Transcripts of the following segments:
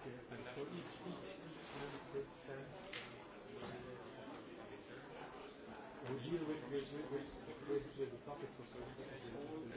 Okay. So each each each member sends we deal with with with with, with the topics of the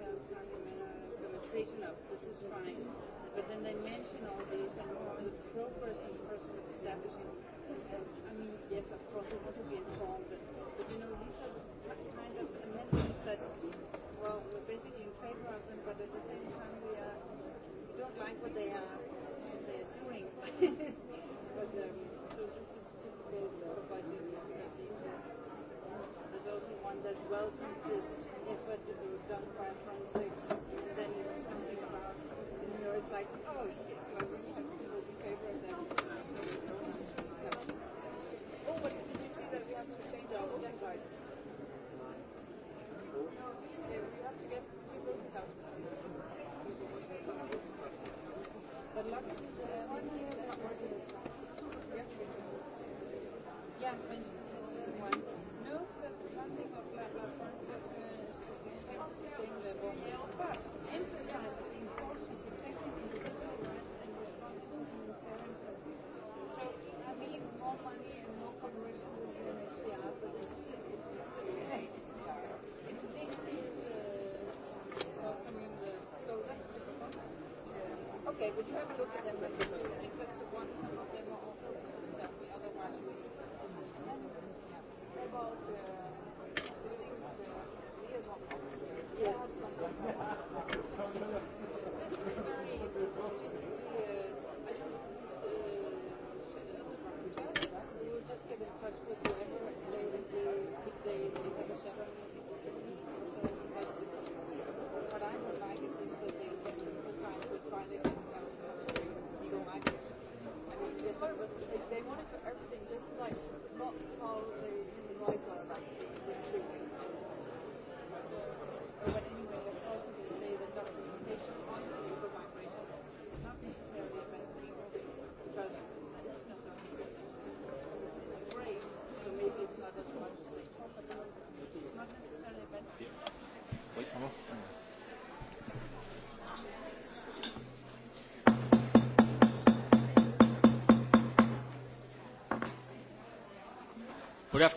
terms argumentation of this is fine, but then they mention all these and all the progress in process of establishing. And, I mean, yes, of course, we want to be informed, but, but you know, these are the t- kind of amendments that, well, we're basically in favor of them, but at the same time, we are we don't like what they are what they are doing. but um, so this is typical for budget. There's also one that welcomes it if it had been done by forensics, then it was something about, you know, it's like, oh shit, well, we have to look in favor of them. Oh, but did you see that we have to change our voting rights? Yeah, we have to get new voting rights. But luckily, the one thing that was... Yeah, for instance. but emphasizes the importance of protecting individual rights and responsible humanitarian programs. So, I mean, more money and more cooperation with UNHCR, but it's still, it's still UNHCR. It's linked to his uh, welcoming the. So that's difficult. Okay, but you have a look at them.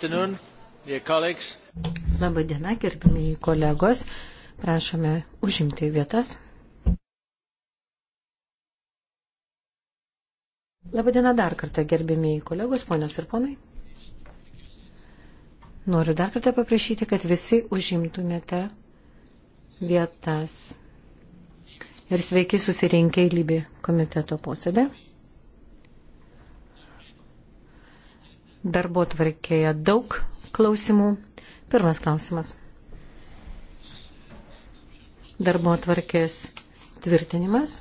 afternoon, dear colleagues. Labadiena, gerbimiai kolegos. Prašome užimti vietas. Labadiena dar kartą, gerbimiai kolegos, ponios ir ponai. Noriu dar kartą paprašyti, kad visi užimtumėte vietas. Ir sveiki susirinkę į Libį komiteto posėdę. Darbo tvarkėje daug klausimų. Pirmas klausimas. Darbo tvarkės tvirtinimas.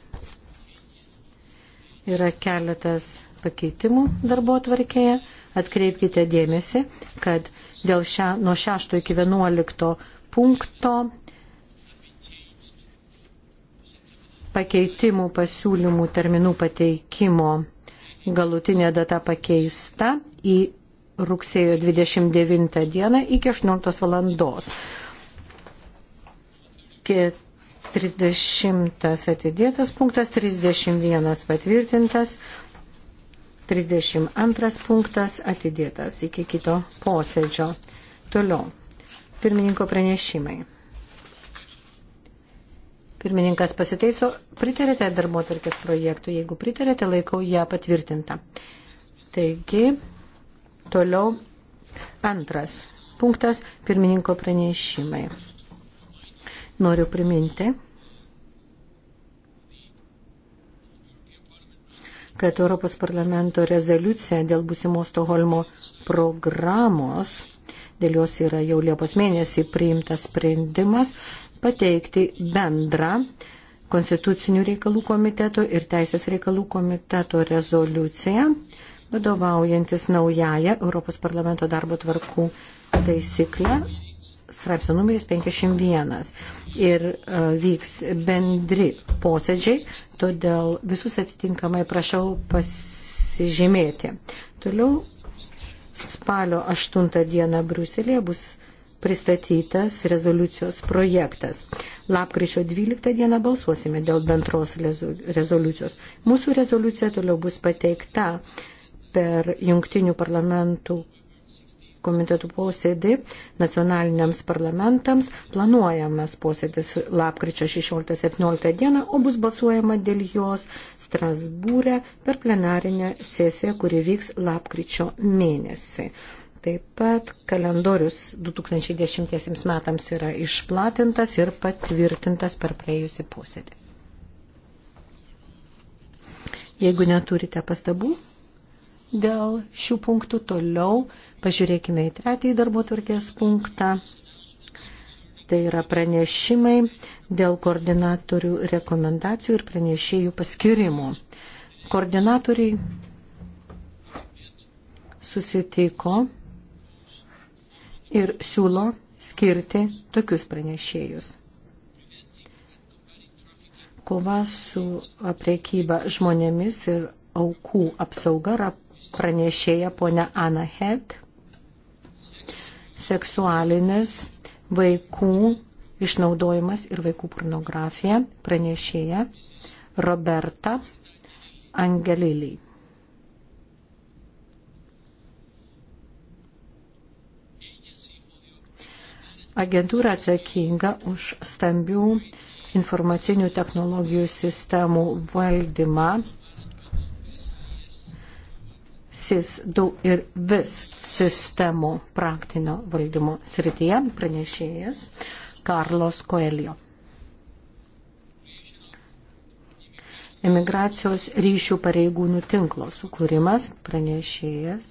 Yra keletas pakeitimų darbo tvarkėje. Atkreipkite dėmesį, kad dėl šia, nuo 6 iki 11 punkto pakeitimų pasiūlymų terminų pateikimo galutinė data pakeista į rugsėjo 29 dieną iki 18 valandos. 30 atidėtas punktas, 31 patvirtintas, 32 punktas atidėtas iki kito posėdžio. Toliau. Pirmininko pranešimai. Pirmininkas pasiteiso, pritarėte darbo tarkės projektų, jeigu pritarėte, laikau ją patvirtintą. Taigi, Toliau antras punktas - pirmininko pranešimai. Noriu priminti, kad Europos parlamento rezoliucija dėl būsimos Stoholmo programos, dėl jos yra jau Liepos mėnesį priimtas sprendimas pateikti bendrą Konstitucinių reikalų komiteto ir Teisės reikalų komiteto rezoliuciją vadovaujantis naująją Europos parlamento darbo tvarkų taisyklę straipsnio numeris 51 ir uh, vyks bendri posėdžiai, todėl visus atitinkamai prašau pasižymėti. Toliau spalio 8 dieną Bruselėje bus pristatytas rezoliucijos projektas. Lapkričio 12 dieną balsuosime dėl bendros rezoliucijos. Mūsų rezoliucija toliau bus pateikta uh, per jungtinių parlamentų komitetų posėdį nacionaliniams parlamentams. Planuojamas posėdis lapkričio 16-17 dieną, o bus balsuojama dėl jos Strasbūrė per plenarinę sesiją, kuri vyks lapkričio mėnesį. Taip pat kalendorius 2010 metams yra išplatintas ir patvirtintas per praėjusį posėdį. Jeigu neturite pastabų, dėl šių punktų. Toliau pažiūrėkime į trečiąjį darbo tvarkės punktą. Tai yra pranešimai dėl koordinatorių rekomendacijų ir pranešėjų paskirimų. Koordinatoriai susitiko ir siūlo skirti tokius pranešėjus kova su priekyba žmonėmis ir aukų apsauga yra pranešėja ponia Ana Het, seksualinis vaikų išnaudojimas ir vaikų pornografija, pranešėja Roberta Angeliliai. Agentūra atsakinga už stambių informacinių technologijų sistemų valdymą SIS2 ir vis sistemų praktinio valdymo srityje pranešėjas Karlos Koelio. Emigracijos ryšių pareigūnų tinklo sukūrimas pranešėjas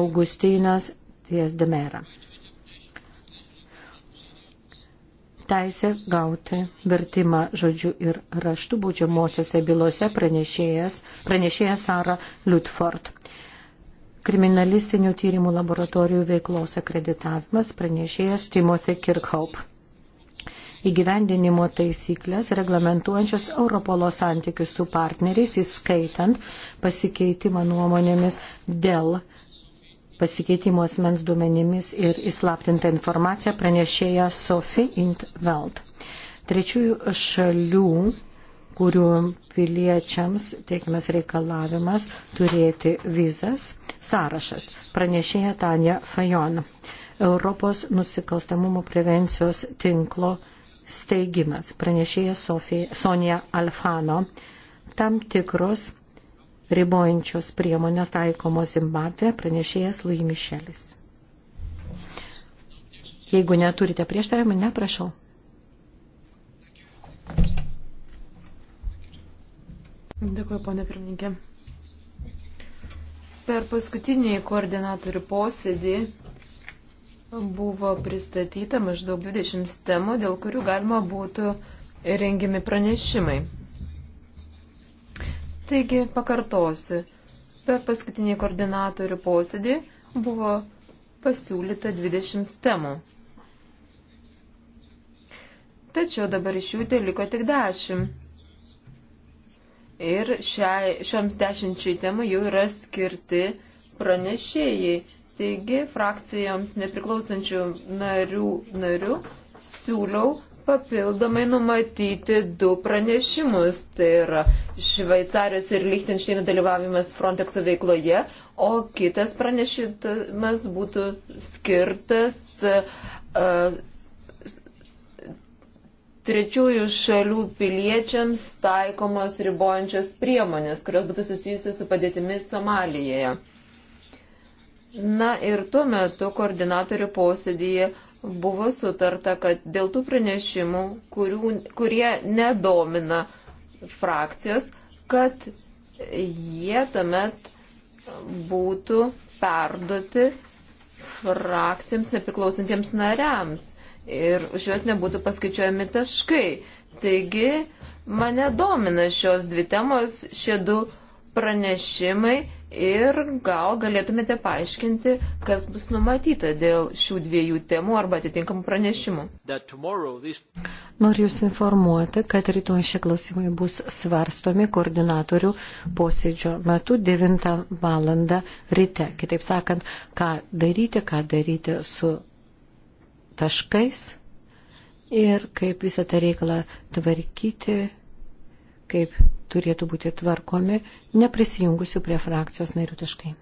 Augustinas Tiesdemera. teisę gauti vertimą žodžiu ir raštų būdžiamosiose bylose pranešėjas, pranešėjas Sara Liutford. Kriminalistinių tyrimų laboratorijų veiklos akreditavimas pranešėjas Timothy Kirkhope įgyvendinimo taisyklės reglamentuojančios Europolo santykius su partneriais, įskaitant pasikeitimą nuomonėmis dėl pasikeitimo asmens duomenimis ir įslaptinta informacija pranešėja Sophie Intveld. Trečiųjų šalių, kurių piliečiams teikiamas reikalavimas turėti vizas, sąrašas. Pranešėja Tanja Fajon. Europos nusikalstamumo prevencijos tinklo steigimas. Pranešėja Sofija, Sonija Alfano. Tam tikros ribojančios priemonės taikomos Zimbabvė, pranešėjas Lui Mišelis. Jeigu neturite prieštaravimą, neprašau. Dėkuoju, ponė pirmininkė. Per paskutinį koordinatorių posėdį buvo pristatyta maždaug 20 temų, dėl kurių galima būtų rengiami pranešimai. Taigi, pakartosiu, per paskutinį koordinatorių posėdį buvo pasiūlyta 20 temų. Tačiau dabar iš jų teliko tik 10. Ir šiai, šioms dešimčiai temų jau yra skirti pranešėjai. Taigi frakcijoms nepriklausančių narių, narių siūliau papildomai numatyti du pranešimus. Tai yra Šveicarijos ir Lichtenšteino dalyvavimas Frontexo veikloje, o kitas pranešimas būtų skirtas uh, trečiųjų šalių piliečiams taikomos ribojančios priemonės, kurios būtų susijusios su padėtimi Somalijoje. Na ir tuo metu koordinatorių posėdėje uh, buvo sutarta, kad dėl tų pranešimų, kurių, kurie nedomina frakcijos, kad jie tuomet būtų perduoti frakcijams nepriklausantiems nariams ir už juos nebūtų paskaičiuojami taškai. Taigi mane domina šios dvi temos, šie du pranešimai ir gal galėtumėte paaiškinti, kas bus numatyta dėl šių dviejų temų arba atitinkamų pranešimų. Noriu Jūs informuoti, kad rytoj šie klausimai bus svarstomi koordinatorių posėdžio metu 9 val. ryte. Kitaip sakant, ką daryti, ką daryti su taškais ir kaip visą tą reikalą tvarkyti, kaip turėtų būti tvarkomi neprisijungusių prie frakcijos narių taškai.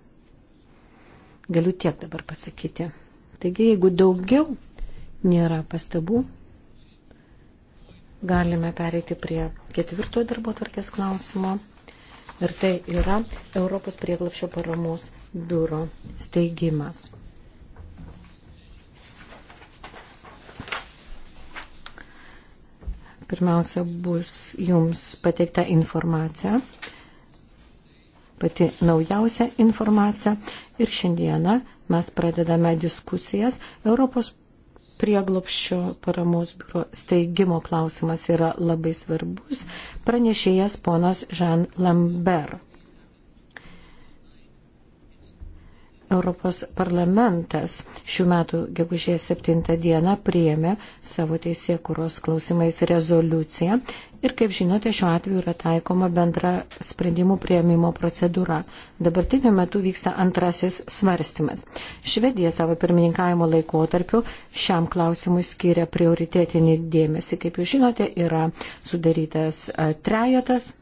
Galiu tiek dabar pasakyti. Taigi, jeigu daugiau nėra pastabų, galime pereiti prie ketvirtojo darbo tvarkės klausimo. Ir tai yra Europos prieglapšio paramos biuro steigimas. Pirmiausia, bus jums pateikta informacija, pati naujausia informacija. Ir šiandieną mes pradedame diskusijas. Europos prieglopščio paramos biuro steigimo klausimas yra labai svarbus. Pranešėjas ponas Žan Lambert. Europos parlamentas šių metų gegužės 7 dieną priėmė savo teisėkuros klausimais rezoliuciją ir, kaip žinote, šiuo atveju yra taikoma bendra sprendimų prieimimo procedūra. Dabartiniu metu vyksta antrasis svarstymas. Švedija savo pirmininkavimo laikotarpiu šiam klausimui skiria prioritetinį dėmesį. Kaip jūs žinote, yra sudarytas e, trejatas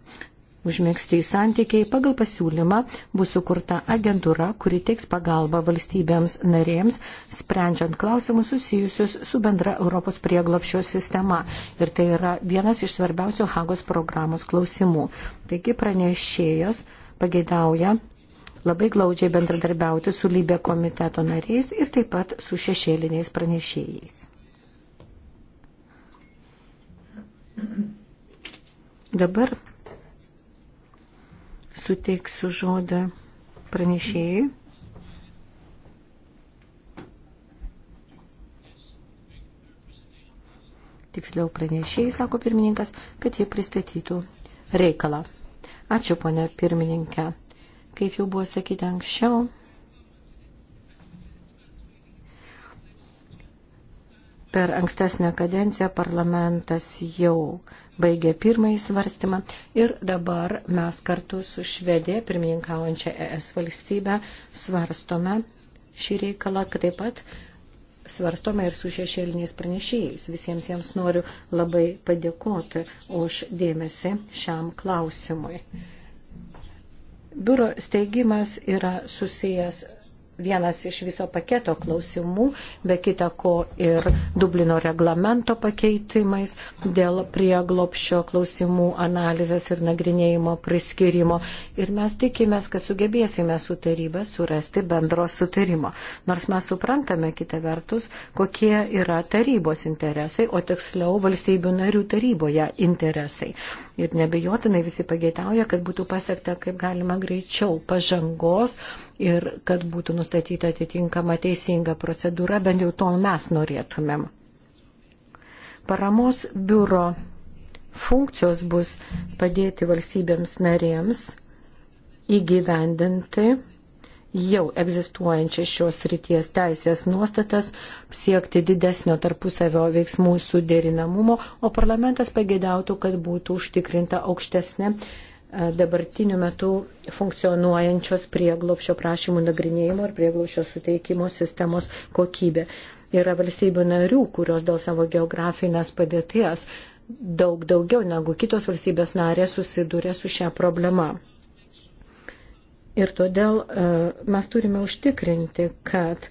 užmėgsti į santykiai, pagal pasiūlymą bus sukurta agentūra, kuri teiks pagalbą valstybėms narėms, sprendžiant klausimus susijusius su bendra Europos prieglapšio sistema. Ir tai yra vienas iš svarbiausių Hagos programos klausimų. Taigi pranešėjas pageidauja labai glaudžiai bendradarbiauti su lybė komiteto nariais ir taip pat su šešėliniais pranešėjais. Dabar suteiksiu žodą pranešėjai. Tiksliau pranešėjai, sako pirmininkas, kad jie pristatytų reikalą. Ačiū, ponė pirmininkė. Kaip jau buvo sakyti anksčiau, Per ankstesnę kadenciją parlamentas jau baigė pirmąjį svarstymą ir dabar mes kartu su Švedė, pirmininkaujančia ES valstybė, svarstome šį reikalą, kad taip pat svarstome ir su šešėliniais pranešėjais. Visiems jiems noriu labai padėkoti už dėmesį šiam klausimui. Biuro steigimas yra susijęs vienas iš viso paketo klausimų, be kita ko ir Dublino reglamento pakeitimais dėl prieglopšio klausimų analizės ir nagrinėjimo priskirimo. Ir mes tikimės, kad sugebėsime su taryba surasti bendro sutarimo. Nors mes suprantame kitą vertus, kokie yra tarybos interesai, o tiksliau valstybių narių taryboje interesai. Ir nebejotinai visi pageitauja, kad būtų pasiekta kaip galima greičiau pažangos ir kad būtų nustatyta atitinkama teisinga procedūra, bent jau to mes norėtumėm. Paramos biuro funkcijos bus padėti valstybėms narėms įgyvendinti jau egzistuojančias šios ryties teisės nuostatas, siekti didesnio tarpusavio veiksmų suderinamumo, o parlamentas pagėdautų, kad būtų užtikrinta aukštesnė E, dabartiniu metu funkcionuojančios prieglopšio prašymų nagrinėjimo ir prieglopšio suteikimo sistemos kokybė. Yra valstybių narių, kurios dėl savo geografinės padėties daug daugiau negu kitos valstybės narės susiduria su šią problemą. Ir todėl e, mes turime užtikrinti, kad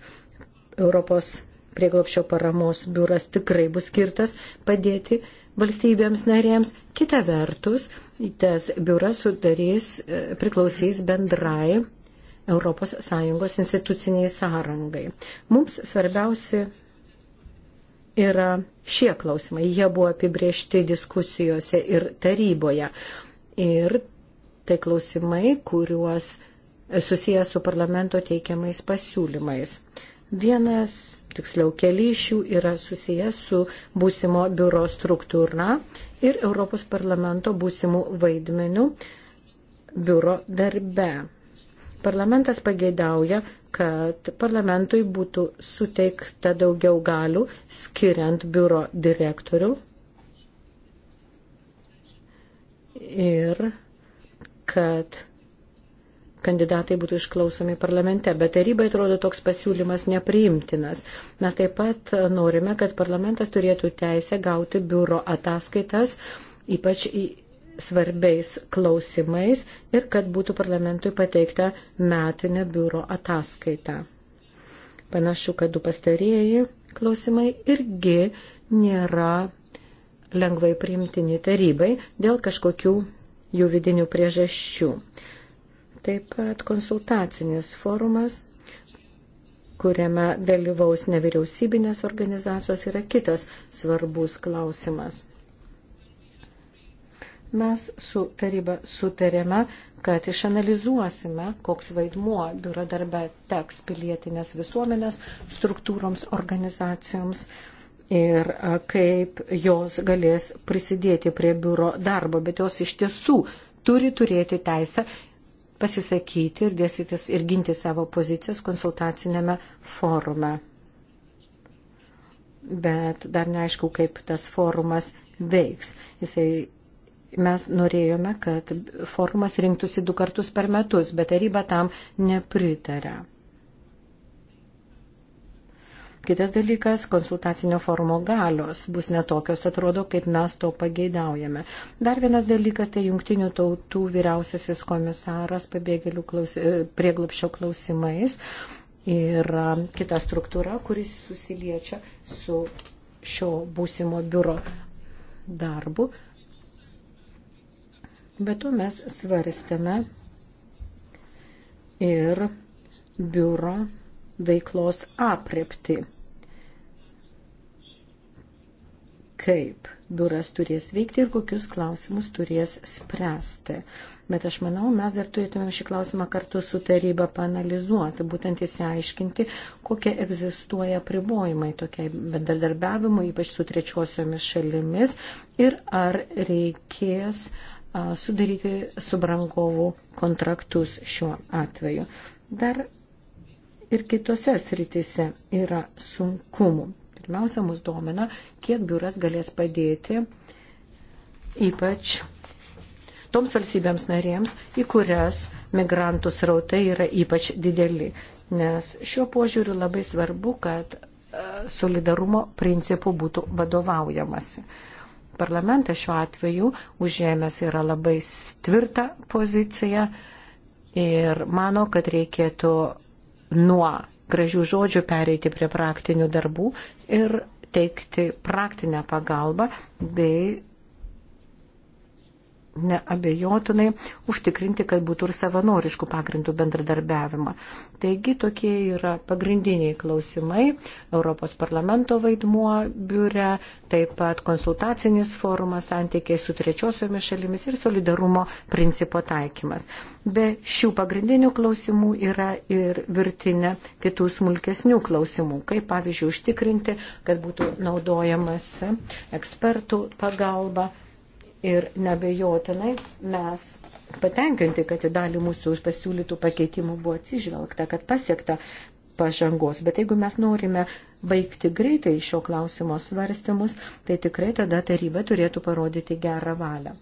Europos prieglopšio paramos biuras tikrai bus skirtas padėti valstybėms narėms. Kita vertus, tas biuras sudarys, e, priklausys bendrai ES instituciniai sąrangai. Mums svarbiausi yra šie klausimai. Jie buvo apibriežti diskusijose ir taryboje. Ir tai klausimai, kuriuos susijęs su parlamento teikiamais pasiūlymais. Vienas, tiksliau, keli iš jų yra susijęs su būsimo biuro struktūra ir Europos parlamento būsimų vaidmenių biuro darbe. Parlamentas pageidauja, kad parlamentui būtų suteikta daugiau galių skiriant biuro direktorių ir kad kandidatai būtų išklausomi parlamente, bet tarybai atrodo toks pasiūlymas nepriimtinas. Mes taip pat norime, kad parlamentas turėtų teisę gauti biuro ataskaitas, ypač į svarbiais klausimais ir kad būtų parlamentui pateikta metinė biuro ataskaita. Panašu, kad du pastarėjai klausimai irgi nėra lengvai priimtini tarybai dėl kažkokių jų vidinių priežasčių. Taip pat konsultacinis forumas kuriame dalyvaus nevyriausybinės organizacijos, yra kitas svarbus klausimas. Mes su taryba sutarėme, kad išanalizuosime, koks vaidmuo biuro darbe teks pilietinės visuomenės struktūroms, organizacijoms ir kaip jos galės prisidėti prie biuro darbo, bet jos iš tiesų turi turėti teisę pasisakyti ir dėstytis ir ginti savo pozicijas konsultacinėme forume. Bet dar neaišku, kaip tas forumas veiks. Jisai, mes norėjome, kad forumas rinktųsi du kartus per metus, bet taryba tam nepritarė. Kitas dalykas - konsultacinio forumo galios bus netokios, atrodo, kaip mes to pageidaujame. Dar vienas dalykas - tai jungtinių tautų vyriausiasis komisaras pabėgėlių klausi, e, prieglopšio klausimais ir kita struktūra, kuris susiliečia su šio būsimo biuro darbu. Bet to mes svarstėme ir biuro veiklos aprepti. Kaip biuras turės veikti ir kokius klausimus turės spręsti. Bet aš manau, mes dar turėtumėm šį klausimą kartu su taryba panalizuoti, būtent įsiaiškinti, kokie egzistuoja pribojimai tokiai bendradarbiavimui, ypač su trečiosiomis šalimis ir ar reikės sudaryti subrangovų kontraktus šiuo atveju. Dar ir kitose sritise yra sunkumų. Pirmiausia, mus domina, kiek biuras galės padėti ypač toms valstybėms narėms, į kurias migrantų srautai yra ypač dideli. Nes šiuo požiūriu labai svarbu, kad e, solidarumo principų būtų vadovaujamasi. Parlamentas šiuo atveju užėmęs yra labai tvirtą poziciją ir mano, kad reikėtų nuo gražių žodžių pereiti prie praktinių darbų ir teikti praktinę pagalbą bei neabejotinai užtikrinti, kad būtų ir savanoriškų pagrindų bendradarbiavimą. Taigi tokie yra pagrindiniai klausimai - Europos parlamento vaidmuo biure, taip pat konsultacinis forumas, santykiai su trečiosiomis šalimis ir solidarumo principo taikymas. Be šių pagrindinių klausimų yra ir virtinė kitų smulkesnių klausimų, kaip pavyzdžiui užtikrinti, kad būtų naudojamas ekspertų pagalba ir nebejotinai mes patenkinti, kad į dalį mūsų pasiūlytų pakeitimų buvo atsižvelgta, kad pasiekta pažangos. Bet jeigu mes norime baigti greitai šio klausimo svarstymus, tai tikrai tada taryba turėtų parodyti gerą valią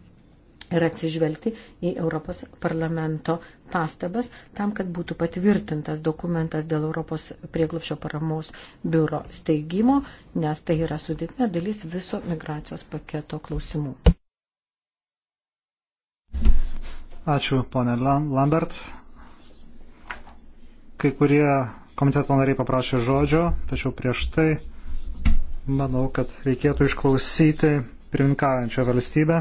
ir atsižvelgti į Europos parlamento pastabas tam, kad būtų patvirtintas dokumentas dėl Europos prieglopšio paramos biuro steigimo, nes tai yra sudėtinė dalis viso migracijos paketo klausimų. Ačiū, ponė Lambert. Kai kurie komiteto nariai paprašė žodžio, tačiau prieš tai manau, kad reikėtų išklausyti pirminkaujančią valstybę.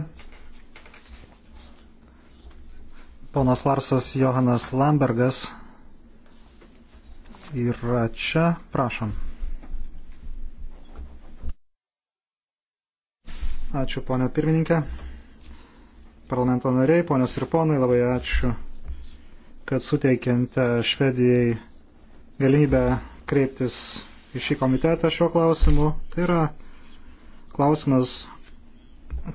Ponas Larsas Johanas Lambergas yra čia. Prašom. Ačiū, ponė pirmininkė parlamento nariai, ponios ir ponai, labai ačiū, kad suteikėte Švedijai galimybę kreiptis į šį komitetą šiuo klausimu. Tai yra klausimas,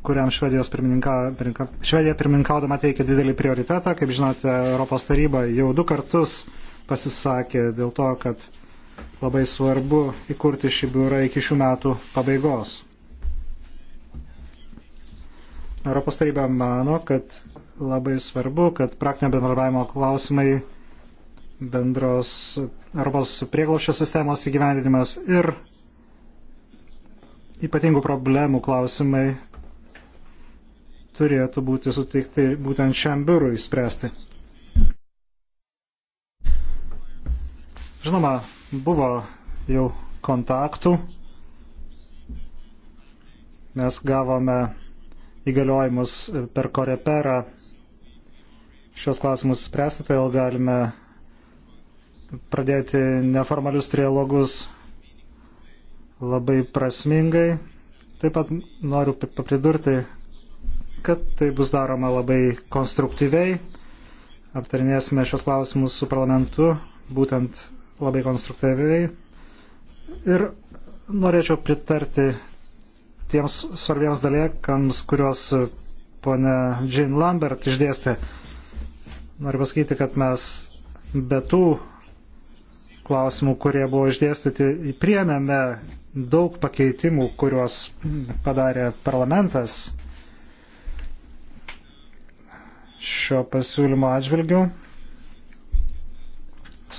kuriam Švedijos pirmininka, pirminka, Švedija pirmininkaudama teikia didelį prioritetą. Kaip žinote, Europos taryba jau du kartus pasisakė dėl to, kad labai svarbu įkurti šį biurą iki šių metų pabaigos. Europos taryba mano, kad labai svarbu, kad praktinio bendradarbiavimo klausimai bendros Europos prieglaušio sistemos įgyvendinimas ir ypatingų problemų klausimai turėtų būti suteikti būtent šiam biurui spręsti. Žinoma, buvo jau kontaktų. Mes gavome įgaliojimus per koreperą šios klausimus spręsti, todėl galime pradėti neformalius trialogus labai prasmingai. Taip pat noriu papridurti, kad tai bus daroma labai konstruktyviai. Aptarinėsime šios klausimus su parlamentu, būtent labai konstruktyviai. Ir norėčiau pritarti tiems svarbiems dalykams, kuriuos ponė Jane Lambert išdėstė. Noriu pasakyti, kad mes be tų klausimų, kurie buvo išdėstyti, priemėme daug pakeitimų, kuriuos padarė parlamentas šio pasiūlymo atžvilgiu.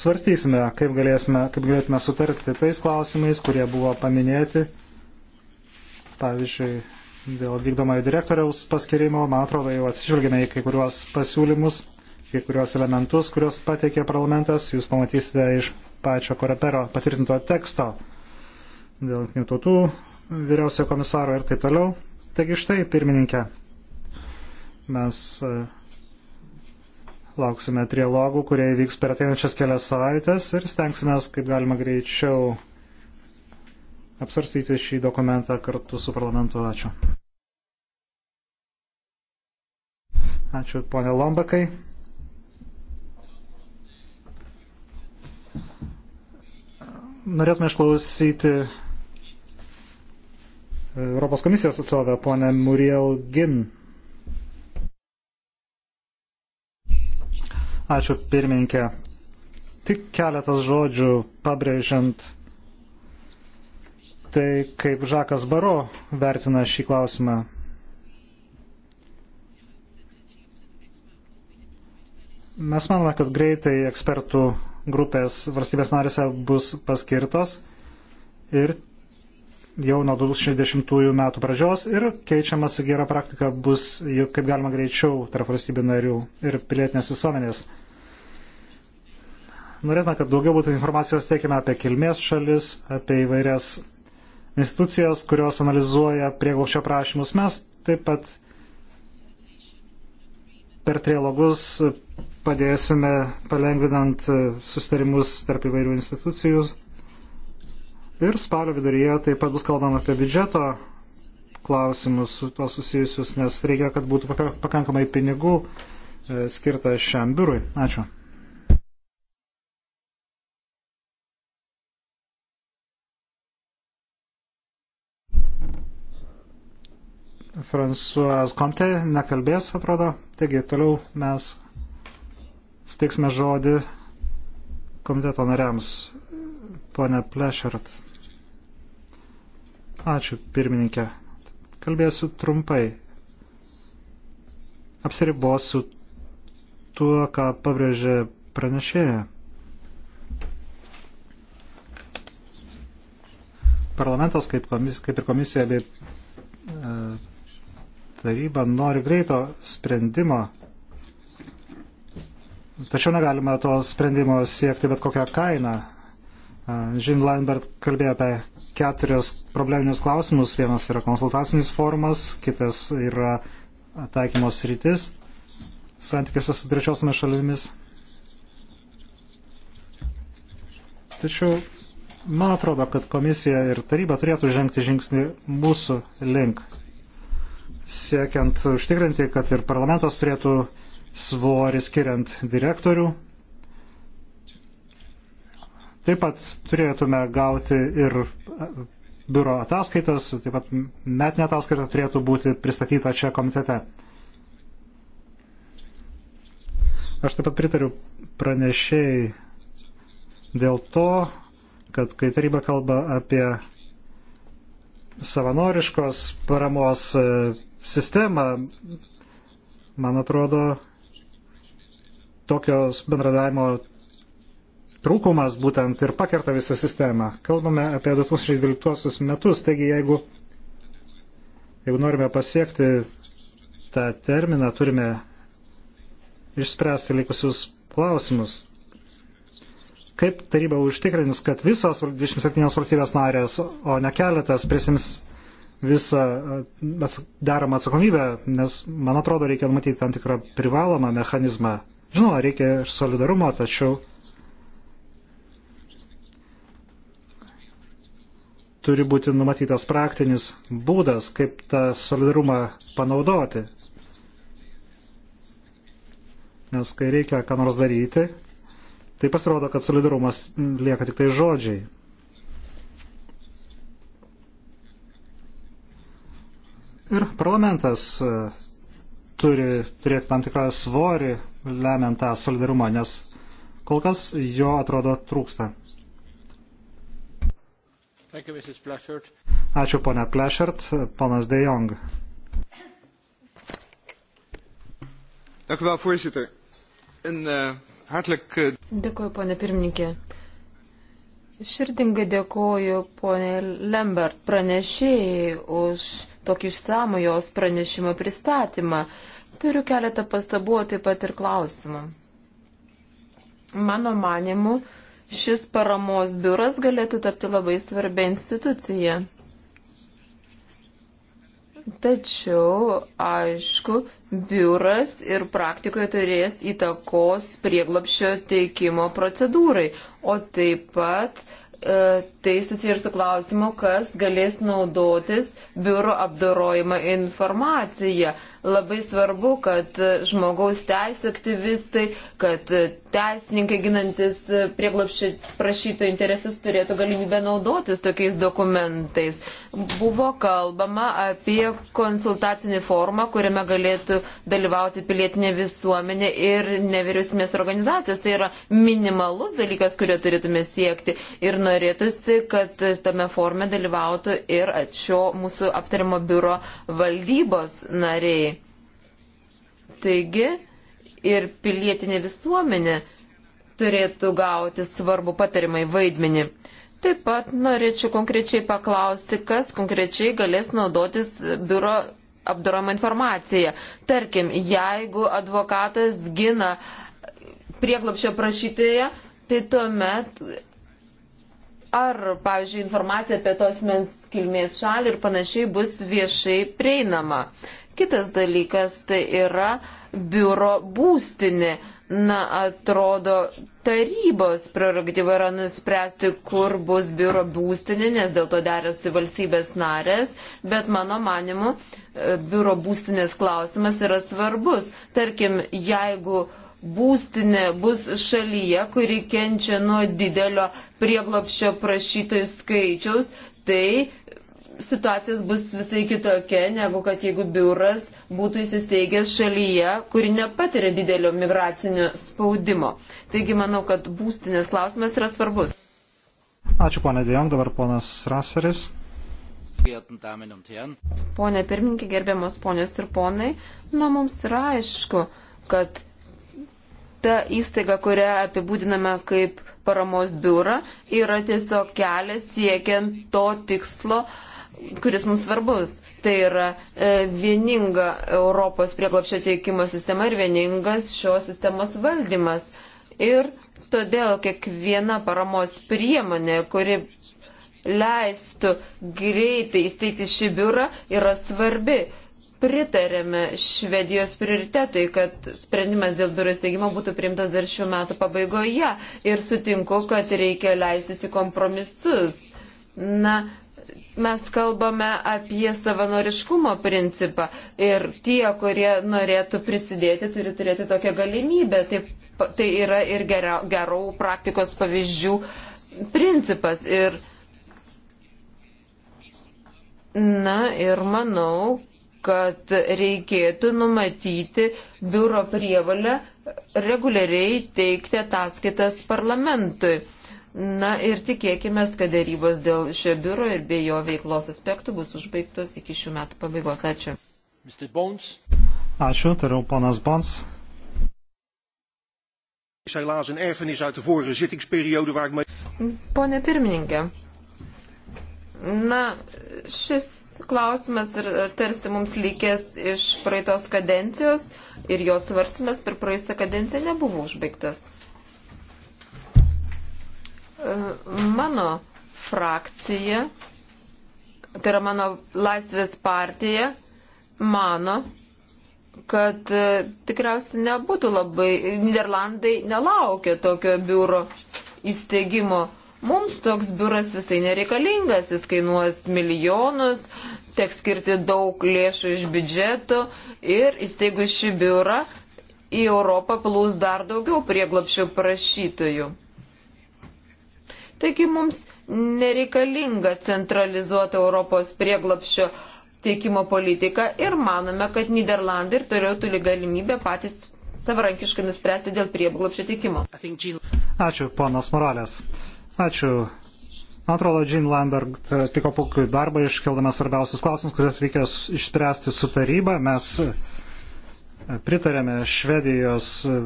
Svarstysime, kaip, galėsime, kaip galėtume sutarti tais klausimais, kurie buvo paminėti Pavyzdžiui, dėl vykdomojo direktoriaus paskirimo, man atrodo, jau atsižvelgėme į kai kuriuos pasiūlymus, kai kuriuos elementus, kuriuos pateikė parlamentas. Jūs pamatysite iš pačio korepero patvirtinto teksto dėl jungtinių tautų, vyriausiojo komisaro ir taip toliau. Taigi štai, pirmininkė, mes e, lauksime trialogų, kurie vyks per ateinančias kelias savaitės ir stengsime, kaip galima greičiau apsarstyti šį dokumentą kartu su parlamentu. Ačiū. Ačiū, ponė Lombakai. Norėtume išklausyti Europos komisijos atstovę, ponę Muriel Gin. Ačiū pirmininkė. Tik keletas žodžių pabrėžiant tai, kaip Žakas Baro vertina šį klausimą. Mes manome, kad greitai ekspertų grupės valstybės narėse bus paskirtos ir jau nuo 2010 metų pradžios ir keičiamas gera praktika bus kaip galima greičiau tarp valstybių narių ir pilietinės visuomenės. Norėtume, kad daugiau būtų informacijos teikiama apie kilmės šalis, apie įvairias institucijas, kurios analizuoja prieglopščio prašymus. Mes taip pat per trilogus padėsime palengvinant sustarimus tarp įvairių institucijų. Ir spalio viduryje taip pat bus kalbama apie biudžeto klausimus su tuo susijusius, nes reikia, kad būtų pakankamai pinigų e, skirta šiam biurui. Ačiū. Fransuas Komte nekalbės, atrodo. Taigi, toliau mes steiksime žodį komiteto nariams. Pone Plešert. Ačiū, pirmininkė. Kalbėsiu trumpai. Apsiribosiu tuo, ką pabrėžė pranešėja. Parlamentas, kaip, komis, kaip ir komisija, bei e, taryba nori greito sprendimo, tačiau negalime to sprendimo siekti bet kokią kainą. Žin Leinbert kalbėjo apie keturios probleminius klausimus. Vienas yra konsultacinis formas, kitas yra taikymos rytis santykiuose su trečiosiamis šalimis. Tačiau man atrodo, kad komisija ir taryba turėtų žengti žingsnį mūsų link siekiant užtikrinti, kad ir parlamentas turėtų svorį skiriant direktorių. Taip pat turėtume gauti ir e, biuro ataskaitas, taip pat metinė ataskaita turėtų būti pristatyta čia komitete. Aš taip pat pritariu pranešėjai dėl to, kad kai taryba kalba apie savanoriškos paramos e, sistemą. Man atrodo, tokios bendradavimo trūkumas būtent ir pakerta visą sistemą. Kalbame apie 2012 metus, taigi jeigu, jeigu norime pasiekti tą terminą, turime išspręsti likusius klausimus. Kaip taryba užtikrins, kad visos 27 valstybės narės, o ne keletas, prisims visą deramą atsakomybę, nes, man atrodo, reikia matyti tam tikrą privalomą mechanizmą. Žinoma, reikia ir solidarumo, tačiau turi būti numatytas praktinis būdas, kaip tą solidarumą panaudoti. Nes kai reikia ką nors daryti, tai pasirodo, kad solidarumas lieka tik tai žodžiai. Ir parlamentas e, turi turėti tam tikrą svorį, lemiant tą solidarumą, nes kol kas jo atrodo trūksta. Ačiū ponia Plešert, ponas De Jong. Eh, eh, dėkuoju, ponė pirmininkė. Širdingai dėkuoju ponė Lambert pranešėjai už tokį išsamų jos pranešimo pristatymą. Turiu keletą pastabų, taip pat ir klausimų. Mano manimu, šis paramos biuras galėtų tapti labai svarbia institucija. Tačiau, aišku, biuras ir praktikoje turės įtakos prieglapšio teikimo procedūrai, o taip pat uh, E, tai susiję ir su klausimu, kas galės naudotis biuro apdarojimą informaciją. Labai svarbu, kad žmogaus teisų aktyvistai, kad teisininkai ginantis e, prieglapščio prašyto interesus turėtų galimybę naudotis tokiais dokumentais. Buvo kalbama apie konsultacinį formą, kuriame galėtų dalyvauti pilietinė visuomenė ir nevyriausybės organizacijos. Tai yra minimalus dalykas, kurio turėtume siekti. Ir norėtųsi, kad tame forme dalyvautų ir šio mūsų aptarimo biuro valdybos nariai. Taigi, ir pilietinė visuomenė turėtų gauti svarbu patarimai vaidmenį. Taip pat norėčiau konkrečiai paklausti, kas konkrečiai galės naudotis biuro apdaroma informacija. Tarkim, jeigu advokatas gina prieglapšio prašytėje, tai tuomet ar, pavyzdžiui, informacija apie tos mens kilmės šalį ir panašiai bus viešai prieinama. Kitas dalykas tai yra biuro būstinė. Na, atrodo, tarybos prerogatyva yra nuspręsti, kur bus biuro būstinė, nes dėl to derasi valstybės narės, bet mano manimu, e, biuro būstinės klausimas yra svarbus. Tarkim, jeigu būstinė bus šalyje, kuri kenčia nuo didelio prieglopščio prašytojų skaičiaus, tai situacijas bus visai kitokia, negu kad jeigu biuras būtų įsisteigęs šalyje, kuri nepatiria didelio migracinio spaudimo. Taigi manau, kad būstinės klausimas yra svarbus. Ačiū, ponė Dejong, dabar ponas Raseris. Pone pirmininkė, gerbiamos ponios ir ponai, na mums yra aišku, kad ta įstaiga, kurią apibūdiname kaip paramos biurą, yra tiesiog kelias siekiant to tikslo, uh, kuris mums svarbus. Tai yra e, vieninga Europos prieglapščio teikimo sistema ir vieningas šios sistemos valdymas. Ir todėl kiekviena paramos priemonė, kuri leistų greitai įsteigti šį biurą, yra svarbi. Pritarėme Švedijos prioritetui, kad sprendimas dėl biuro įsteigimo būtų priimtas dar šių metų pabaigoje ir sutinku, kad reikia leistis į kompromisus. Na, mes kalbame apie savanoriškumo principą ir tie, kurie norėtų prisidėti, turi turėti tokią galimybę. Tai, tai yra ir gerų, gerų praktikos pavyzdžių principas. Ir, na ir manau, kad reikėtų numatyti biuro prievalę reguliariai teikti ataskaitas parlamentui. Na ir tikėkime, kad dėrybos dėl šio biuro ir bei jo veiklos aspektų bus užbaigtos iki šių metų pabaigos. Ačiū. Ačiū, tariau ponas Bons. Pone pirmininkė, na, šis klausimas ir tarsi mums lygės iš praeitos kadencijos ir jos svarsimas per praeisą kadenciją nebuvo užbaigtas. Mano frakcija, tai yra mano laisvės partija, mano, kad e, tikriausiai nebūtų labai, Niderlandai nelaukia tokio biuro įsteigimo. Mums toks biuras visai nereikalingas, jis kainuos milijonus, teks skirti daug lėšų iš biudžeto ir įsteigus šį biurą į Europą plūs dar daugiau prieglapšio prašytojų. Taigi mums nereikalinga centralizuota Europos prieglapščio teikimo politika ir manome, kad Niderlandai ir toliau turi galimybę patys savarankiškai nuspręsti dėl prieglapščio teikimo. Ačiū, ponas Moralės. Ačiū. Man atrodo, Jean Lambert atliko e, puikų darbą iškeldama svarbiausius klausimus, kuriuos reikia išspręsti su taryba. Mes e, pritarėme Švedijos e,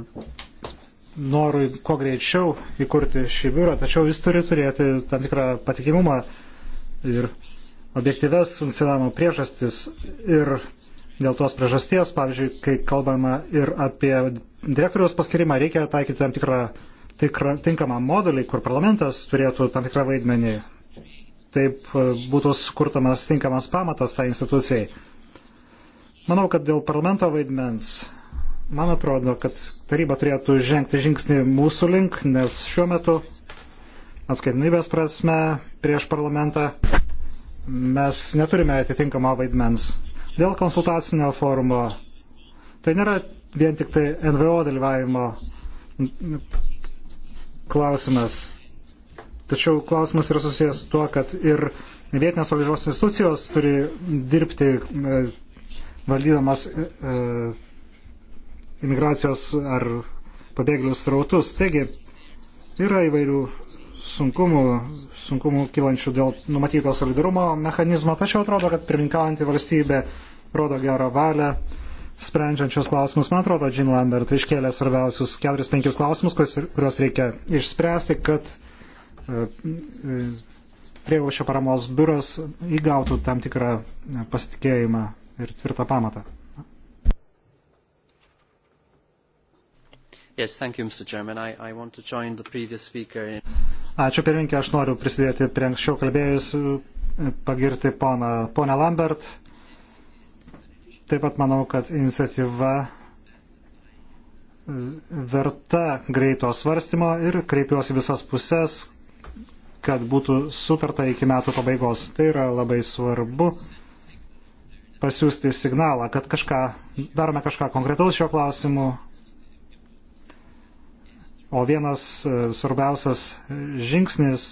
norui kuo greičiau įkurti šį biurą, tačiau jis turi turėti tam tikrą patikimumą ir objektyves funkcionavimo priežastis. Ir dėl tos priežasties, pavyzdžiui, kai kalbama ir apie direktoriaus paskirimą, reikia taikyti tam tikrą, tikrą tinkamą modelį, kur parlamentas turėtų tam tikrą vaidmenį. Taip e, būtų sukurtamas tinkamas pamatas tai institucijai. Manau, kad dėl parlamento vaidmens Man atrodo, kad taryba turėtų žengti žingsnį mūsų link, nes šiuo metu atskaitinybės prasme prieš parlamentą mes neturime atitinkamo vaidmens. Dėl konsultacinio forumo tai nėra vien tik tai NVO dalyvavimo klausimas. Tačiau klausimas yra susijęs su tuo, kad ir vietinės valdžios institucijos turi dirbti e, valdydamas e, imigracijos ar pabėgėlių strautus. Taigi yra įvairių sunkumų, sunkumų kylančių dėl numatyto solidarumo mechanizmo, tačiau atrodo, kad pirminkaujantį valstybę rodo gerą valią sprendžiančios klausimus. Man atrodo, Jean Lambert iškėlė svarbiausius 4-5 klausimus, kuriuos reikia išspręsti, kad e, e, prieglaušio paramos biuras įgautų tam tikrą pasitikėjimą ir tvirtą pamatą. Yes, thank you, Mr. Chairman. I, I want to join the previous speaker. In... Ačiū pirmininkė, aš noriu prisidėti prie anksčiau kalbėjus, e, pagirti poną, poną Lambert. Taip pat manau, kad iniciatyva e, verta greito svarstymo ir kreipiuosi visas pusės, kad būtų sutarta iki metų pabaigos. Tai yra labai svarbu pasiūsti signalą, kad kažką, darome kažką konkretaus šiuo klausimu O vienas e, svarbiausias žingsnis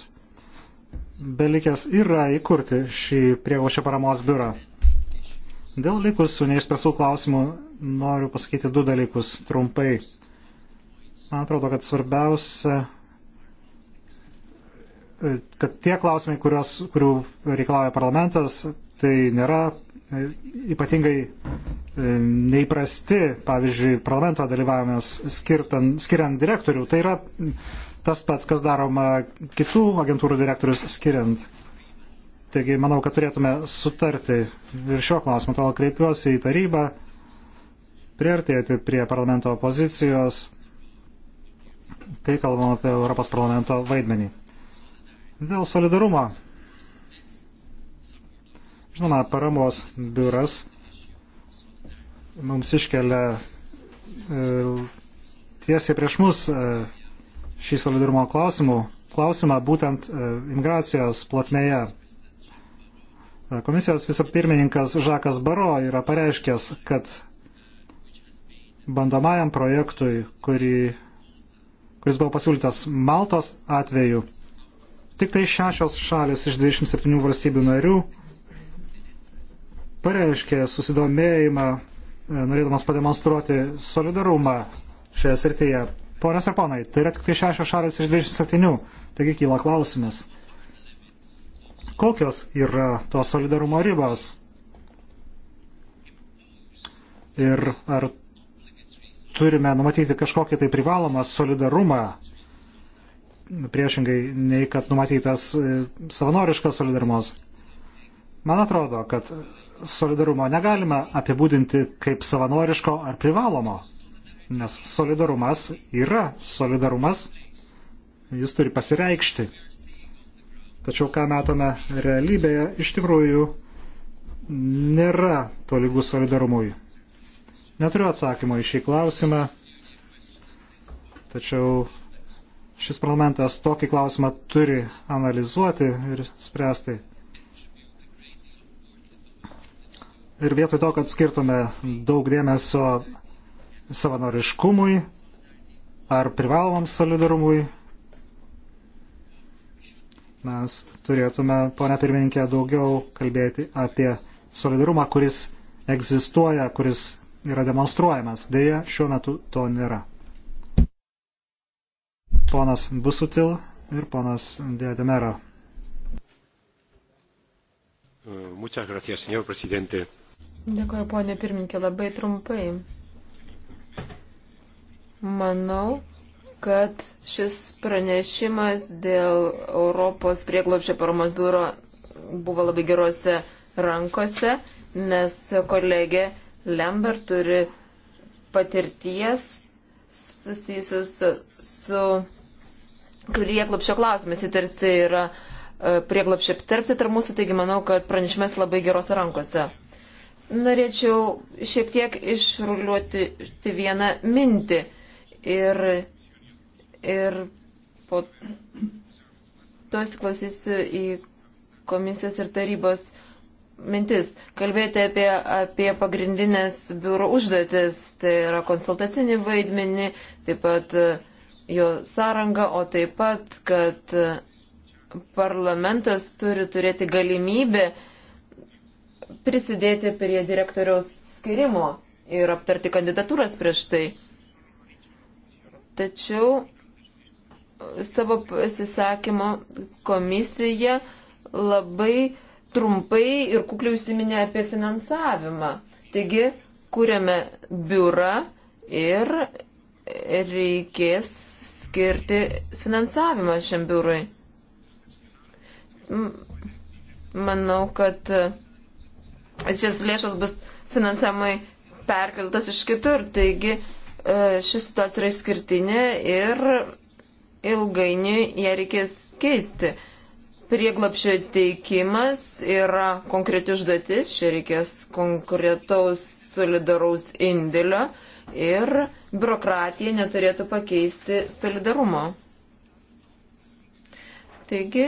belikęs yra įkurti šį prieglaušio paramos biurą. Dėl likusių neišspręstų klausimų noriu pasakyti du dalykus trumpai. Man atrodo, kad svarbiausia, e, kad tie klausimai, kurios, kurių reikalauja parlamentas, tai nėra E, ypatingai e, neįprasti, pavyzdžiui, parlamento dalyvavimas skirtant, skiriant direktorių. Tai yra tas pats, kas daroma kitų agentūrų direktorius skiriant. Taigi manau, kad turėtume sutarti ir šio klausimo. Tol kreipiuosi į tarybą, priartėti prie parlamento pozicijos, kai kalbam apie Europos parlamento vaidmenį. Dėl solidarumo Žinoma, paramos biuras mums iškelia e, tiesiai prieš mus e, šį solidarumo klausimų, klausimą būtent e, imigracijos plotmėje. Komisijos visapirmininkas Žakas Baro yra pareiškęs, kad bandomajam projektui, kurį, kuris buvo pasiūlytas Maltos atveju, tik tai šešios šalis iš 27 valstybių narių pareiškė susidomėjimą, e, norėdamas pademonstruoti solidarumą šioje srityje. Ponas ir ponai, tai yra tik tai šešios šalis iš 27, taigi kyla klausimas. Kokios yra to solidarumo ribos? Ir ar turime numatyti kažkokį tai privalomą solidarumą, priešingai nei kad numatytas e, savanoriškas solidarumas? Man atrodo, kad solidarumo negalima apibūdinti kaip savanoriško ar privalomo, nes solidarumas yra solidarumas, jis turi pasireikšti. Tačiau ką matome realybėje, iš tikrųjų nėra tolygų solidarumui. Neturiu atsakymo į šį klausimą, tačiau šis parlamentas tokį klausimą turi analizuoti ir spręsti. ir vietoj to, kad skirtume daug dėmesio savanoriškumui ar privalomam solidarumui, mes turėtume, ponia pirmininkė, daugiau kalbėti apie solidarumą, kuris egzistuoja, kuris yra demonstruojamas. Deja, šiuo metu to nėra. Ponas Busutil ir ponas Diademera. Muchas gracias, señor presidente. Dėkuoju, ponė pirminkė, labai trumpai. Manau, kad šis pranešimas dėl Europos prieglobščio paramos biuro buvo labai gerose rankose, nes kolegė Lambert turi patirties susijusius su, su prieglobščio klausimais. Jis tarsi yra e, prieglobščio aptarpti tarp mūsų, taigi manau, kad pranešimas labai gerose rankose norėčiau šiek tiek išruliuoti vieną mintį ir, ir po to įsiklausysiu į komisijos ir tarybos mintis. Kalbėti apie, apie pagrindinės biuro užduotis, tai yra konsultacinį vaidmenį, taip pat e, jo sąrangą, o taip pat, kad e, parlamentas turi turėti galimybę uh, prisidėti prie direktoriaus skirimo ir aptarti kandidatūras prieš tai. Tačiau savo pasisakymo komisija labai trumpai ir kukliai užsiminė apie finansavimą. Taigi, kūrėme biurą ir reikės skirti finansavimą šiam biurui. Manau, kad šis lėšas bus finansiamai perkeltas iš kitur. Taigi e, ši situacija yra išskirtinė ir ilgainiui ją reikės keisti. Prieglapšio teikimas yra konkreti užduotis, čia reikės konkretaus solidaraus indėlio ir biurokratija neturėtų pakeisti solidarumo. Taigi,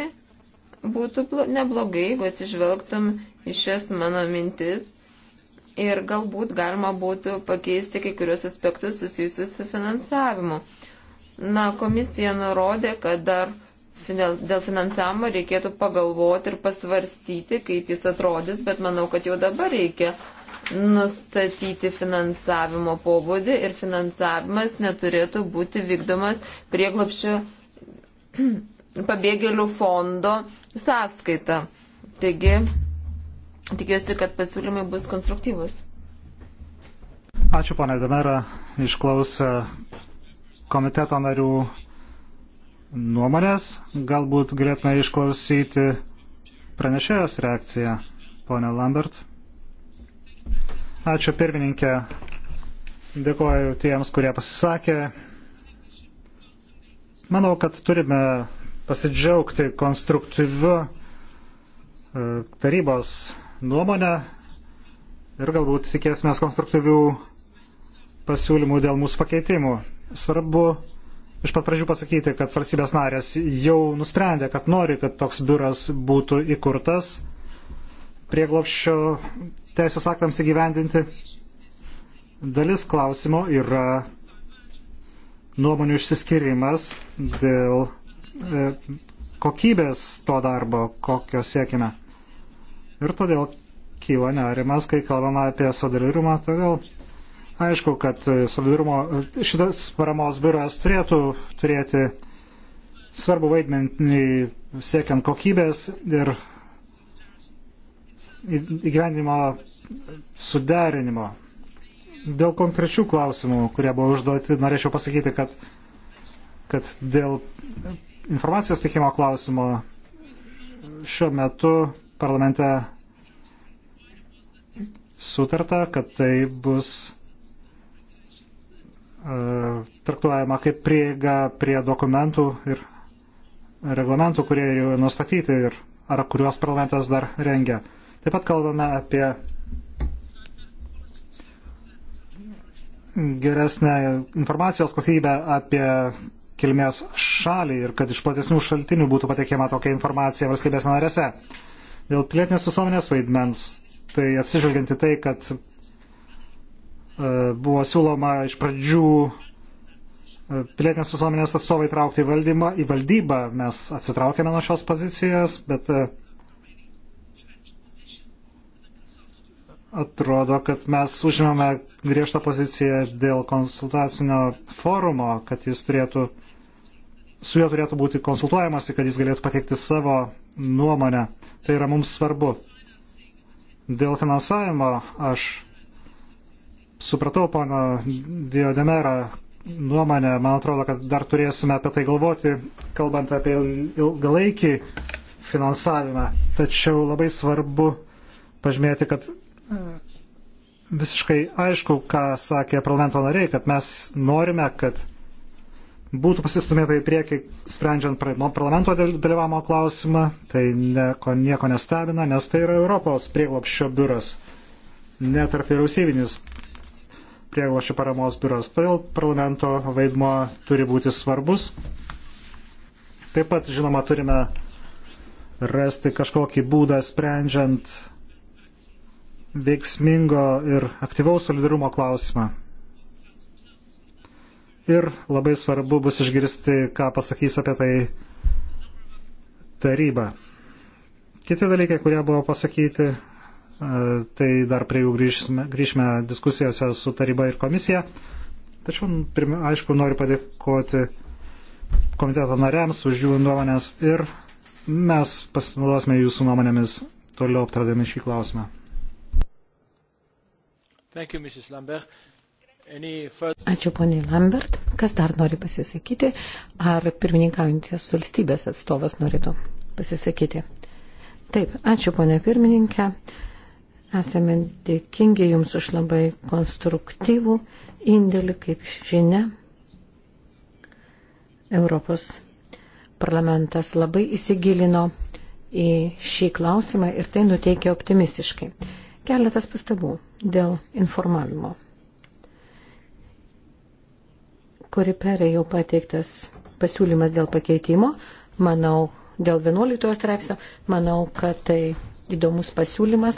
būtų neblogai, jeigu atsižvelgtum šias mano mintis ir galbūt galima būtų pakeisti kai kurios aspektus susijusius su finansavimu. Na, komisija nurodė, kad dar dėl finansavimo reikėtų pagalvoti ir pasvarstyti, kaip jis atrodys, bet manau, kad jau dabar reikia nustatyti finansavimo pobūdį ir finansavimas neturėtų būti vykdomas prieglapščio pabėgėlių fondo sąskaita. Taigi, Tikiuosi, kad pasiūlymai bus konstruktyvus. Ačiū, ponė Demera, išklausę komiteto narių nuomonės. Galbūt galėtume išklausyti pranešėjos reakciją, ponė Lambert. Ačiū pirmininkė. Dėkuoju tiems, kurie pasisakė. Manau, kad turime pasidžiaugti konstruktyviu e, tarybos nuomonę ir galbūt tikėsime konstruktyvių pasiūlymų dėl mūsų pakeitimų. Svarbu iš pat pradžių pasakyti, kad valstybės narės jau nusprendė, kad nori, kad toks biuras būtų įkurtas prieglopščio teisės aktams įgyvendinti. Dalis klausimo yra nuomonių išsiskirimas dėl e, kokybės to darbo, kokio siekime. Ir todėl kyla nerimas, kai kalbama apie solidarumą. Todėl aišku, kad solidarumo šitas paramos biuras turėtų turėti svarbu vaidmenį siekiant kokybės ir įgyvenimo suderinimo. Dėl konkrečių klausimų, kurie buvo užduoti, norėčiau pasakyti, kad, kad dėl informacijos teikimo klausimo šiuo metu parlamente sutarta, kad tai bus e, traktuojama kaip prieiga prie dokumentų ir reglamentų, kurie jau nustatyti ir ar kuriuos parlamentas dar rengia. Taip pat kalbame apie geresnę informacijos kokybę apie kilmės šalį ir kad iš platesnių šaltinių būtų pateikiama tokia informacija valstybės narėse. Dėl pilietinės visuomenės vaidmens, tai atsižvelgiant į tai, kad e, buvo siūloma iš pradžių e, pilietinės visuomenės atstovai traukti į, valdymą, į valdybą, mes atsitraukėme nuo šios pozicijos, bet e, atrodo, kad mes užimame griežtą poziciją dėl konsultacinio forumo, kad jis turėtų uh, su juo turėtų būti konsultuojamasi, kad jis galėtų pateikti savo nuomonę. Tai yra mums svarbu. Dėl finansavimo aš supratau pono Diodemerą nuomonę. Man atrodo, kad dar turėsime apie tai galvoti, kalbant apie ilgalaikį finansavimą. Tačiau labai svarbu pažymėti, kad e, visiškai aišku, ką sakė parlamento nariai, kad mes norime, kad būtų pasistumėta į priekį sprendžiant parlamento dalyvavimo klausimą, tai nieko, nieko nestebina, nes tai yra Europos prieglopščio biuras, ne tarp vyriausybinis prieglopščio paramos biuras. Todėl parlamento vaidmo turi būti svarbus. Taip pat, žinoma, turime rasti kažkokį būdą sprendžiant veiksmingo ir aktyvaus solidarumo klausimą ir labai svarbu bus išgirsti, ką pasakys apie tai taryba. Kiti dalykai, kurie buvo pasakyti, e, tai dar prie jų grįžime, grįžime diskusijose su taryba ir komisija. Tačiau, pirmia, aišku, noriu padėkoti komiteto nariams už jų nuomonės ir mes pasinaudosime jūsų nuomonėmis toliau aptardami šį klausimą. Thank you, Mrs. Lambert. Ačiū poniai Lambert. Kas dar nori pasisakyti? Ar pirmininkaujantis valstybės atstovas norėtų pasisakyti? Taip, ačiū ponia pirmininkė. Esame dėkingi Jums už labai konstruktyvų indėlį, kaip žinia. Europos parlamentas labai įsigilino į šį klausimą ir tai nuteikia optimistiškai. Keletas pastabų dėl informavimo. Koripere jau pateiktas pasiūlymas dėl pakeitimo, manau, dėl 11 straipsnio, manau, kad tai įdomus pasiūlymas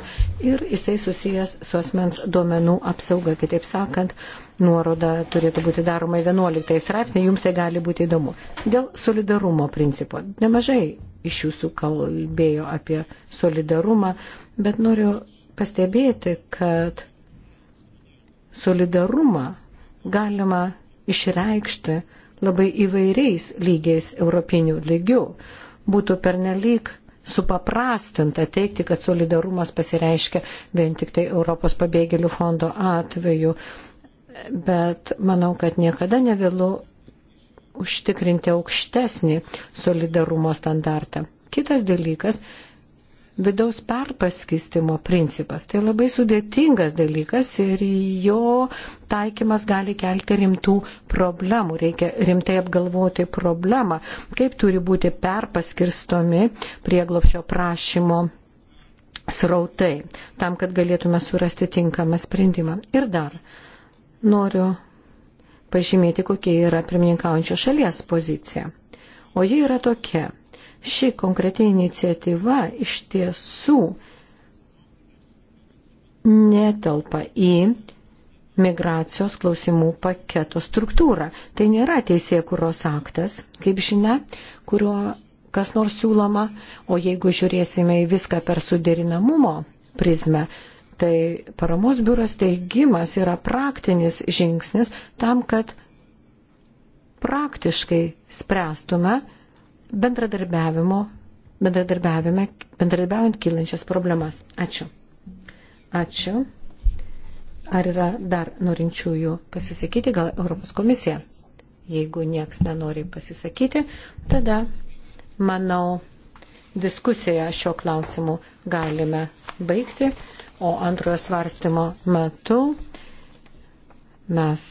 ir jisai susijęs su asmens duomenų apsauga. Kitaip sakant, nuoroda turėtų būti daroma į 11 straipsnį, jums tai gali būti įdomu. Dėl solidarumo principo. Nemažai iš jūsų kalbėjo apie solidarumą, bet noriu pastebėti, kad solidarumą galima išreikšti labai įvairiais lygiais europinių lygių. Būtų pernelyg supaprastinta teikti, kad solidarumas pasireiškia vien tik tai Europos pabėgėlių fondo atveju, bet manau, kad niekada nevėlu užtikrinti aukštesnį solidarumo standartą. Kitas dalykas vidaus perpaskistimo principas. Tai labai sudėtingas dalykas ir jo taikymas gali kelti rimtų problemų. Reikia rimtai apgalvoti problemą, kaip turi būti perpaskirstomi prieglopšio prašymo srautai, tam, kad galėtume surasti tinkamą sprendimą. Ir dar noriu pažymėti, kokia yra pirmininkaujančio šalies pozicija. O ji yra tokia Ši konkreti iniciatyva iš tiesų netelpa į migracijos klausimų paketo struktūrą. Tai nėra teisėkuros aktas, kaip žinia, kurio kas nors siūloma, o jeigu žiūrėsime į viską per suderinamumo prizmę, tai paramos biuros teigimas yra praktinis žingsnis tam, kad praktiškai spręstume bendradarbiavimo, bendradarbiaujant kylančias problemas. Ačiū. Ačiū. Ar yra dar norinčiųjų pasisakyti, gal Europos komisija? Jeigu nieks nenori pasisakyti, tada, manau, diskusiją šio klausimu galime baigti, o antrojo svarstymo metu mes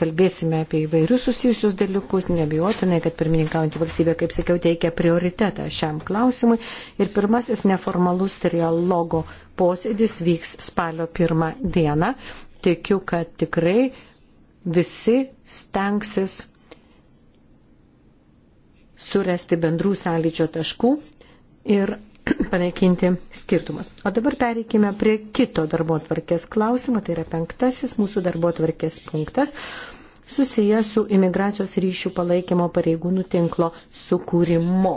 kalbėsime apie įvairius susijusius dalykus, nebijotinai, kad pirmininkaujantį valstybę, kaip sakiau, teikia prioritetą šiam klausimui. Ir pirmasis neformalus trialogo posėdis vyks spalio pirmą dieną. Tikiu, kad tikrai visi stengsis surasti bendrų sąlyčio taškų ir panaikinti skirtumus. O dabar pereikime prie kito darbo atvarkės klausimo, tai yra penktasis mūsų darbo atvarkės punktas, susiję su imigracijos ryšių palaikymo pareigūnų tinklo sukūrimu.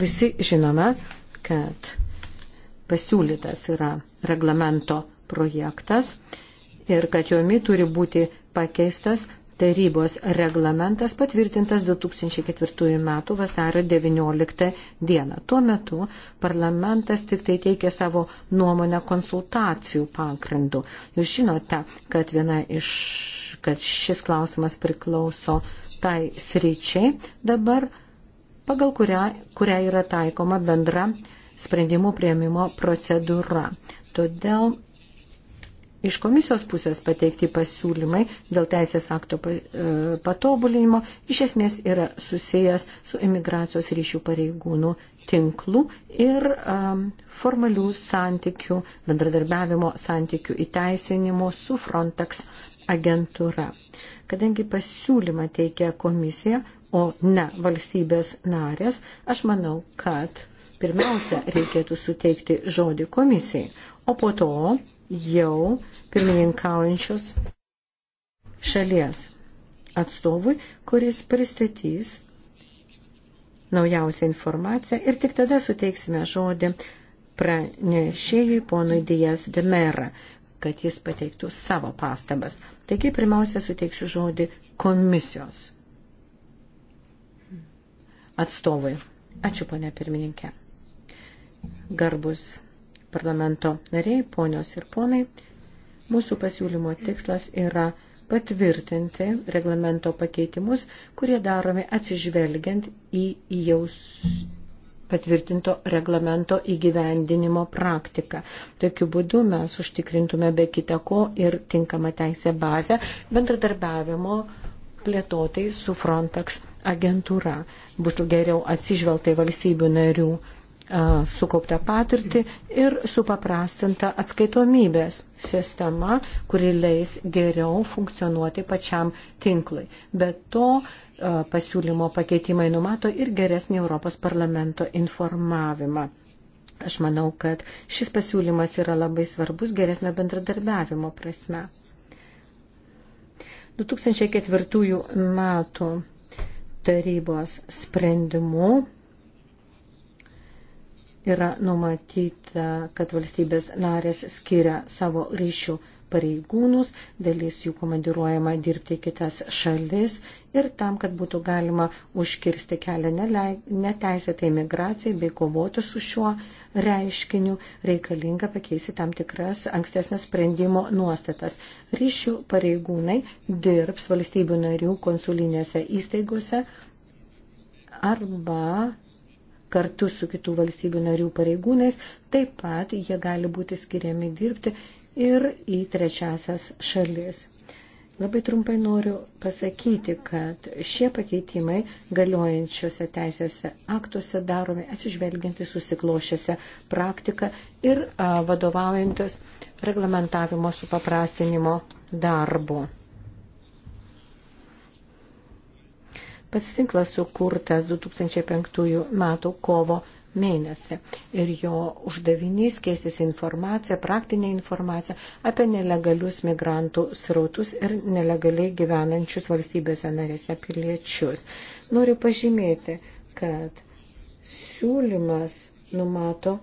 Visi žinome, kad pasiūlytas yra reglamento projektas ir kad jomi turi būti pakeistas tarybos reglamentas patvirtintas 2004 m. vasario 19 d. Tuo metu parlamentas tik tai teikė savo nuomonę konsultacijų pagrindu. Jūs žinote, kad, iš, kad šis klausimas priklauso tai sričiai dabar, pagal kurią, kurią yra taikoma bendra sprendimų prieimimo procedūra. Todėl iš komisijos pusės pateikti pasiūlymai dėl teisės akto e, patobulinimo iš esmės yra susijęs su imigracijos ryšių pareigūnų tinklų ir um, formalių santykių, bendradarbiavimo santykių įteisinimo su Frontex agentūra. Kadangi pasiūlymą teikia komisija, o ne valstybės narės, aš manau, kad pirmiausia reikėtų suteikti žodį komisijai, o po to jau pirmininkaujančios šalies atstovui, kuris pristatys naujausią informaciją ir tik tada suteiksime žodį pranešėjui ponui Dijas Demera, kad jis pateiktų savo pastabas. Taigi, pirmiausia, suteiksiu žodį komisijos atstovui. Ačiū, ponė pirmininkė. Garbus parlamento nariai, ponios ir ponai, mūsų pasiūlymo tikslas yra patvirtinti reglamento pakeitimus, kurie daromi atsižvelgiant į jau patvirtinto reglamento įgyvendinimo praktiką. Tokiu būdu mes užtikrintume be kita ko ir tinkamą teisę bazę bendradarbiavimo plėtotai su Frontex agentūra. Bus geriau atsižvelgta į valstybių narių sukauptą patirtį ir supaprastinta atskaitomybės sistema, kuri leis geriau funkcionuoti pačiam tinklui. Be to pasiūlymo pakeitimai numato ir geresnį Europos parlamento informavimą. Aš manau, kad šis pasiūlymas yra labai svarbus geresnio bendradarbiavimo prasme. 2004 metų tarybos sprendimu yra numatyta, kad valstybės narės skiria savo ryšių pareigūnus, dalis jų komandiruojama dirbti kitas šalis ir tam, kad būtų galima užkirsti kelią neteisėtai migracijai bei kovoti su šiuo reiškiniu, reikalinga pakeisti tam tikras ankstesnio sprendimo nuostatas. Ryšių pareigūnai dirbs valstybių narių konsulinėse įstaigose arba kartu su kitų valstybių narių pareigūnais, taip pat jie gali būti skiriami dirbti ir į trečiasias šalis. Labai trumpai noriu pasakyti, kad šie pakeitimai galiojančiose teisėse aktuose daromi atsižvelginti susiklošėse praktiką ir a, vadovaujantis reglamentavimo supaprastinimo darbu. Pats tinklas sukurtas 2005 metų kovo mėnesį ir jo uždavinys keistis informaciją, praktinę informaciją apie nelegalius migrantų srautus ir nelegaliai gyvenančius valstybėse narėse piliečius. Noriu pažymėti, kad siūlymas numato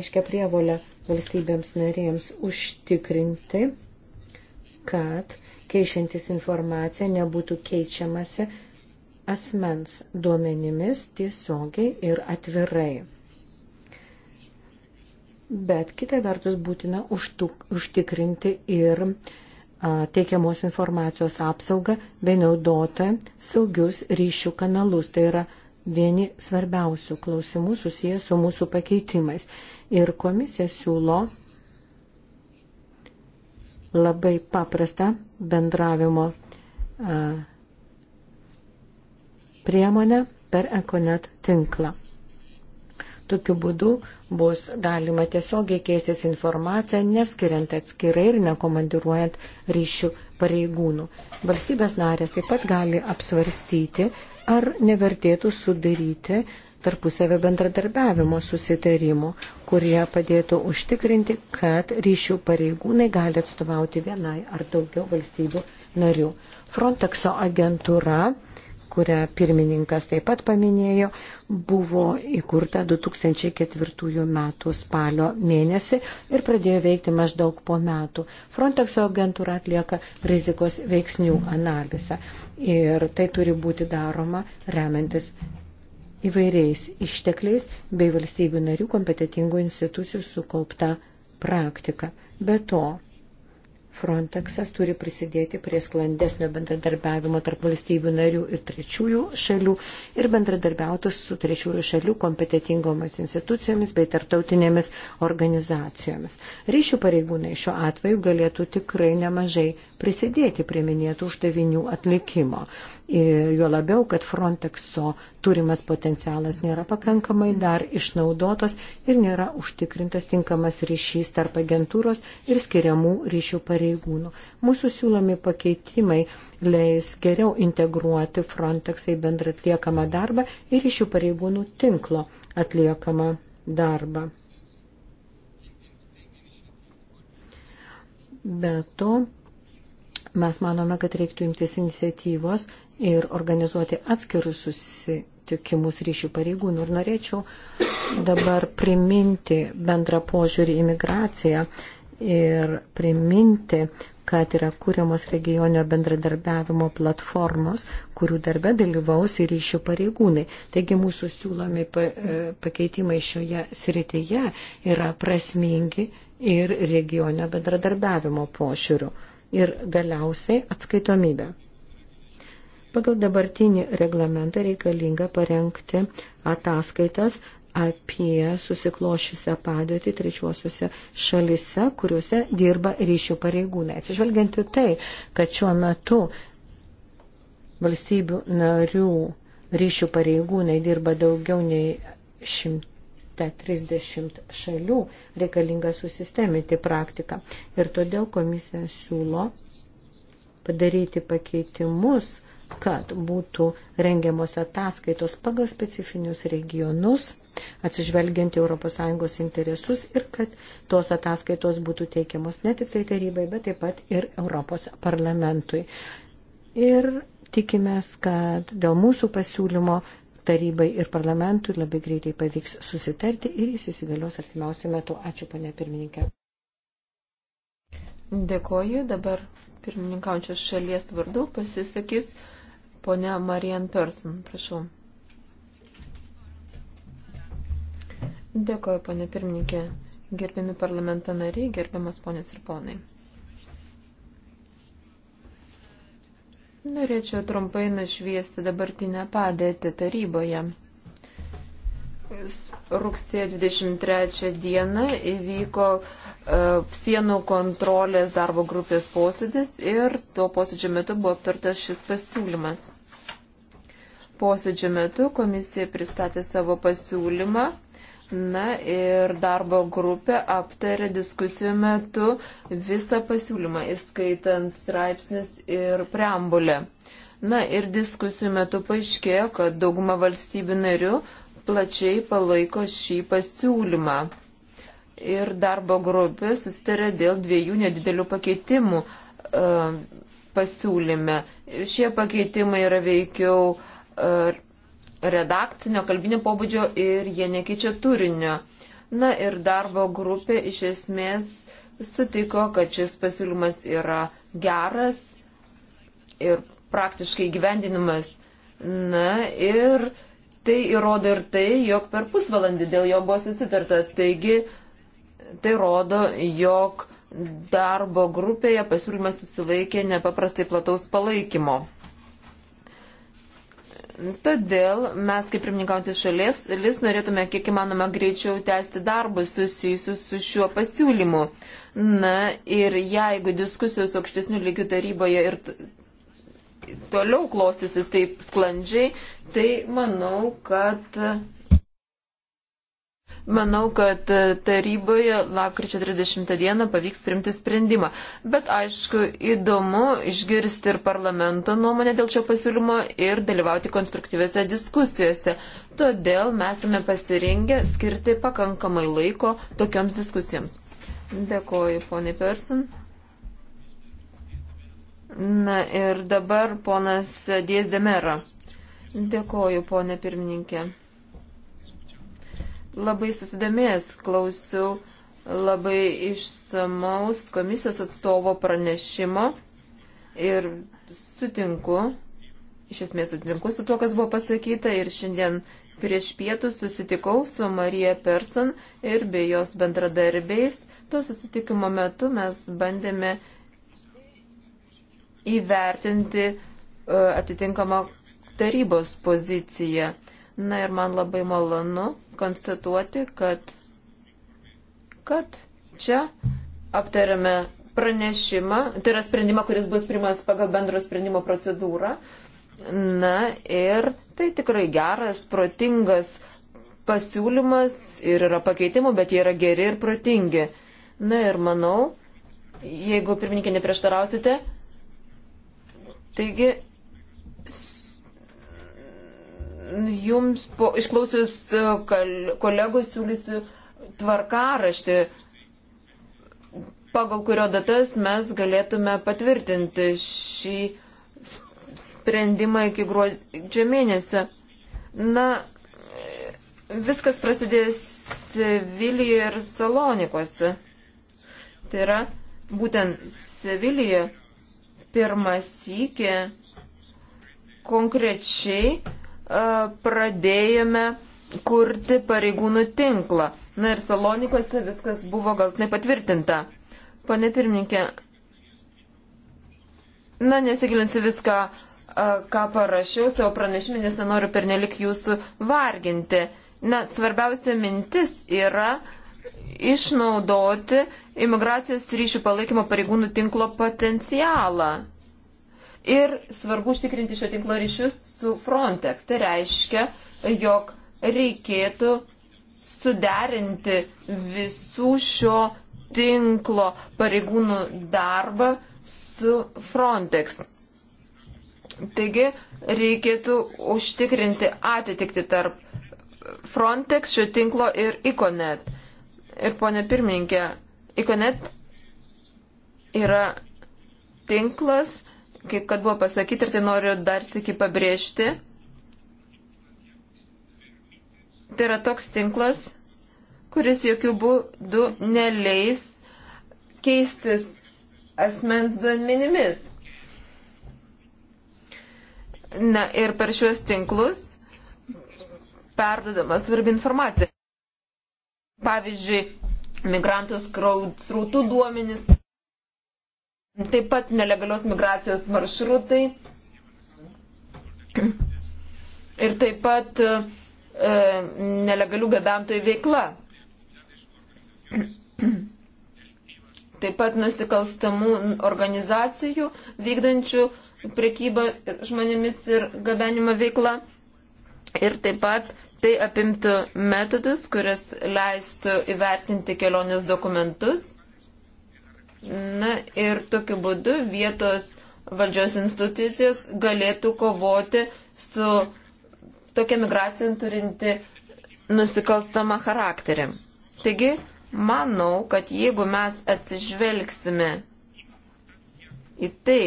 aiškia prievolę valstybėms narėms užtikrinti, kad keičiantis informacija nebūtų keičiamasi asmens duomenimis tiesiogiai ir atvirai. Bet kita vertus būtina užtuk, užtikrinti ir a, teikiamos informacijos apsaugą bei naudotą saugius ryšių kanalus. Tai yra vieni svarbiausių klausimų susijęs su mūsų pakeitimais. Ir komisija siūlo labai paprastą bendravimo a, priemonę per Ekonet tinklą. Tokiu būdu bus galima tiesiogiai keistis informaciją, neskiriant atskirai ir nekomandiruojant ryšių pareigūnų. Valstybės narės taip pat gali apsvarstyti, ar nevertėtų sudaryti tarpusavio bendradarbiavimo susitarimų, kurie padėtų užtikrinti, kad ryšių pareigūnai gali atstovauti vienai ar daugiau valstybių narių. Frontexo agentūra kurią pirmininkas taip pat paminėjo, buvo įkurta 2004 metų spalio mėnesį ir pradėjo veikti maždaug po metų. Frontexo agentūra atlieka rizikos veiksnių analizą ir tai turi būti daroma remiantis įvairiais ištekliais bei valstybių narių kompetitingų institucijų sukaupta praktika. Be to, Frontexas turi prisidėti prie sklandesnio bendradarbiavimo tarp valstybių narių ir trečiųjų šalių ir bendradarbiauti su trečiųjų šalių kompetitingomis institucijomis bei tarptautinėmis organizacijomis. Ryšių pareigūnai šiuo atveju galėtų tikrai nemažai prisidėti prie minėtų uždavinių atlikimo. Ir juo labiau, kad Frontexo turimas potencialas nėra pakankamai dar išnaudotas ir nėra užtikrintas tinkamas ryšys tarp agentūros ir skiriamų ryšių pareigūnų. Mūsų siūlomi pakeitimai leis geriau integruoti Frontexai bendrą atliekamą darbą ir ryšių pareigūnų tinklo atliekamą darbą. Be to, mes manome, kad reiktų imtis iniciatyvos ir organizuoti atskirus susitikimus ryšių pareigūnų. Ir norėčiau dabar priminti bendrą požiūrį į migraciją ir priminti, kad yra kūriamos regionio bendradarbiavimo platformos, kurių darbe dalyvaus ir ryšių pareigūnai. Taigi mūsų siūlomi e, pakeitimai šioje srityje yra prasmingi ir regionio bendradarbiavimo pošiūrių. Ir galiausiai atskaitomybė. Pagal dabartinį reglamentą reikalinga parengti ataskaitas apie susiklošysią padėtį trečiuosiuose šalise, kuriuose dirba ryšių pareigūnai. Atsižvelgianti tai, kad šiuo metu valstybių narių ryšių pareigūnai dirba daugiau nei 130 šalių, reikalinga susisteminti praktiką. Ir todėl komisija siūlo padaryti pakeitimus kad būtų rengiamos ataskaitos pagal specifinius regionus, atsižvelgiant į ES interesus ir kad tos ataskaitos būtų teikiamos ne tik tai tarybai, bet taip pat ir Europos parlamentui. Ir tikimės, kad dėl mūsų pasiūlymo tarybai ir parlamentui labai greitai pavyks susitarti ir jis įsigalios artimiausių metų. Ačiū, ponė pirmininkė. Dėkoju, dabar pirmininkaujančios šalies vardu pasisakys Pone Marian Person, prašau. Dėkoju, ponė pirmininkė, gerbiami parlamento nariai, gerbiamas ponės ir ponai. Norėčiau trumpai nušviesti dabartinę padėtį taryboje. Rugsėjo 23 dieną įvyko uh, sienų kontrolės darbo grupės posėdis ir tuo posėdžio metu buvo aptartas šis pasiūlymas. Posėdžio metu komisija pristatė savo pasiūlymą, na ir darbo grupė aptarė diskusijų metu visą pasiūlymą, įskaitant straipsnius ir preambulę. Na ir diskusijų metu paaiškėjo, kad dauguma valstybių narių plačiai palaiko šį pasiūlymą. Ir darbo grupė sustarė dėl dviejų nedidelių pakeitimų uh, pasiūlyme. Ir šie pakeitimai yra veikiau uh, redakcinio, kalbinio pobūdžio ir jie nekeičia turinio. Na ir darbo grupė iš esmės sutiko, kad šis pasiūlymas yra geras ir praktiškai gyvendinimas. Na ir uh, Tai įrodo ir tai, jog per pusvalandį dėl jo buvo susitarta. Taigi, tai rodo, jog darbo grupėje pasiūlymas susilaikė nepaprastai plataus palaikymo. Todėl mes, kaip pirmininkautis šalies, vis norėtume kiek įmanoma greičiau tęsti darbus susijusius su šiuo pasiūlymu. Na ir jeigu diskusijos aukštesnių lygių taryboje ir toliau klostysis taip sklandžiai, tai manau, kad. Manau, kad taryboje lapkričio 30 dieną pavyks primti sprendimą. Bet aišku, įdomu išgirsti ir parlamento nuomonę dėl šio pasiūlymo ir dalyvauti konstruktyvėse diskusijose. Todėl mes esame pasirengę skirti pakankamai laiko tokioms diskusijoms. Dėkoju, poniai Person. Na ir dabar ponas Dies Demera. Dėkoju, ponė pirmininkė. Labai susidomėjęs klausiau labai išsamaus komisijos atstovo pranešimo ir sutinku, iš esmės sutinku su tuo, kas buvo pasakyta ir šiandien prieš pietus susitikau su Marija Person ir bei jos bendradarbiais. To susitikimo metu mes bandėme įvertinti e, atitinkamą tarybos poziciją. Na ir man labai malonu konstatuoti, kad, kad čia aptariame pranešimą, tai yra sprendimą, kuris bus primas pagal bendro sprendimo procedūrą. Na ir tai tikrai geras, protingas pasiūlymas ir yra pakeitimų, bet jie yra geri ir protingi. Na ir manau, jeigu pirmininkė neprieštarausite, Taigi, jums po, išklausius e, kolegų siūlysiu tvarkaraštį, pagal kurio datas mes galėtume patvirtinti šį sprendimą iki gruodžio mėnesio. Na, e, viskas prasidės Sevilijoje ir Salonikuose. Tai yra būtent Sevilijoje pirmas sykį konkrečiai e, pradėjome kurti pareigūnų tinklą. Na ir Salonikose viskas buvo galtinai patvirtinta. Pane pirmininkė, na nesigilinsiu viską, e, ką parašiau savo pranešimį, nes nenoriu pernelik jūsų varginti. Na, svarbiausia mintis yra išnaudoti imigracijos ryšių palaikymo pareigūnų tinklo potencialą. Ir svarbu užtikrinti šio tinklo ryšius su Frontex. Tai reiškia, jog reikėtų suderinti visų šio tinklo pareigūnų darbą su Frontex. Taigi reikėtų užtikrinti atitikti tarp Frontex, šio tinklo ir Iconet. Ir ponė pirmininkė, Ikonet yra tinklas, kaip kad buvo pasakyti, ir tai noriu dar sėki pabrėžti. Tai yra toks tinklas, kuris jokių būdų neleis keistis asmens duomenimis. Na ir per šiuos tinklus perdodama svarbi informacija. Pavyzdžiui, migrantų srautų duomenys, taip pat nelegalios migracijos maršrutai ir taip pat e, e, nelegalių gabentojų veikla. Taip pat nusikalstamų organizacijų vykdančių prekybą žmonėmis ir gabenimą veiklą. Ir taip pat Tai apimtų metodus, kuris leistų įvertinti kelionės dokumentus. Na ir tokiu būdu vietos valdžios institucijos galėtų kovoti su tokia migracija turinti nusikalstamą charakterį. Taigi, manau, kad jeigu mes atsižvelgsime į tai,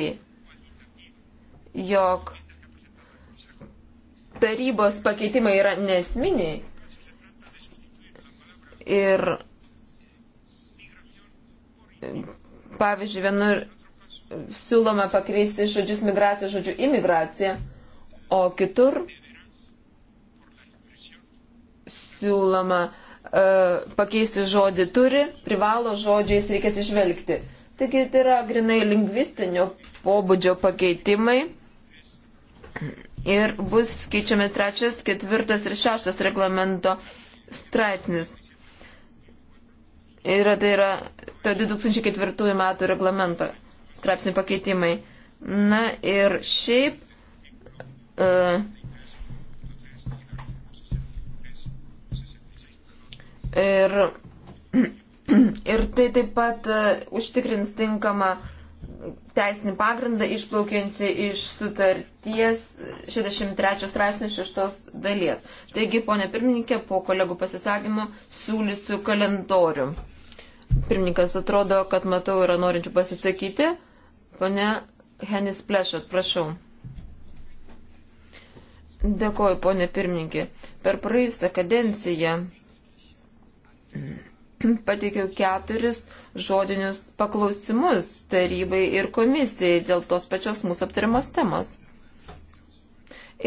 jog tarybos pakeitimai yra nesminiai. Ir pavyzdžiui, vienur siūloma pakeisti žodžius migracija žodžiu imigracija, o kitur siūloma uh, pakeisti žodį turi, privalo žodžiais reikia atsižvelgti. Taigi tai yra grinai lingvistinio pobūdžio pakeitimai ir bus keičiami trečias, ketvirtas ir šeštas reglamento straipsnis. Ir tai yra to 2004 metų reglamento straipsnių pakeitimai. Na ir šiaip. Uh, ir, ir tai taip pat uh, užtikrins tinkamą uh, teisinį pagrindą išplaukiantį iš sutarties 63 straipsnio 6 dalies. Taigi, ponė pirmininkė, po kolegų pasisakymo siūlysiu kalendorių. Pirmininkas atrodo, kad matau yra norinčių pasisakyti. Pone Henis Plešat, prašau. Dėkoju, ponė pirmininkė. Per praėjusią kadenciją pateikiau keturis žodinius paklausimus tarybai ir komisijai dėl tos pačios mūsų aptariamos temos.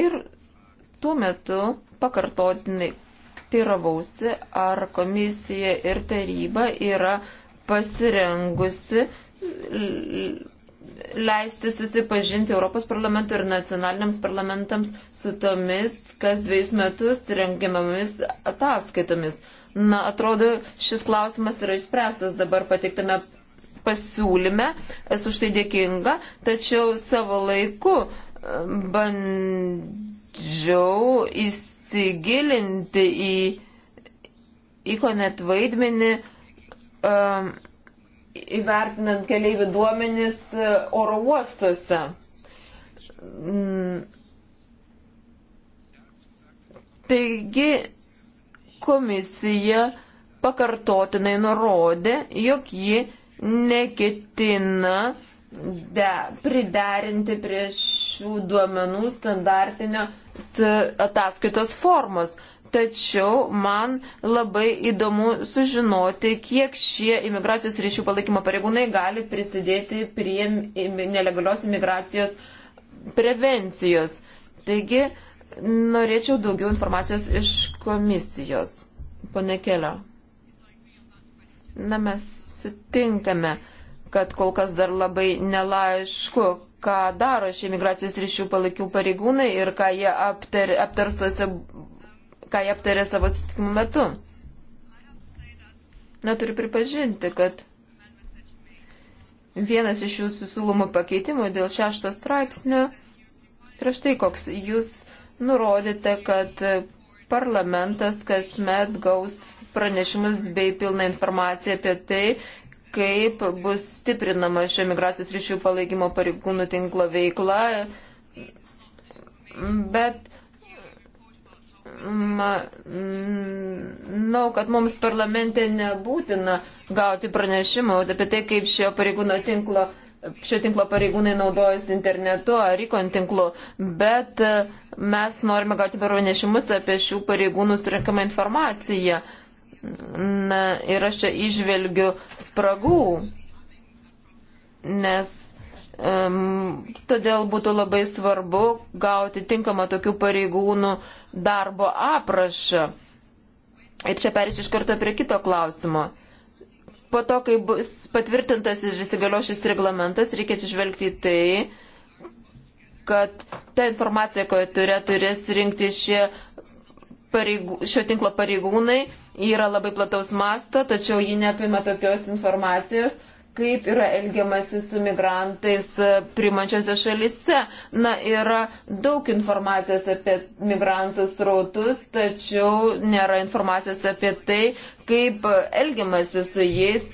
Ir tuo metu pakartotinai tyravausi, ar komisija ir taryba yra pasirengusi leisti susipažinti Europos parlamentui ir nacionaliniams parlamentams su tomis, kas dviejus metus rengiamomis ataskaitomis. Na, atrodo, šis klausimas yra išspręstas dabar pateiktame pasiūlyme. Esu už tai dėkinga, tačiau savo laiku bandžiau įsigilinti į ikonet vaidmenį, um, įvertinant keliaivių duomenis e, oro uostuose. Taigi, komisija pakartotinai nurodė, jog ji neketina de, priderinti prie šių duomenų standartinio ataskaitos formos. Tačiau man labai įdomu sužinoti, kiek šie imigracijos ryšių palaikymo pareigūnai gali prisidėti prie nelegalios imigracijos prevencijos. Taigi, Norėčiau daugiau informacijos iš komisijos. Pone Kelio. Na, mes sutinkame, kad kol kas dar labai nelaišku, ką daro šie migracijos ryšių palaikių pareigūnai ir ką jie aptar, aptarstuose, ką jie aptarė savo sutikimų metu. Na, turiu pripažinti, kad Vienas iš jūsų siūlomų pakeitimų dėl šešto straipsnio yra štai koks. Jūs nurodyta, kad parlamentas kasmet gaus pranešimus bei pilną informaciją apie tai, kaip bus stiprinama šio migracijos ryšių palaikymo pareigūnų tinklo veikla. Bet manau, kad mums parlamente nebūtina gauti pranešimų apie tai, kaip šio pareigūno tinklo veikla šio tinklo pareigūnai naudojasi internetu ar ikon tinklu, bet e, mes norime gauti pranešimus apie šių pareigūnų surinkamą informaciją. Na, ir aš čia išvelgiu spragų, nes um, todėl būtų labai svarbu gauti tinkamą tokių pareigūnų darbo aprašą. Ir čia perėsiu iš karto prie kito klausimo po to, kai bus patvirtintas ir įsigalios šis reglamentas, reikia atsižvelgti į tai, kad ta informacija, koją turė, turės rinkti šie pareigų, šio tinklo pareigūnai, yra labai plataus masto, tačiau ji neapima tokios informacijos, kaip yra elgiamasi su migrantais e, primančiose šalise. Na, yra daug informacijos apie migrantus rautus, tačiau nėra informacijos apie tai, kaip elgiamasi su jais.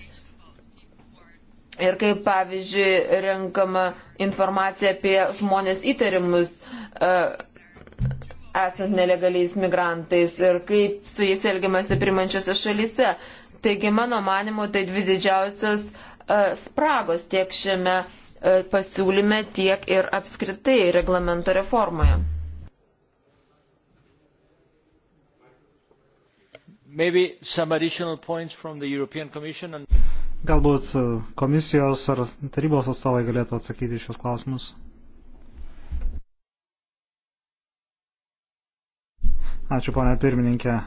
Ir kaip, pavyzdžiui, renkama informacija apie žmonės įtarimus e, esant nelegaliais migrantais ir kaip su jais elgiamasi primančiose šalise. Taigi, mano manimu, tai dvi didžiausios uh, E, spragos tiek šiame e, pasiūlyme, tiek ir apskritai reglamento reformoje. And... Galbūt e, komisijos ar tarybos atstovai galėtų atsakyti šios klausimus. Ačiū, ponia pirmininkė.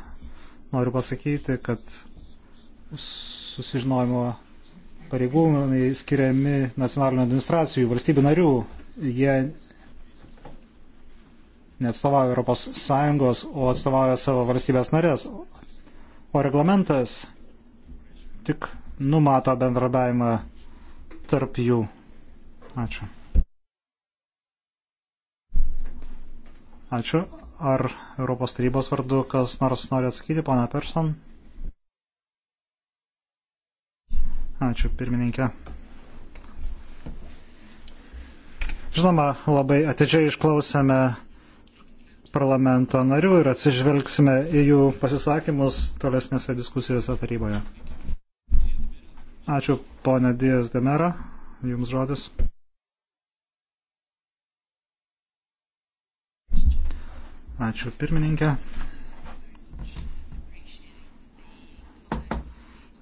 Noriu pasakyti, kad susižinojimo pareigūnai skiriami nacionalinių administracijų, valstybių narių, jie neatstovauja Europos Sąjungos, o atstovauja savo valstybės narės. O reglamentas tik numato bendradarbiavimą tarp jų. Ačiū. Ačiū. Ar Europos tarybos vardu kas nors nori atsakyti, pana Person? Ačiū, pirmininkė. Žinoma, labai atidžiai išklausėme parlamento narių ir atsižvelgsime į jų pasisakymus tolesnėse diskusijose taryboje. Ačiū, ponė Dijas Demera. Jums žodis. Ačiū pirmininkė.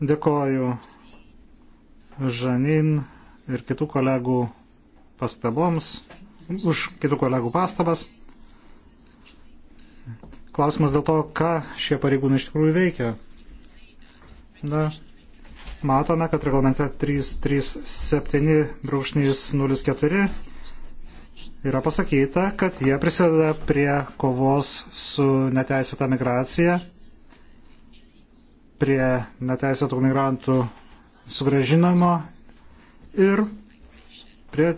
Dėkoju Žanin ir kitų kolegų pastaboms, už kitų kolegų pastabas. Klausimas dėl to, ką šie pareigūnai iš tikrųjų veikia. Na, matome, kad reglamente 337.04 yra pasakyta, kad jie prisideda prie kovos su neteisėta migracija, prie neteisėtų migrantų sugražinamo ir prie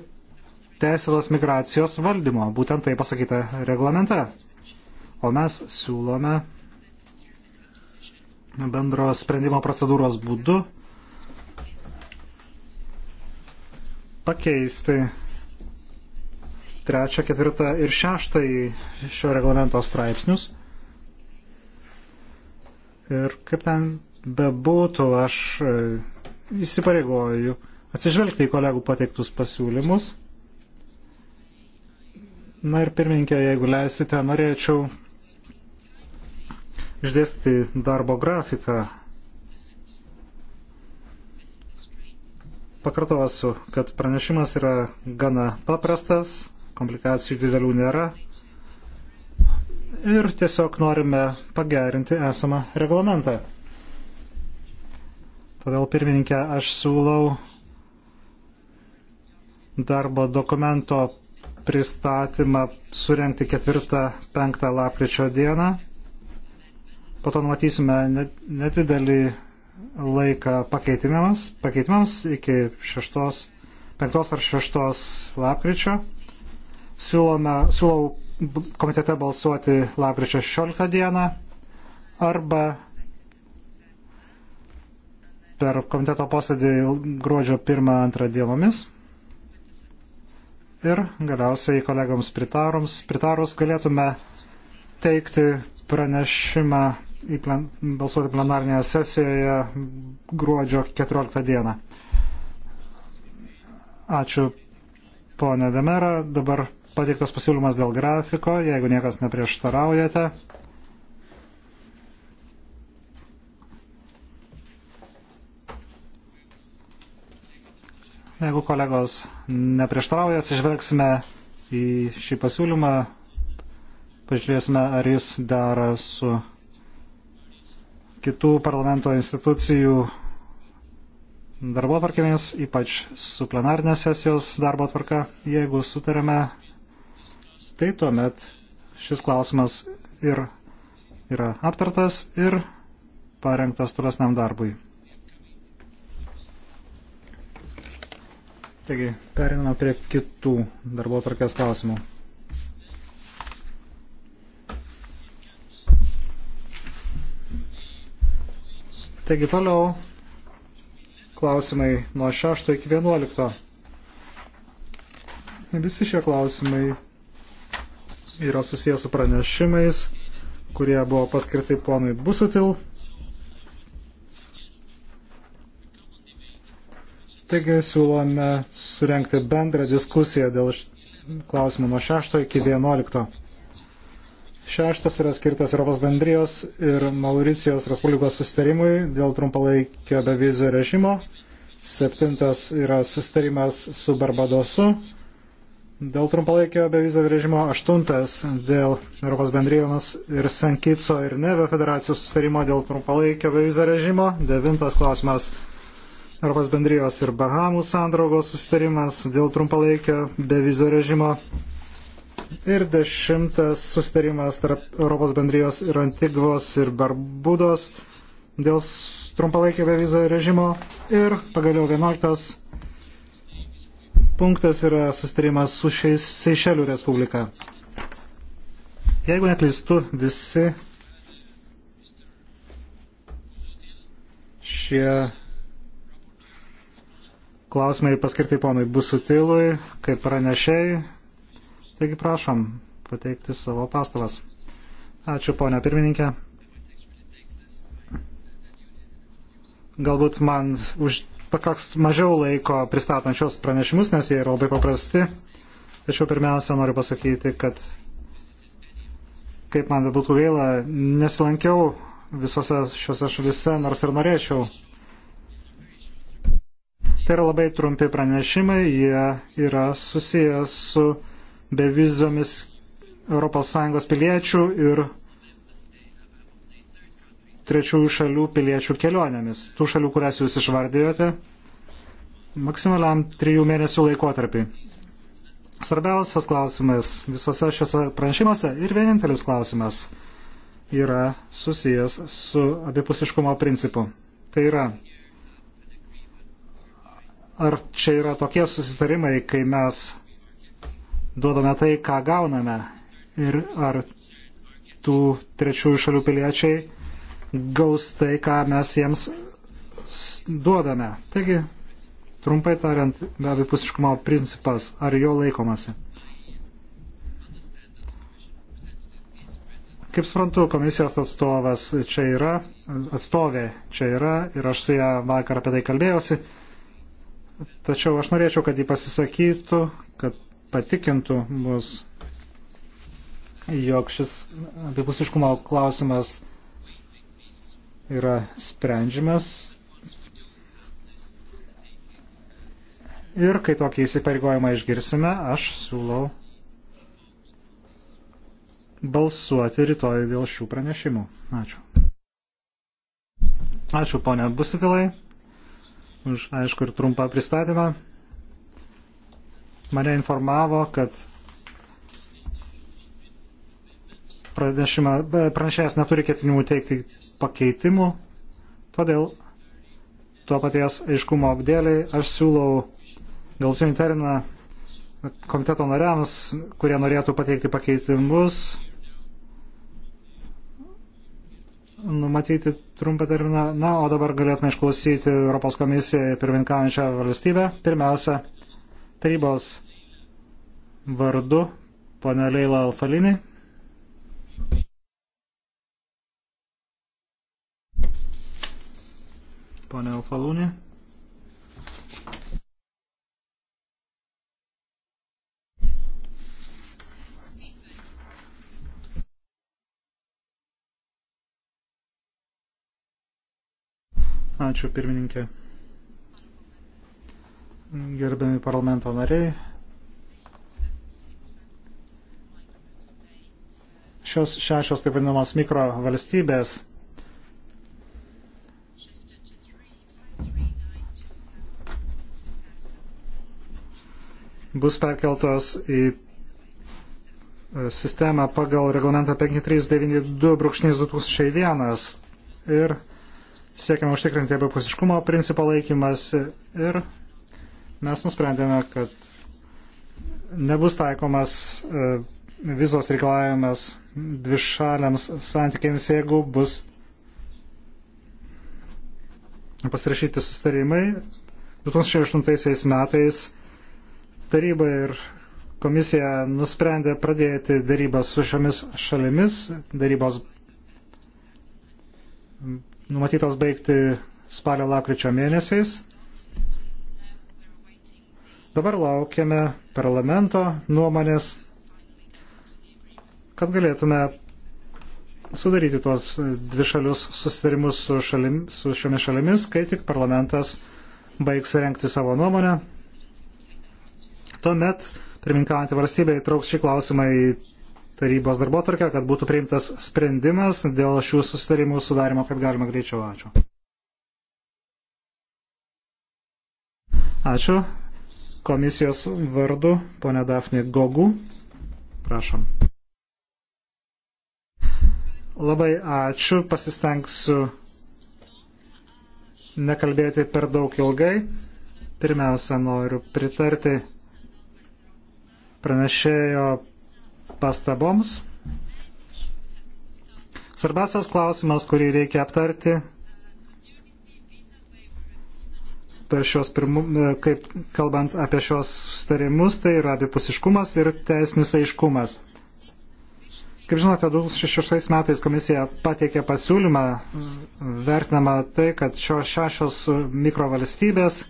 teisėtos migracijos valdymo. Būtent tai pasakyta reglamente. O mes siūlome bendro sprendimo procedūros būdu pakeisti trečią, ketvirtą ir šeštąjį šio reglamento straipsnius. Ir kaip ten bebūtų, aš įsipareigoju atsižvelgti į kolegų pateiktus pasiūlymus. Na ir pirmininkė, jeigu leisite, norėčiau išdėsti darbo grafiką. Pakartosiu, kad pranešimas yra gana paprastas, komplikacijų didelių nėra ir tiesiog norime pagerinti esamą reglamentą. Todėl, pirmininkė, aš siūlau darbo dokumento pristatymą surenkti 4-5 lapkričio dieną. Po to matysime nedidelį laiką pakeitimams, pakeitimams iki 6, 5 ar 6 lapkričio. Siūlome, siūlau komitete balsuoti lapkričio 16 dieną arba per komiteto posėdį gruodžio 1-2 dienomis. Ir galiausiai kolegoms pritarus, pritarus galėtume teikti pranešimą į plen, balsuoti plenarnėje sesijoje gruodžio 14 dieną. Ačiū, ponė Demera. Dabar pateiktas pasiūlymas dėl grafiko. Jeigu niekas neprieštaraujate, Jeigu kolegos neprieštarauja, atsižvelgsime į šį pasiūlymą, pažiūrėsime, ar jis dera su kitų parlamento institucijų darbo tvarkėmis, ypač su plenarinės sesijos darbo tvarka. Jeigu sutarėme, tai tuomet šis klausimas ir yra aptartas ir parengtas tolesniam darbui. Taigi, periname prie kitų darbo tvarkės klausimų. Taigi toliau klausimai nuo 6 iki 11. Visi šie klausimai yra susijęs su pranešimais, kurie buvo paskirti ponui Busutil Taigi siūlome surenkti bendrą diskusiją dėl klausimų nuo 6 iki 11. Šeštas yra skirtas Europos bendrijos ir Mauricijos Respublikos sustarimui dėl trumpalaikio bevizio režimo. Septintas yra sustarimas su Barbadosu dėl trumpalaikio bevizio režimo. Aštuntas dėl Europos bendrijos ir Sankico ir Neve federacijų sustarimo dėl trumpalaikio bevizio režimo. Devintas klausimas Europos bendrijos ir Bahamų sandraugos sustarimas dėl trumpalaikio bevizio režimo. Ir dešimtas sustarimas tarp Europos bendrijos ir Antigvos ir Barbudos dėl trumpalaikio bevizio režimo. Ir pagaliau vienuoliktas punktas yra sustarimas su šiais Seišelių Respublika. Jeigu neklystu, visi šie Klausimai paskirti ponui Busutilui, kaip pranešiai. Taigi prašom pateikti savo pastabas. Ačiū ponia pirmininkė. Galbūt man už pakaks mažiau laiko pristatančios pranešimus, nes jie yra labai paprasti. Tačiau pirmiausia, noriu pasakyti, kad kaip man bebūtų gaila, nesilankiau visose šiuose šalise, nors ir norėčiau. Tai yra labai trumpi pranešimai, jie yra susijęs su bevizomis ES piliečių ir trečiųjų šalių piliečių kelionėmis, tų šalių, kurias jūs išvardėjote, maksimaliam trijų mėnesių laikotarpį. Svarbiausias klausimas visose šiose pranešimuose ir vienintelis klausimas yra susijęs su abipusiškumo principu. Tai yra, ar čia yra tokie susitarimai, kai mes duodame tai, ką gauname ir ar tų trečiųjų šalių piliečiai gaus tai, ką mes jiems duodame. Taigi, trumpai tariant, abipusiškumo principas, ar jo laikomasi. Kaip suprantu, komisijos atstovas čia yra, atstovė čia yra ir aš su ją vakar apie tai kalbėjausi tačiau aš norėčiau, kad jį pasisakytų, kad patikintų mus, jog šis abipusiškumo klausimas yra sprendžiamas. Ir kai tokį įsipareigojimą išgirsime, aš siūlau balsuoti rytoj dėl šių pranešimų. Ačiū. Ačiū, ponia Busitilai už aišku ir trumpą pristatymą. Mane informavo, kad pranešėjas neturi ketinimų teikti pakeitimų, todėl tuo paties aiškumo apdėliai aš siūlau galtinį terminą komiteto nariams, kurie norėtų pateikti pakeitimus numatyti trumpą terminą. Na, o dabar galėtume išklausyti Europos komisiją pirmininkaujančią valstybę. Pirmiausia, tarybos vardu, pana Leila Alfalini. Pane Alfalūnė. Ačiū pirmininkė. Gerbiami parlamento nariai. Šios šešios taip vadinamos mikro valstybės bus perkeltos į e, sistemą pagal reglamentą 5392-2001 ir siekiame užtikrinti abipusiškumo principo laikymas ir mes nusprendėme, kad nebus taikomas e, vizos reikalavimas dvišaliams santykiams, jeigu bus pasirašyti sustarimai. 2008 metais taryba ir komisija nusprendė pradėti darybas su šiomis šalimis. Darybos numatytos baigti spalio lakryčio mėnesiais. Dabar laukiame parlamento nuomonės, kad galėtume sudaryti tuos dvišalius susitarimus su, šalim, su šiomis šalimis, kai tik parlamentas baigs renkti savo nuomonę. Tuomet pirminkaujantį valstybę įtrauks šį klausimą į tarybos darbo tarkę, kad būtų priimtas sprendimas dėl šių susitarimų sudarimo kaip galima greičiau. Ačiū. Ačiū. Komisijos vardu, ponė Dafnė Gogu. Prašom. Labai ačiū, pasistengsiu nekalbėti per daug ilgai. Pirmiausia, noriu pritarti pranešėjo pastaboms. Svarbiausias klausimas, kurį reikia aptarti per šios pirmų, e, kaip kalbant apie šios sustarimus, tai yra abipusiškumas ir teisinis aiškumas. Kaip žinote, 2006 metais komisija pateikė pasiūlymą, vertinama tai, kad šios šešios mikrovalstybės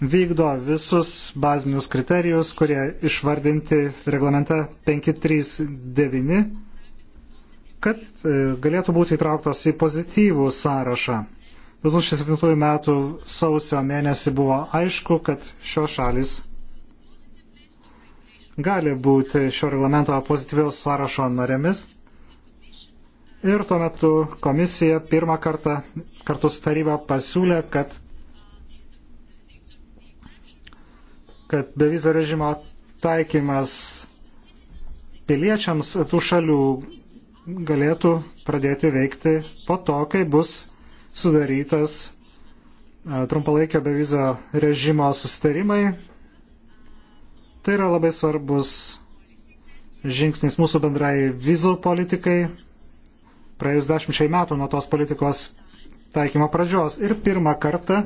vykdo visus bazinius kriterijus, kurie išvardinti reglamente 539, kad e, galėtų būti įtrauktos į pozityvų sąrašą. 2007 m. sausio mėnesį buvo aišku, kad šios šalis gali būti šio reglamento pozityviaus sąrašo narėmis. Ir tuo metu komisija pirmą kartą kartu su taryba pasiūlė, kad kad bevizio režimo taikymas piliečiams tų šalių galėtų pradėti veikti po to, kai bus sudarytas e, trumpalaikio bevizio režimo sustarimai. Tai yra labai svarbus žingsnis mūsų bendrai vizų politikai. Praėjus dešimčiai metų nuo tos politikos taikymo pradžios ir pirmą kartą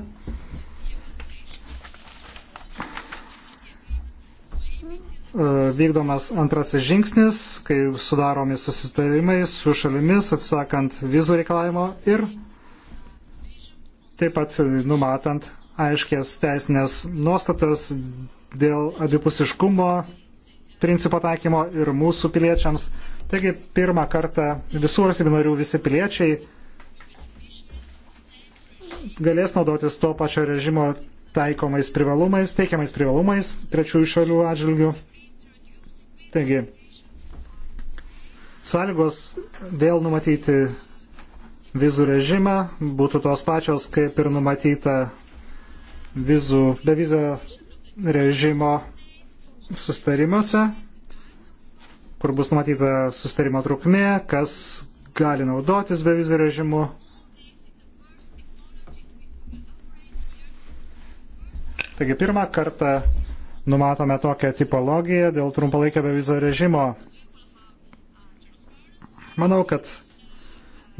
E, vykdomas antrasis žingsnis, kai sudaromi susitarimai su šalimis, atsakant vizų reikalavimo ir taip pat numatant aiškės teisinės nuostatas dėl abipusiškumo principo taikymo ir mūsų piliečiams. Taigi pirmą kartą visų valstybių narių visi piliečiai galės naudotis to pačio režimo taikomais privalumais, teikiamais privalumais trečiųjų šalių atžvilgių Taigi, sąlygos vėl numatyti vizų režimą būtų tos pačios, kaip ir numatyta vizų, be vizio režimo sustarimuose, kur bus numatyta sustarimo trukmė, kas gali naudotis be vizų režimu. Taigi pirmą kartą numatome tokią tipologiją dėl trumpalaikio bevizio režimo. Manau, kad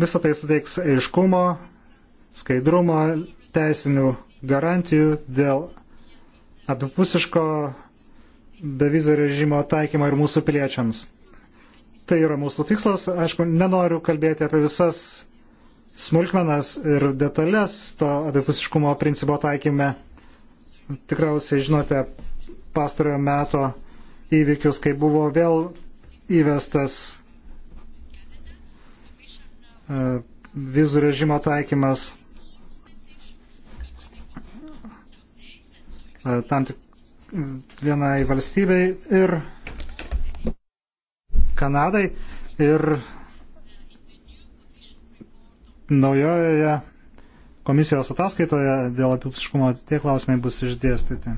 visą tai suteiks aiškumo, skaidrumo, teisinių garantijų dėl abipusiško bevizio režimo taikymo ir mūsų piliečiams. Tai yra mūsų tikslas. Aišku, nenoriu kalbėti apie visas smulkmenas ir detalės to abipusiškumo principo taikyme. Tikriausiai žinote pastarojo meto įvykius, kai buvo vėl įvestas e, vizų režimo taikymas e, tam tik mm, vienai valstybei ir Kanadai ir naujojoje komisijos ataskaitoje dėl apipusiškumo tie klausimai bus išdėstyti.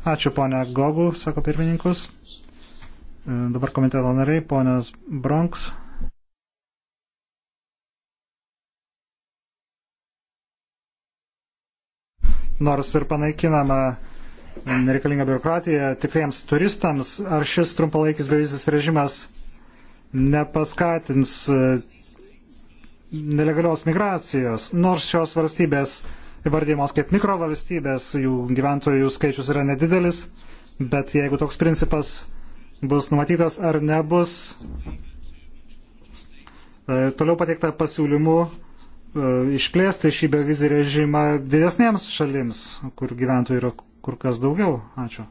Ačiū ponia Gogu, sako pirmininkus. E, dabar komiteto nariai, ponios Bronks. Nors ir panaikinama nereikalinga biurokratija tikriems turistams, ar šis trumpalaikis bevizis režimas nepaskatins e, nelegalios migracijos, nors šios valstybės įvardymos kaip mikrovalstybės, jų gyventojų skaičius yra nedidelis, bet jeigu toks principas bus numatytas ar nebus, e, toliau pateikta pasiūlymų e, išplėsti šį bevizį režimą didesnėms šalims, kur gyventojų yra kur kas daugiau. Ačiū.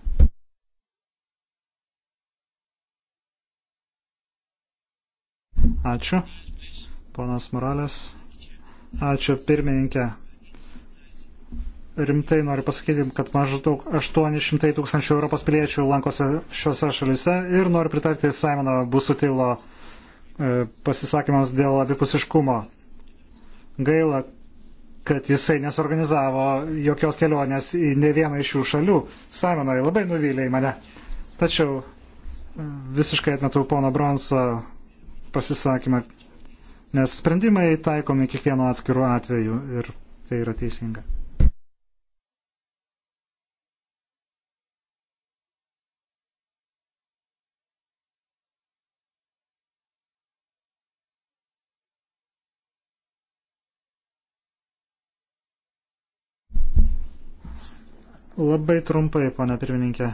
Ačiū. Ponas Moralės. Ačiū pirmininkė rimtai noriu pasakyti, kad maždaug 800 tūkstančių Europos piliečių lankosi šiuose šalise ir noriu pritarti Simono Busutilo e, pasisakymams dėl abipusiškumo. Gaila, kad jisai nesorganizavo jokios kelionės į ne vieną iš šių šalių. Simonai labai nuvylė į mane. Tačiau e, visiškai atmetu pono Bronso pasisakymą, nes sprendimai taikomi kiekvienu atskiru atveju ir tai yra teisinga. Labai trumpai, ponia pirmininkė.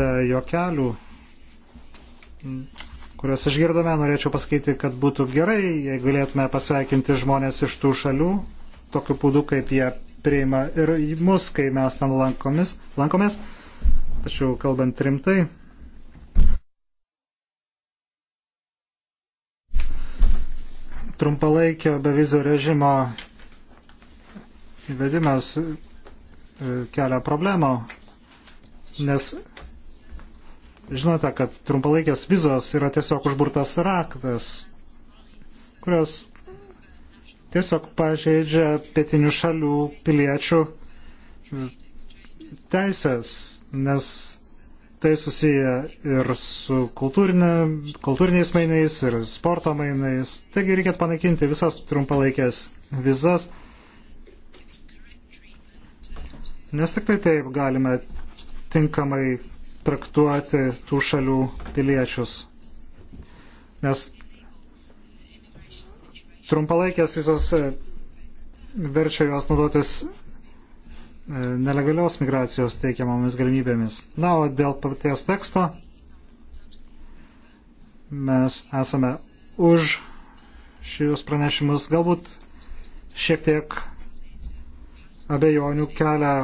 Be jokelių, kuriuos išgirdome, norėčiau pasakyti, kad būtų gerai, jei galėtume pasveikinti žmonės iš tų šalių, tokiu būdu, kaip jie priima ir mus, kai mes ten lankomis, lankomės. Tačiau kalbant rimtai, trumpalaikio bevizio režimo įvedimas e, kelia problemą, nes žinote, kad trumpalaikės vizos yra tiesiog užburtas raktas, kurios tiesiog pažeidžia pietinių šalių piliečių e, teisės, nes tai susiję ir su kultūrinė, kultūriniais mainais, ir sporto mainais. Taigi reikėtų panaikinti visas trumpalaikės vizas Nes tik tai taip galime tinkamai traktuoti tų šalių piliečius. Nes trumpalaikės visos e, verčia juos naudotis e, nelegalios migracijos teikiamomis galimybėmis. Na, o dėl paties teksto mes esame už šios pranešimus. Galbūt šiek tiek abejonių kelia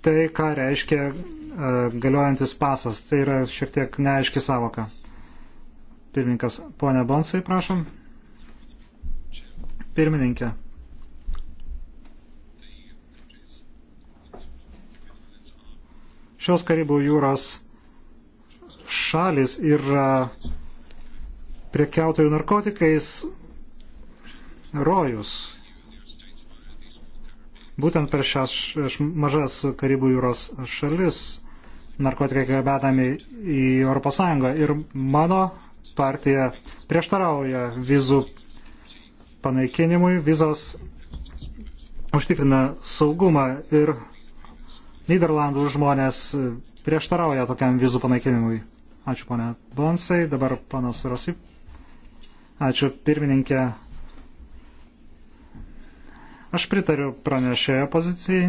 tai, ką reiškia e, galiojantis pasas. Tai yra šiek tiek neaiški savoka. Pirmininkas, ponia Bonsai, prašom. Pirmininkė. Šios Karibų jūros šalis yra priekiautojų narkotikais rojus. Būtent per šias mažas Karibų jūros šalis narkotikai gabenami į ES. Ir mano partija prieštarauja vizų panaikinimui. Vizos užtikrina saugumą ir Niderlandų žmonės prieštarauja tokiam vizų panaikinimui. Ačiū, ponė Blonsai. Dabar panas Rosip. Ačiū, pirmininkė. Aš pritariu pranešėjo pozicijai.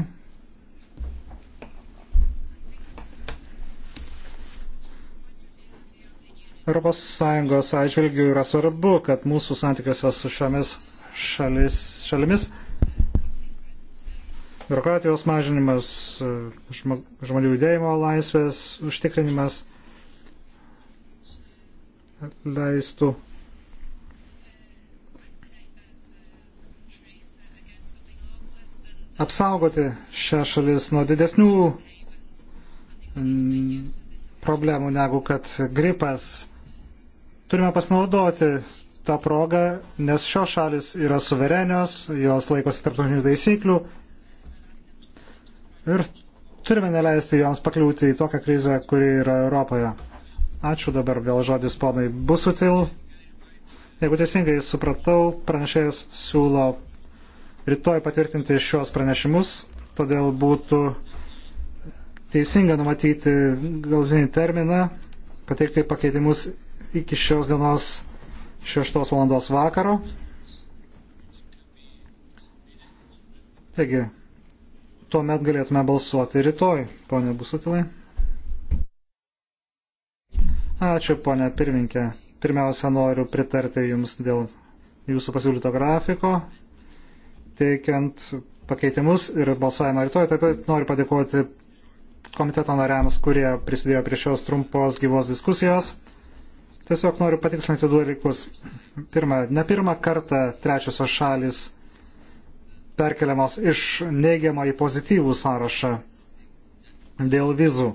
ES atžvilgių yra svarbu, kad mūsų santykiuose su šiomis šalis, šalimis biurokratijos mažinimas, žmonių judėjimo laisvės užtikrinimas leistų apsaugoti šią šalis nuo didesnių mm, problemų negu kad gripas. Turime pasinaudoti tą progą, nes šios šalis yra suverenios, jos laikosi tarptautinių taisyklių ir turime neleisti joms pakliūti į tokią krizę, kuri yra Europoje. Ačiū dabar vėl žodis ponui Busutil. Jeigu teisingai supratau, pranešėjas siūlo rytoj patvirtinti šios pranešimus, todėl būtų teisinga numatyti galutinį terminą, pateikti pakeitimus iki šios dienos 6 val. vakaro. Taigi, tuomet galėtume balsuoti rytoj, ponė Busutilai. Ačiū, ponė pirminkė. Pirmiausia, noriu pritarti Jums dėl Jūsų pasiūlyto grafiko teikiant pakeitimus ir balsavimą rytoj. Taip pat noriu padėkoti komiteto nariams, kurie prisidėjo prie šios trumpos gyvos diskusijos. Tiesiog noriu patikslinti du dalykus. Pirma, ne pirmą kartą trečiosios šalis perkeliamos iš neigiamo į pozityvų sąrašą dėl vizų.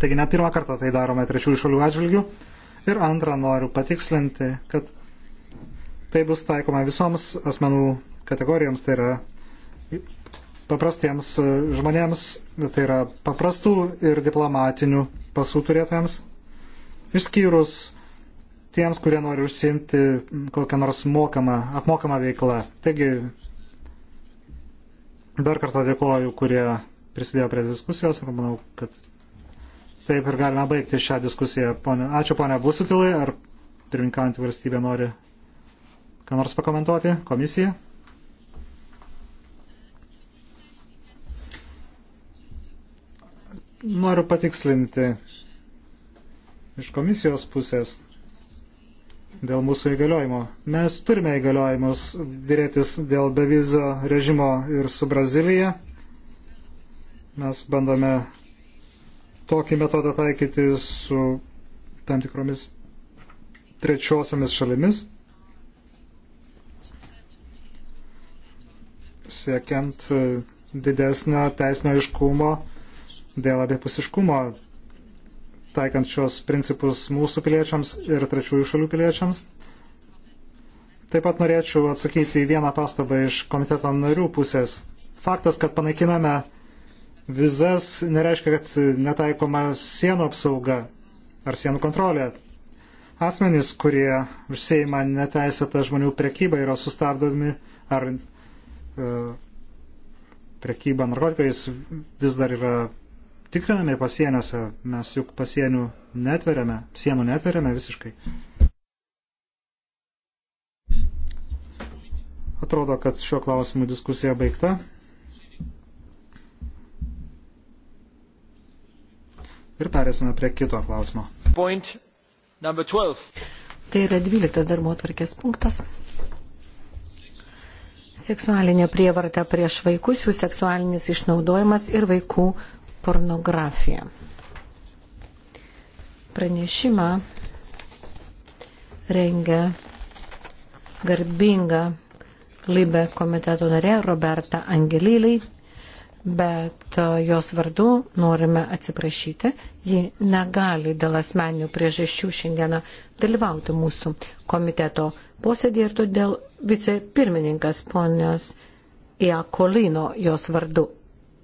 Taigi ne pirmą kartą tai darome trečiųjų šalių atžvilgių. Ir antrą noriu patikslinti, kad Tai bus taikoma visoms asmenų kategorijoms, tai yra paprastiems e, žmonėms, tai yra paprastų ir diplomatinių pasų turėtojams, išskyrus tiems, kurie nori užsimti kokią nors mokamą, apmokamą veiklą. Taigi, dar kartą dėkoju, kurie prisidėjo prie diskusijos ir manau, kad taip ir galime baigti šią diskusiją. Pone, ačiū, ponia Busutilai, ar pirminkantį valstybę nori Ką nors pakomentuoti? Komisija? Noriu patikslinti iš komisijos pusės dėl mūsų įgaliojimo. Mes turime įgaliojimus dėrėtis dėl bevizio režimo ir su Brazilyje. Mes bandome tokį metodą taikyti su tam tikromis trečiosiamis šalimis. siekiant e, didesnio teisinio iškumo dėl abipusiškumo, taikant šios principus mūsų piliečiams ir trečiųjų šalių piliečiams. Taip pat norėčiau atsakyti į vieną pastabą iš komiteto narių pusės. Faktas, kad panaikiname vizas, nereiškia, kad netaikoma sienų apsauga ar sienų kontrolė. Asmenys, kurie užseima neteisėtą žmonių prekybą, yra sustabdomi ar E, prekyba narkotikais vis dar yra tikrinami pasieniuose, mes juk pasienių netveriame, sienų netveriame visiškai. Atrodo, kad šiuo klausimu diskusija baigta. Ir perėsime prie kito klausimo. Tai yra 12 darbo atvarkės punktas seksualinė prievarta prieš vaikus, jų seksualinis išnaudojimas ir vaikų pornografija. Pranešimą rengia garbinga Libe komiteto narė Roberta Angelilai, bet e, jos vardu norime atsiprašyti. Ji negali dėl asmeninių priežasčių šiandieną dalyvauti mūsų komiteto posėdį ir todėl vicepirmininkas ponios Iakolino jos vardu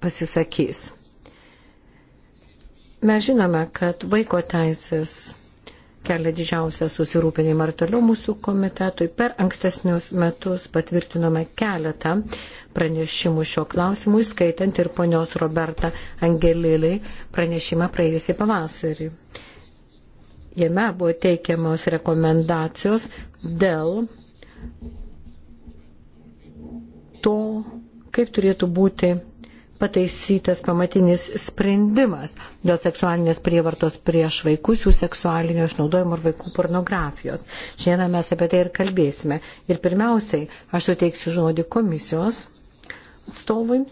pasisakys. Mes žinome, kad vaiko teisės kelia didžiausią susirūpinimą ir toliau mūsų komitetui. Per ankstesnius metus patvirtinome keletą pranešimų šio klausimu, skaitant ir ponios Roberta Angeliliai pranešimą praėjusį pavasarį. Jame buvo teikiamos rekomendacijos dėl to, kaip turėtų būti pataisytas pamatinis sprendimas dėl seksualinės prievartos prieš vaikus, jų seksualinio išnaudojimo ir vaikų pornografijos. Šiandien mes apie tai ir kalbėsime. Ir pirmiausiai aš suteiksiu žodį komisijos atstovui,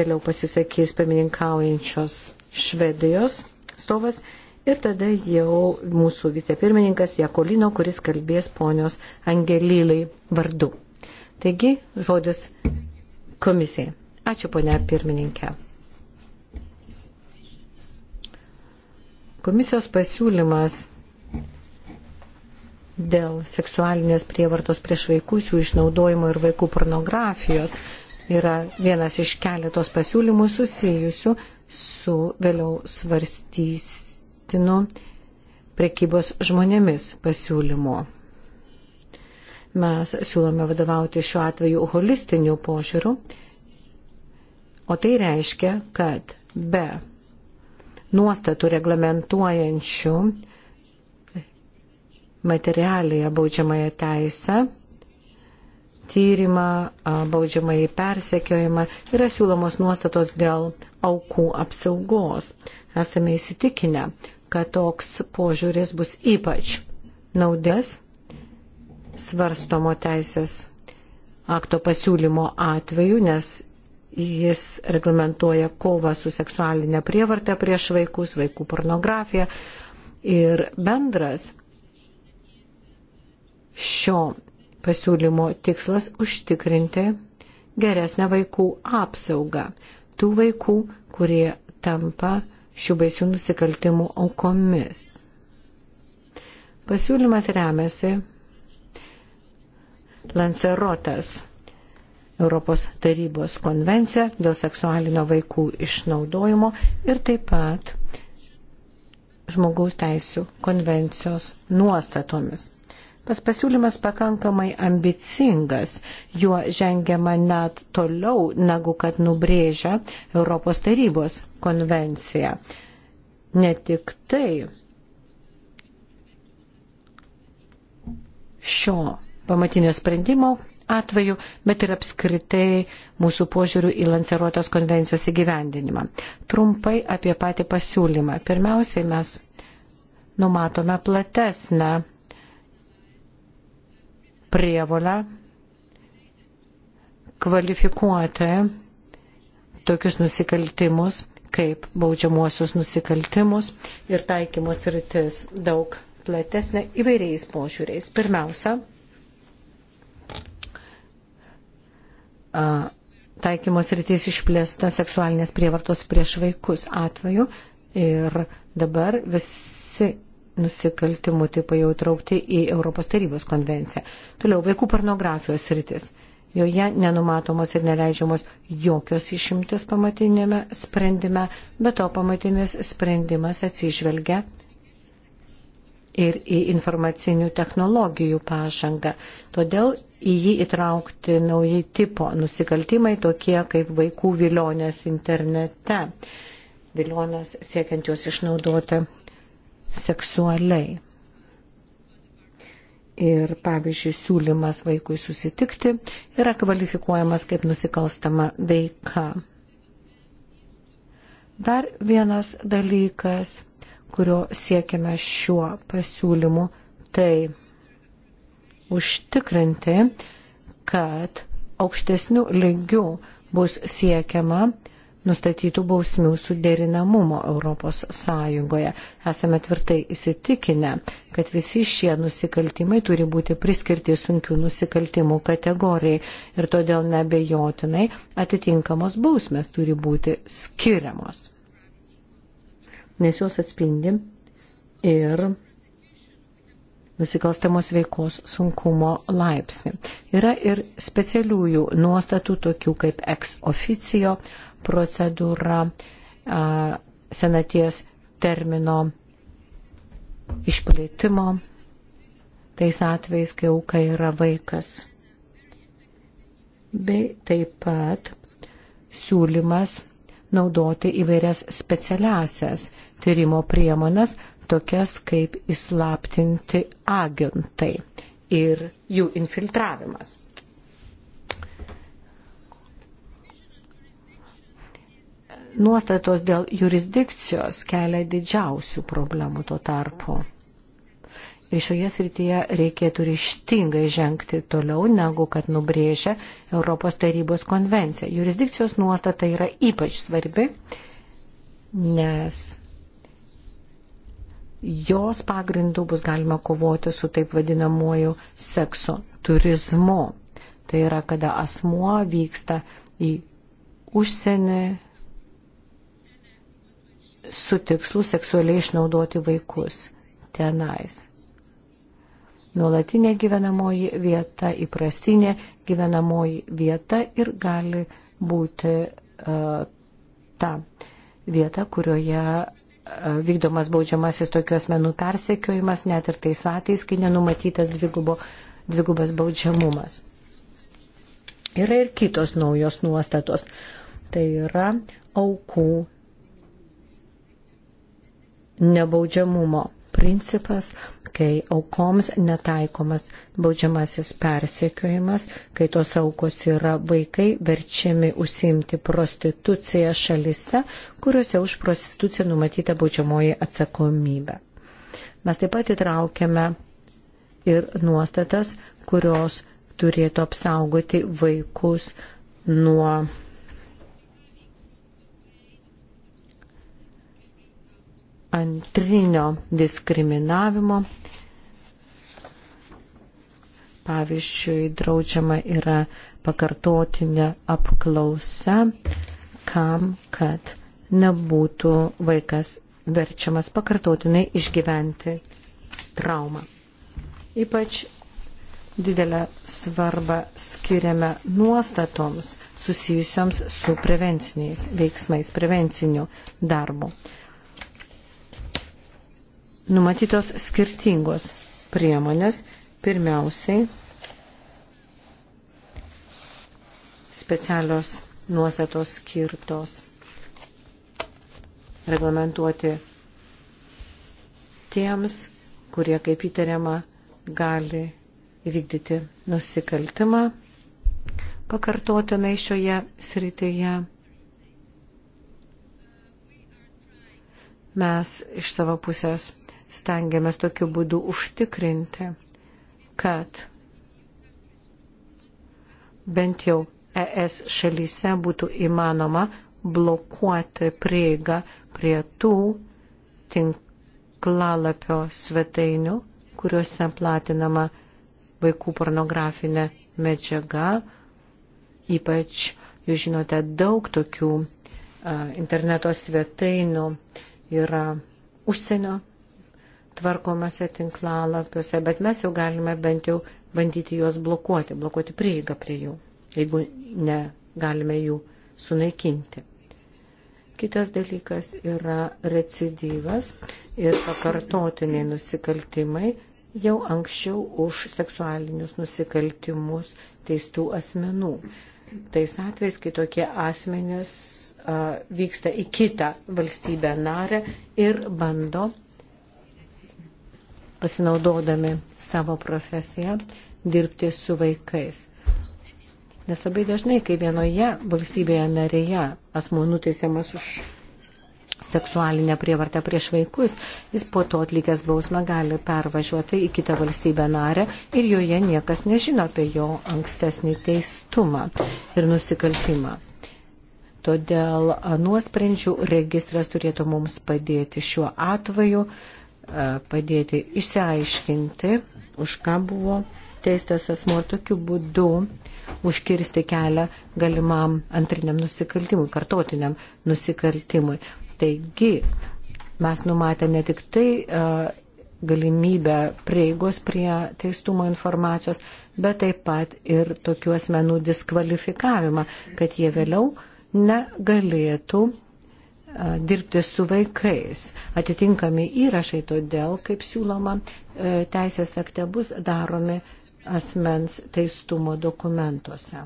vėliau pasisakys pirmininkaujančios Švedijos atstovas ir tada jau mūsų vicepirmininkas Jakolino, kuris kalbės ponios Angelylai vardu. Taigi, žodis komisijai. Ačiū, ponia pirmininkė. Komisijos pasiūlymas dėl seksualinės prievartos prieš vaikus, jų išnaudojimo ir vaikų pornografijos yra vienas iš keletos pasiūlymų susijusių su vėliau svarstys neteisėtinų prekybos žmonėmis pasiūlymų. Mes siūlome vadovauti šiuo atveju holistiniu požiūriu, o tai reiškia, kad be nuostatų reglamentuojančių materialėje baudžiamąją teisę, tyrimą, baudžiamąjį persekiojimą yra siūlomos nuostatos dėl aukų apsaugos. Esame įsitikinę, kad toks požiūris bus ypač naudės svarstomo teisės akto pasiūlymo atveju, nes jis reglamentuoja kovą su seksualinė prievartė prieš vaikus, vaikų pornografija ir bendras šio pasiūlymo tikslas užtikrinti geresnę vaikų apsaugą. Tų vaikų, kurie tampa šių baisių nusikaltimų aukomis. Pasiūlymas remiasi Lancerotas Europos tarybos konvencija dėl seksualinio vaikų išnaudojimo ir taip pat žmogaus teisų konvencijos nuostatomis. Pas pasiūlymas pakankamai ambicingas, juo žengiama net toliau, negu kad nubrėžia Europos tarybos konvencija. Ne tik tai šio pamatinio sprendimo atveju, bet ir apskritai mūsų požiūrių į Lanceruotos konvencijos įgyvendinimą. Trumpai apie patį pasiūlymą. Pirmiausiai mes numatome platesnę prievolę kvalifikuoti tokius nusikaltimus kaip baudžiamuosius nusikaltimus ir taikymos rytis daug platesnė įvairiais požiūriais. Pirmiausia, taikymos rytis išplėsta seksualinės prievartos prieš vaikus atveju ir dabar visi nusikaltimų tipai jau traukti į Europos tarybos konvenciją. Toliau vaikų pornografijos rytis. Joje nenumatomos ir neleidžiamos jokios išimtis pamatinėme sprendime, bet to pamatinis sprendimas atsižvelgia ir į informacinių technologijų pažangą. Todėl į jį įtraukti nauji tipo nusikaltimai, tokie kaip vaikų vilionės internete, vilionės siekiant juos išnaudoti seksualiai. Ir pavyzdžiui, siūlymas vaikui susitikti yra kvalifikuojamas kaip nusikalstama veika. Dar vienas dalykas, kurio siekiame šiuo pasiūlymu, tai užtikrinti, kad aukštesnių lygių bus siekiama nustatytų bausmių suderinamumo Europos Sąjungoje. Esame tvirtai įsitikinę, kad visi šie nusikaltimai turi būti priskirti sunkių nusikaltimų kategorijai ir todėl nebejotinai atitinkamos bausmės turi būti skiriamos. Nes jos atspindi ir nusikalstamos veikos sunkumo laipsnį. Yra ir specialiųjų nuostatų, tokių kaip ex oficio procedūra senaties termino išplėtimo tais atvejais, kai auka yra vaikas. Bei taip pat siūlymas naudoti įvairias specialiasias tyrimo priemonas, tokias kaip įslaptinti agentai ir jų infiltravimas. nuostatos dėl jurisdikcijos kelia didžiausių problemų tuo tarpu. Ir šioje srityje reikėtų ryštingai žengti toliau, negu kad nubrėžia Europos tarybos konvencija. Jurisdikcijos nuostata yra ypač svarbi, nes jos pagrindų bus galima kovoti su taip vadinamuoju sekso turizmu. Tai yra, kada asmuo vyksta į užsienį su tikslu seksualiai išnaudoti vaikus tenais. Nuolatinė gyvenamoji vieta, įprastinė gyvenamoji vieta ir gali būti uh, ta vieta, kurioje vykdomas baudžiamasis tokių asmenų persekiojimas, net ir tais atvejais, kai nenumatytas dvigubo, dvigubas baudžiamumas. Yra ir kitos naujos nuostatos. Tai yra aukų nebaudžiamumo principas, kai aukoms netaikomas baudžiamasis persekiojimas, kai tos aukos yra vaikai verčiami užsimti prostituciją šalise, kuriuose už prostituciją numatyta baudžiamoji atsakomybė. Mes taip pat įtraukiame ir nuostatas, kurios turėtų apsaugoti vaikus nuo antrinio diskriminavimo. Pavyzdžiui, draudžiama yra pakartotinė apklausa, kam, kad nebūtų vaikas verčiamas pakartotinai išgyventi traumą. Ypač didelę svarbą skiriame nuostatoms susijusioms su prevenciniais veiksmais, prevenciniu darbu numatytos skirtingos priemonės. Pirmiausiai specialios nuostatos skirtos reglamentuoti tiems, kurie, kaip įtariama, gali įvykdyti nusikaltimą pakartotinai šioje srityje. Mes iš savo pusės stengiamės tokiu būdu užtikrinti, kad bent jau ES šalyse būtų įmanoma blokuoti prieigą prie tų tinklalapio svetainių, kuriuose platinama vaikų pornografinė medžiaga. Ypač, jūs žinote, daug tokių a, interneto svetainių yra užsienio tvarkomose tinklalapiuose, bet mes jau galime bent jau bandyti juos blokuoti, blokuoti prieigą prie jų, jeigu negalime jų sunaikinti. Kitas dalykas yra recidyvas ir pakartotiniai nusikaltimai jau anksčiau už seksualinius nusikaltimus teistų asmenų. Tais atvejais, kai tokie asmenys a, vyksta į kitą valstybę narę ir bando pasinaudodami savo profesiją, dirbti su vaikais. Nes labai dažnai, kai vienoje valstybėje narėje asmuo nuteisiamas už seksualinę prievartą prieš vaikus, jis po to atlikęs bausmę gali pervažiuoti į kitą valstybę narę ir joje niekas nežino apie jo ankstesnį teistumą ir nusikaltimą. Todėl nuosprendžių registras turėtų mums padėti šiuo atveju E, padėti išsiaiškinti, už ką buvo teistas asmo ir tokiu būdu užkirsti kelią galimam antriniam nusikaltimui, kartotiniam nusikaltimui. Taigi, mes numatę ne tik tai e, galimybę prieigos prie teistumo informacijos, bet taip pat ir tokių asmenų diskvalifikavimą, kad jie vėliau negalėtų dirbti su vaikais. Atitinkami įrašai todėl, kaip siūloma, e, teisės akte bus daromi asmens teistumo dokumentuose.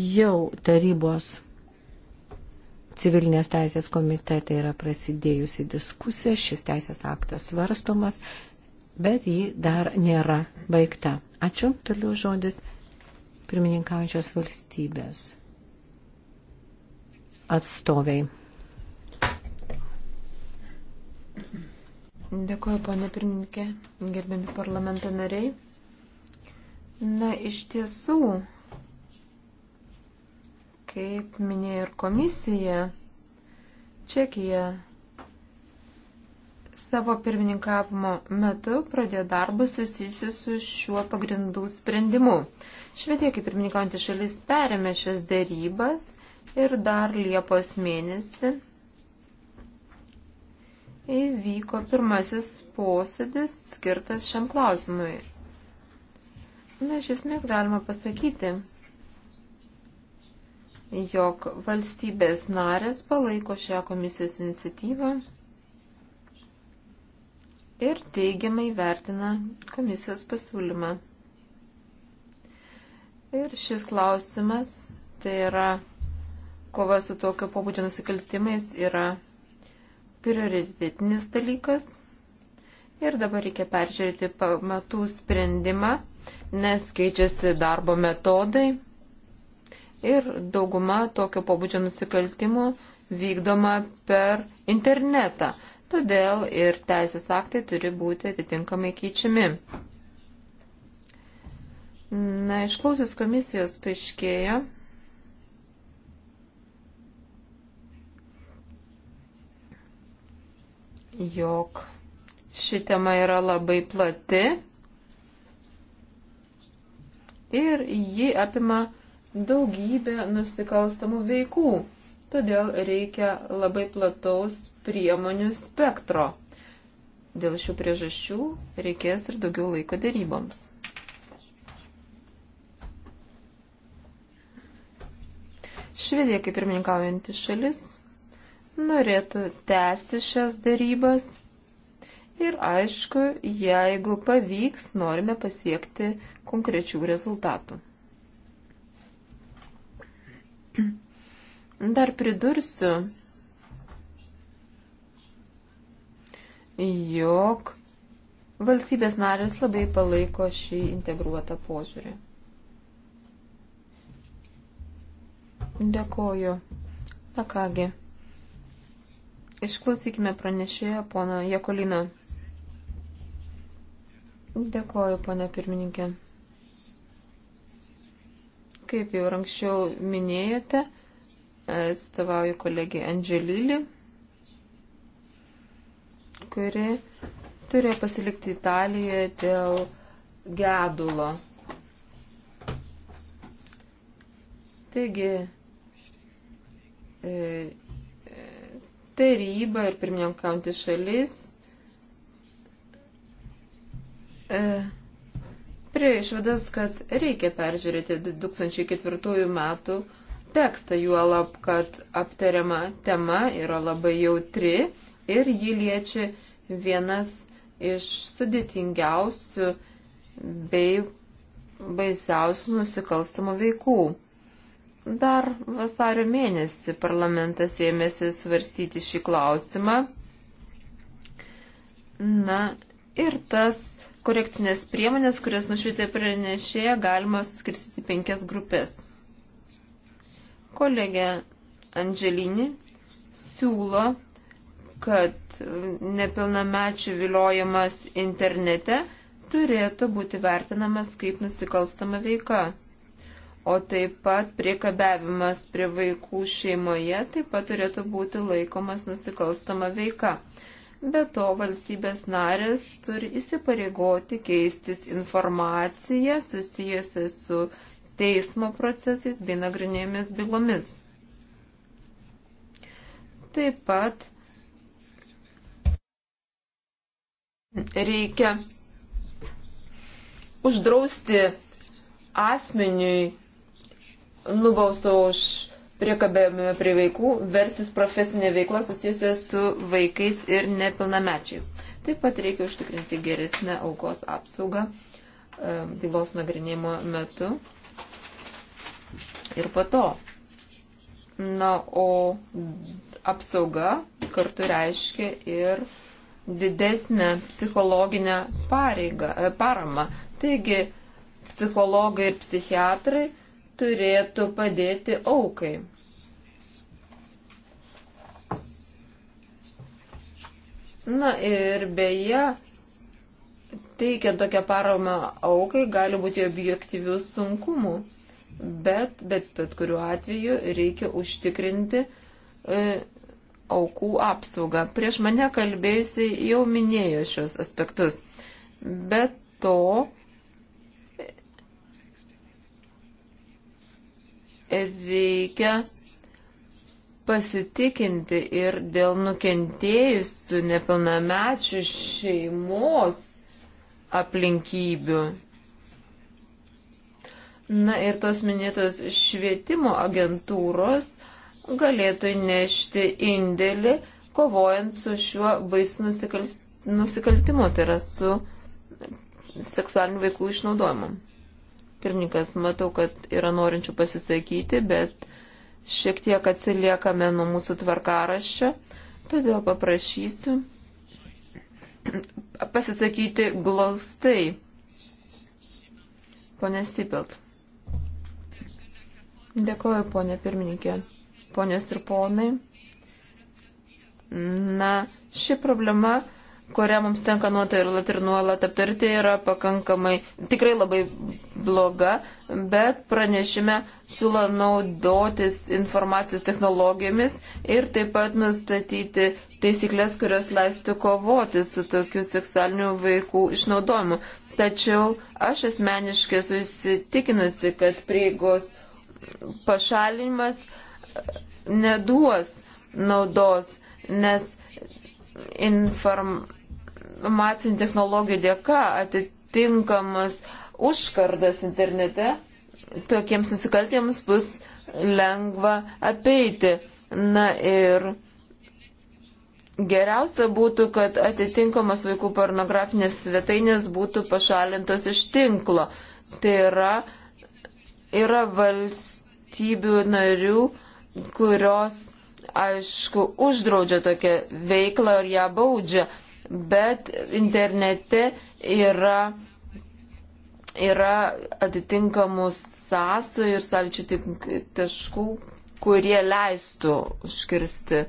Jau tarybos civilinės teisės komitete yra prasidėjusi diskusija, šis teisės aktas svarstomas bet ji dar nėra baigta. Ačiū. Toliau žodis pirmininkaujančios valstybės atstoviai. Dėkuoju, ponė pirmininkė, gerbiami parlamento nariai. Na, iš tiesų, kaip minėjo ir komisija, Čekija savo pirmininkavimo metu pradėjo darbus susijusius su šiuo pagrindų sprendimu. Švedija kaip pirmininkaujantį šalis perėmė šias dėrybas ir dar Liepos mėnesį įvyko pirmasis posėdis skirtas šiam klausimui. Na, iš esmės galima pasakyti, jog valstybės narės palaiko šią komisijos iniciatyvą ir teigiamai vertina komisijos pasiūlymą. Ir šis klausimas, tai yra kova su tokio pobūdžio nusikaltimais, yra prioritetinis dalykas. Ir dabar reikia peržiūrėti pamatų sprendimą, nes keičiasi darbo metodai. Ir dauguma tokio pobūdžio nusikaltimų vykdoma per internetą todėl ir teisės aktai turi būti atitinkamai keičiami. Na, išklausęs komisijos paaiškėjo, jog ši tema yra labai plati ir ji apima daugybę nusikalstamų veikų. Todėl reikia labai plataus priemonių spektro. Dėl šių priežasčių reikės ir daugiau laiko daryboms. Švedija, kaip pirmininkaujantis šalis, norėtų tęsti šias darybas ir, aišku, jeigu pavyks, norime pasiekti konkrečių rezultatų. Dar pridursiu, jog valstybės narės labai palaiko šį integruotą požiūrį. Dėkoju. Na kągi. Išklausykime pranešėją pono Jekolino. Dėkoju, pone pirmininkė. Kaip jau anksčiau minėjote, atstovauju kolegiją Andželylį kuri turėjo pasilikti Italijoje dėl gedulo. Taigi, e, taryba ir pirmininkaujantis šalis prie išvadas, kad reikia peržiūrėti 2004 metų tekstą, juolab, kad aptariama tema yra labai jautri ir jį liečia vienas iš sudėtingiausių bei baisiausių nusikalstamų veikų. Dar vasario mėnesį parlamentas ėmėsi svarstyti šį klausimą. Na ir tas korekcinės priemonės, kurias nušvietė pranešėja, galima suskirstyti penkias grupės. Kolegė Andželinį siūlo kad nepilnamečių viliojimas internete turėtų būti vertinamas kaip nusikalstama veika. O taip pat priekabiavimas prie vaikų šeimoje taip pat turėtų būti laikomas nusikalstama veika. Be to, valstybės narės turi įsipareigoti keistis informaciją susijusią su teismo procesais bei nagrinėjomis bylomis. Taip pat Reikia uždrausti asmeniui nubaustą už priekabėjimą prie vaikų versis profesinė veikla susijusia su vaikais ir nepilnamečiais. Taip pat reikia užtikrinti geresnę aukos apsaugą e, bylos nagrinėjimo metu ir po to. Na, o apsauga kartu reiškia ir didesnę psichologinę pareigą, e, paramą. Taigi, psichologai ir psichiatrai turėtų padėti aukai. Na ir beje, teikiant tokią paramą aukai gali būti objektyvių sunkumų, bet, bet bet kuriuo atveju reikia užtikrinti e, aukų apsaugą. Prieš mane kalbėjusi jau minėjo šios aspektus. Be to, reikia pasitikinti ir dėl nukentėjusių nepilnamečių šeimos aplinkybių. Na ir tos minėtos švietimo agentūros galėtų nešti indėlį, kovojant su šiuo baisų nusikal... nusikaltimu, tai yra su seksualiniu vaikų išnaudojimu. Pirmininkas, matau, kad yra norinčių pasisakyti, bet šiek tiek atsiliekame nuo mūsų tvarkaraščio, todėl paprašysiu pasisakyti glaustai. Pone Sipelt. Dėkoju, ponė pirmininkė ponios ir ponai. Na, ši problema, kurią mums tenka nuolat ir nuolat aptarti, yra pakankamai, tikrai labai bloga, bet pranešime siūlo naudotis informacijos technologijomis ir taip pat nustatyti taisyklės, kurios leistų kovoti su tokiu seksualiniu vaikų išnaudojimu. Tačiau aš asmeniškai susitikinusi, kad prieigos pašalinimas neduos naudos, nes informacinių technologijų dėka atitinkamas užkardas internete tokiems nusikaltėms bus lengva apeiti. Na ir geriausia būtų, kad atitinkamas vaikų pornografinės svetainės būtų pašalintos iš tinklo. Tai yra, yra valstybių narių, kurios, aišku, uždraudžia tokią veiklą ir ją baudžia, bet internete yra, yra atitinkamų sąsajų ir sąlyčių taškų, kurie leistų užkirsti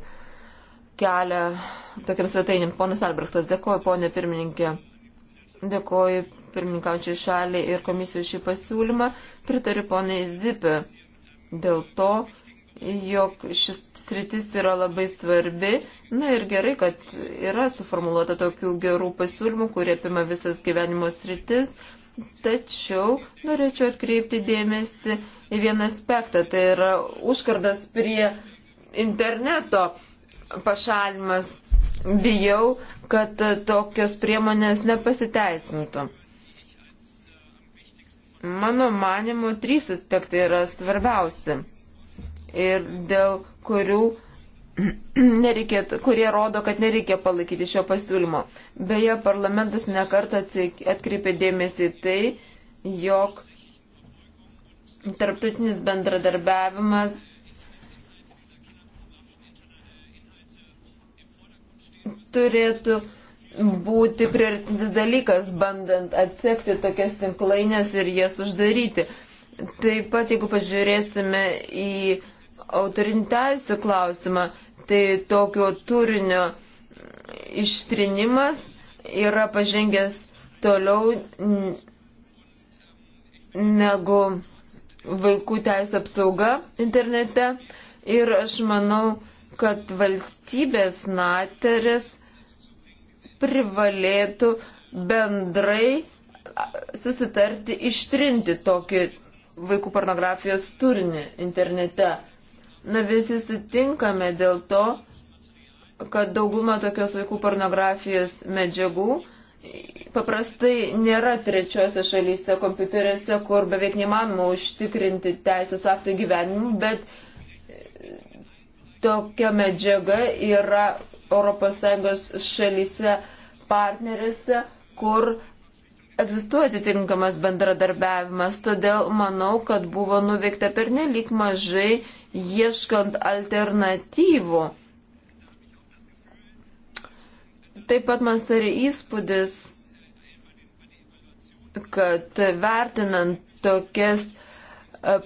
kelią tokiam svetainėm. Ponas Albrechtas, dėkoju, ponė pirmininkė. Dėkoju pirmininkaučiai šaliai ir komisijos šį pasiūlymą. Pritariu ponai Zipė dėl to, jog šis sritis yra labai svarbi. Na ir gerai, kad yra suformuoluota tokių gerų pasiūlymų, kurie apima visas gyvenimo sritis. Tačiau norėčiau atkreipti dėmesį į vieną aspektą, tai yra užkardas prie interneto pašalimas. Bijau, kad tokios priemonės nepasiteisintų. Mano manimu, trys aspektai yra svarbiausi ir dėl kurių nereikėtų, kurie rodo, kad nereikia palaikyti šio pasiūlymo. Beje, parlamentas nekart atkreipė dėmesį tai, jog tarptautinis bendradarbiavimas turėtų būti prioritinis dalykas, bandant atsekti tokias tinklainės ir jas uždaryti. Taip pat, jeigu pažiūrėsime į autorinių teisų klausimą, tai tokio turinio ištrinimas yra pažengęs toliau negu vaikų teisų apsauga internete. Ir aš manau, kad valstybės nateris privalėtų bendrai susitarti ištrinti tokį vaikų pornografijos turinį internete. Na, visi sutinkame dėl to, kad dauguma tokios vaikų pornografijos medžiagų paprastai nėra trečiose šalyse kompiuteriuose, kur beveik neįmanoma užtikrinti teisės aktų gyvenimų, bet tokia medžiaga yra ES šalyse partnerėse, kur egzistuoja atitinkamas bendradarbiavimas, todėl manau, kad buvo nuveikta per nelik mažai ieškant alternatyvų. Taip pat man sari įspūdis, kad vertinant tokias e,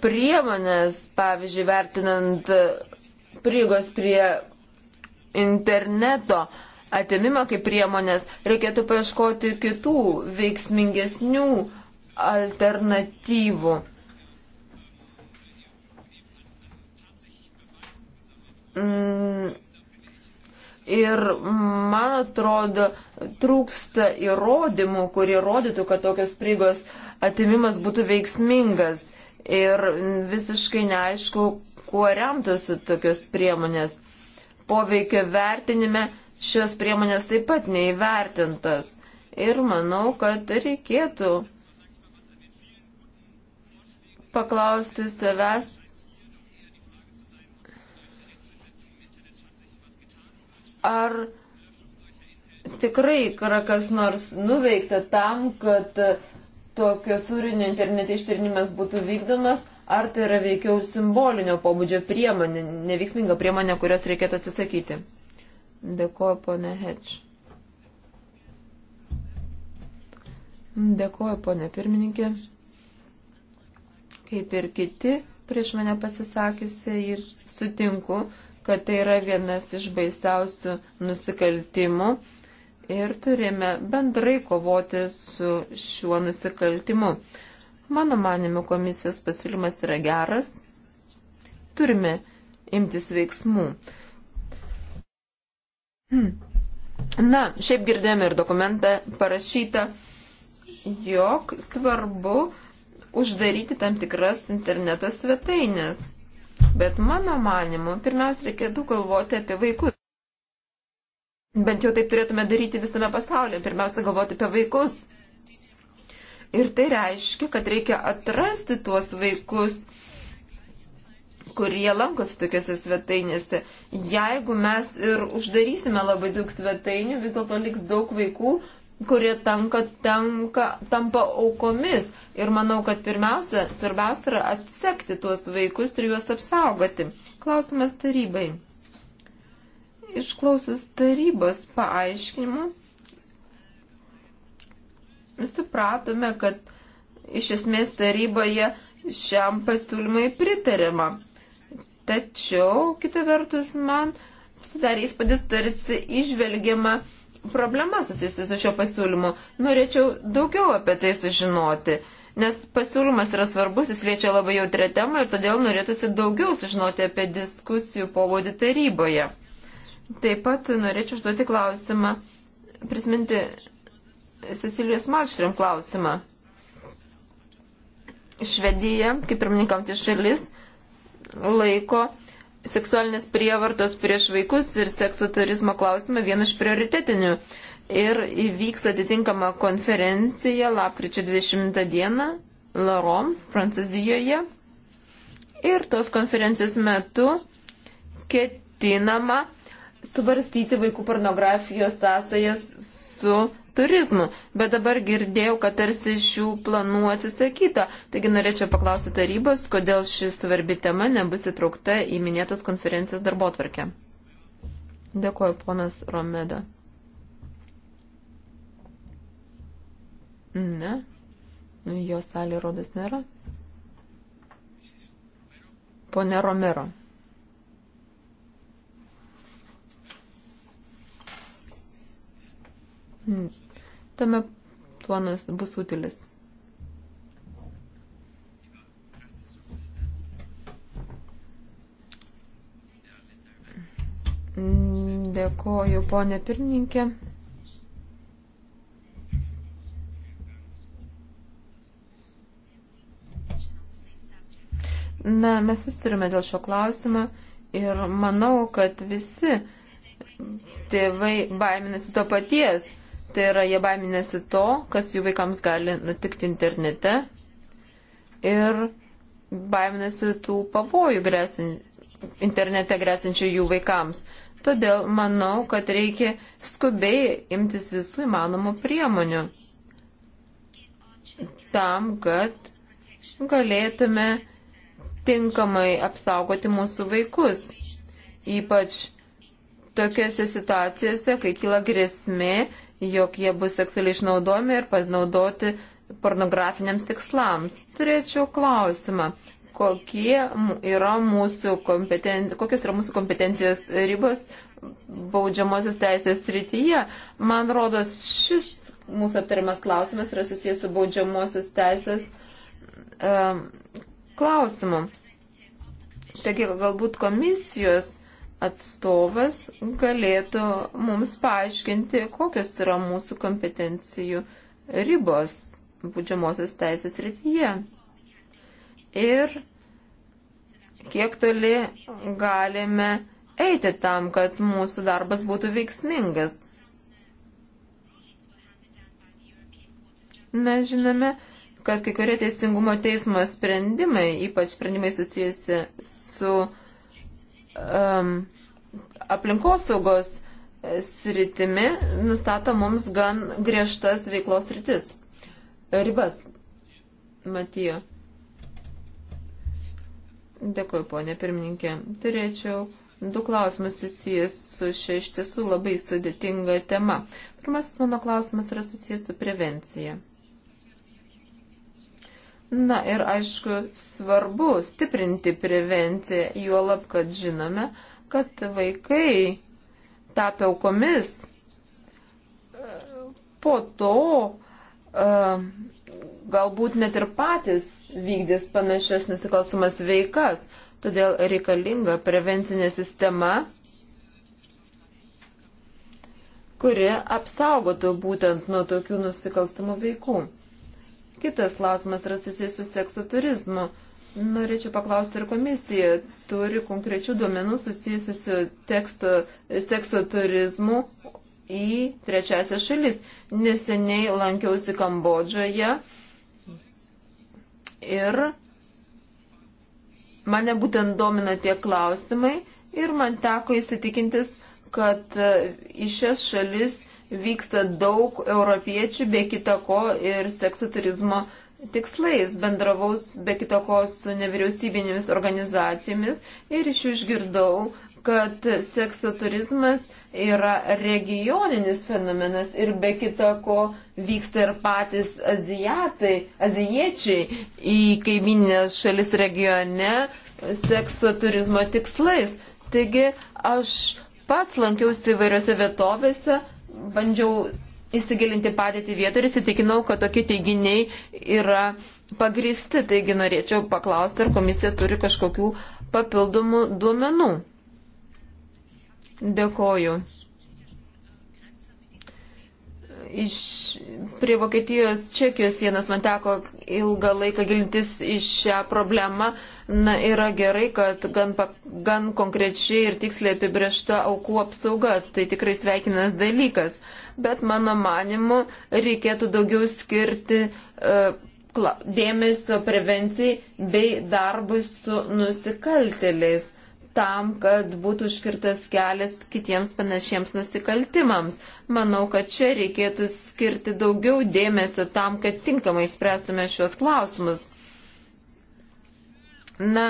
priemonės, pavyzdžiui, vertinant prieigos prie interneto, uh, atimimą kaip priemonės, reikėtų paieškoti kitų veiksmingesnių alternatyvų. Mm. Ir man atrodo, trūksta įrodymų, kurie rodytų, kad tokios prigos atimimas būtų veiksmingas. Ir visiškai neaišku, kuo remtųsi tokios priemonės. Poveikio vertinime šios priemonės taip pat neįvertintas. Ir manau, kad reikėtų paklausti savęs, ar tikrai yra kas nors nuveikta tam, kad tokio turinio internete ištirnimas būtų vykdomas, ar tai yra veikiau simbolinio pobūdžio priemonė, neveiksminga priemonė, kurios reikėtų atsisakyti. Dėkuoju, ponė Hedž. Dėkuoju, ponė pirmininkė. Kaip ir kiti prieš mane pasisakiusi ir sutinku, kad tai yra vienas iš baisiausių nusikaltimų ir turime bendrai kovoti su šiuo nusikaltimu. Mano manimu, komisijos pasiūlymas yra geras. Turime imtis veiksmų. Hmm. Na, šiaip girdėjome ir dokumentą parašytą, jog svarbu uždaryti tam tikras interneto svetainės. Bet mano manimu, pirmiausia, reikėtų galvoti apie vaikus. Bent jau taip turėtume daryti visame pasaulyje. Pirmiausia, galvoti apie vaikus. Ir tai reiškia, kad reikia atrasti tuos vaikus kurie lankosi tokiuose svetainėse. Jeigu mes ir uždarysime labai daug svetainių, vis dėlto liks daug vaikų, kurie tanka, tanka, tampa aukomis. Ir manau, kad pirmiausia, svarbiausia yra atsekti tuos vaikus ir juos apsaugoti. Klausimas tarybai. Išklausus tarybos paaiškinimų, supratome, kad iš esmės taryboje šiam pasiūlymai pritarima. Tačiau, kita vertus, man sudarė įspūdis tarsi išvelgiama problema susijusi su šio pasiūlymu. Norėčiau daugiau apie tai sužinoti, nes pasiūlymas yra svarbus, jis liečia labai jautrę temą ir todėl norėtųsi daugiau sužinoti apie diskusijų pobūdį taryboje. Taip pat norėčiau užduoti klausimą, prisiminti Cecilijos Malšrim klausimą. Švedija, kaip pirmininkam tai šalis, laiko seksualinės prievartos prieš vaikus ir sekso turizmo klausimą vienu iš prioritetinių. Ir įvyks atitinkama konferencija lapkričio 20 dieną Larom, Prancūzijoje. Ir tos konferencijos metu ketinama svarstyti vaikų pornografijos sąsajas su turizmu. Bet dabar girdėjau, kad tarsi šių planų atsisakyta. Taigi norėčiau paklausti tarybos, kodėl ši svarbi tema nebus įtraukta į minėtos konferencijos darbo tvarkę. Dėkuoju, ponas Romeda. Ne, jo salė rodas nėra. Pone Romero. Tame planas bus utilis. Dėkoju, ponė pirmininkė. Na, mes vis turime dėl šio klausimą ir manau, kad visi tėvai baiminasi to paties Tai yra, jie baiminasi to, kas jų vaikams gali nutikti internete ir baiminasi tų pavojų gresin, internete gresinčių jų vaikams. Todėl manau, kad reikia skubiai imtis visų įmanomų priemonių tam, kad galėtume tinkamai apsaugoti mūsų vaikus. Ypač tokiose situacijose, kai kyla grėsmė jog jie bus seksualiai išnaudojami ir panaudoti pornografiniams tikslams. Turėčiau klausimą, kokie yra mūsų kompeten... kokios yra mūsų kompetencijos ribos baudžiamosios teisės srityje. Man rodos, šis mūsų aptariamas klausimas yra susijęs su baudžiamosios teisės um, klausimu. Taigi, galbūt komisijos atstovas galėtų mums paaiškinti, kokios yra mūsų kompetencijų ribos būdžiamosios teisės rytyje. Ir kiek toli galime eiti tam, kad mūsų darbas būtų veiksmingas. Mes žinome, kad kai kurie teisingumo teismo sprendimai, ypač sprendimai susijusi su um, aplinkosaugos e, sritimi nustato mums gan griežtas veiklos sritis. Ribas. Matijo. Dėkuoju, ponė pirmininkė. Turėčiau du klausimus susijęs su šia iš tiesų labai sudėtinga tema. Pirmasis mano klausimas yra susijęs su prevencija. Na ir aišku, svarbu stiprinti prevenciją, juolab, kad žinome, uh, kad vaikai tapę aukomis po to e, galbūt net ir patys vykdys panašias nusikalstamas veikas. Todėl reikalinga prevencinė sistema, kuri apsaugotų būtent nuo tokių nusikalstamų veikų. Kitas klausimas yra susijęs su seksu turizmu. Norėčiau paklausti, ar komisija turi konkrečių duomenų susijusių su teksto, sekso turizmu į trečiasią šalis. Neseniai lankiausi Kambodžoje ir mane būtent domino tie klausimai ir man teko įsitikintis, kad į šias šalis vyksta daug europiečių, be kita ko ir sekso turizmo uh, tikslais. Bendravaus be kitokos su nevyriausybinėmis organizacijomis ir iš jų išgirdau, kad sekso turizmas yra regioninis fenomenas ir be kita ko vyksta ir patys azijatai, azijiečiai į kaiminės šalis regione sekso turizmo tikslais. Taigi aš pats lankiausi įvairiose vietovėse, bandžiau įsigilinti padėti vietą ir įsitikinau, kad tokie teiginiai yra pagristi. Taigi norėčiau paklausti, ar komisija turi kažkokių papildomų duomenų. Dėkoju. Iš, prie Vokietijos Čekijos sienos man teko ilgą laiką gilintis į šią problemą. Uh, Na, yra gerai, kad gan, gan konkrečiai ir tiksliai apibriešta aukų apsauga, tai tikrai sveikinas dalykas. Bet mano manimu, reikėtų daugiau skirti uh, dėmesio prevencijai bei darbui su nusikaltėliais tam, kad būtų užkirtas kelias kitiems panašiems nusikaltimams. Manau, kad čia reikėtų skirti daugiau dėmesio tam, kad tinkamai išspręstume šios klausimus. Na,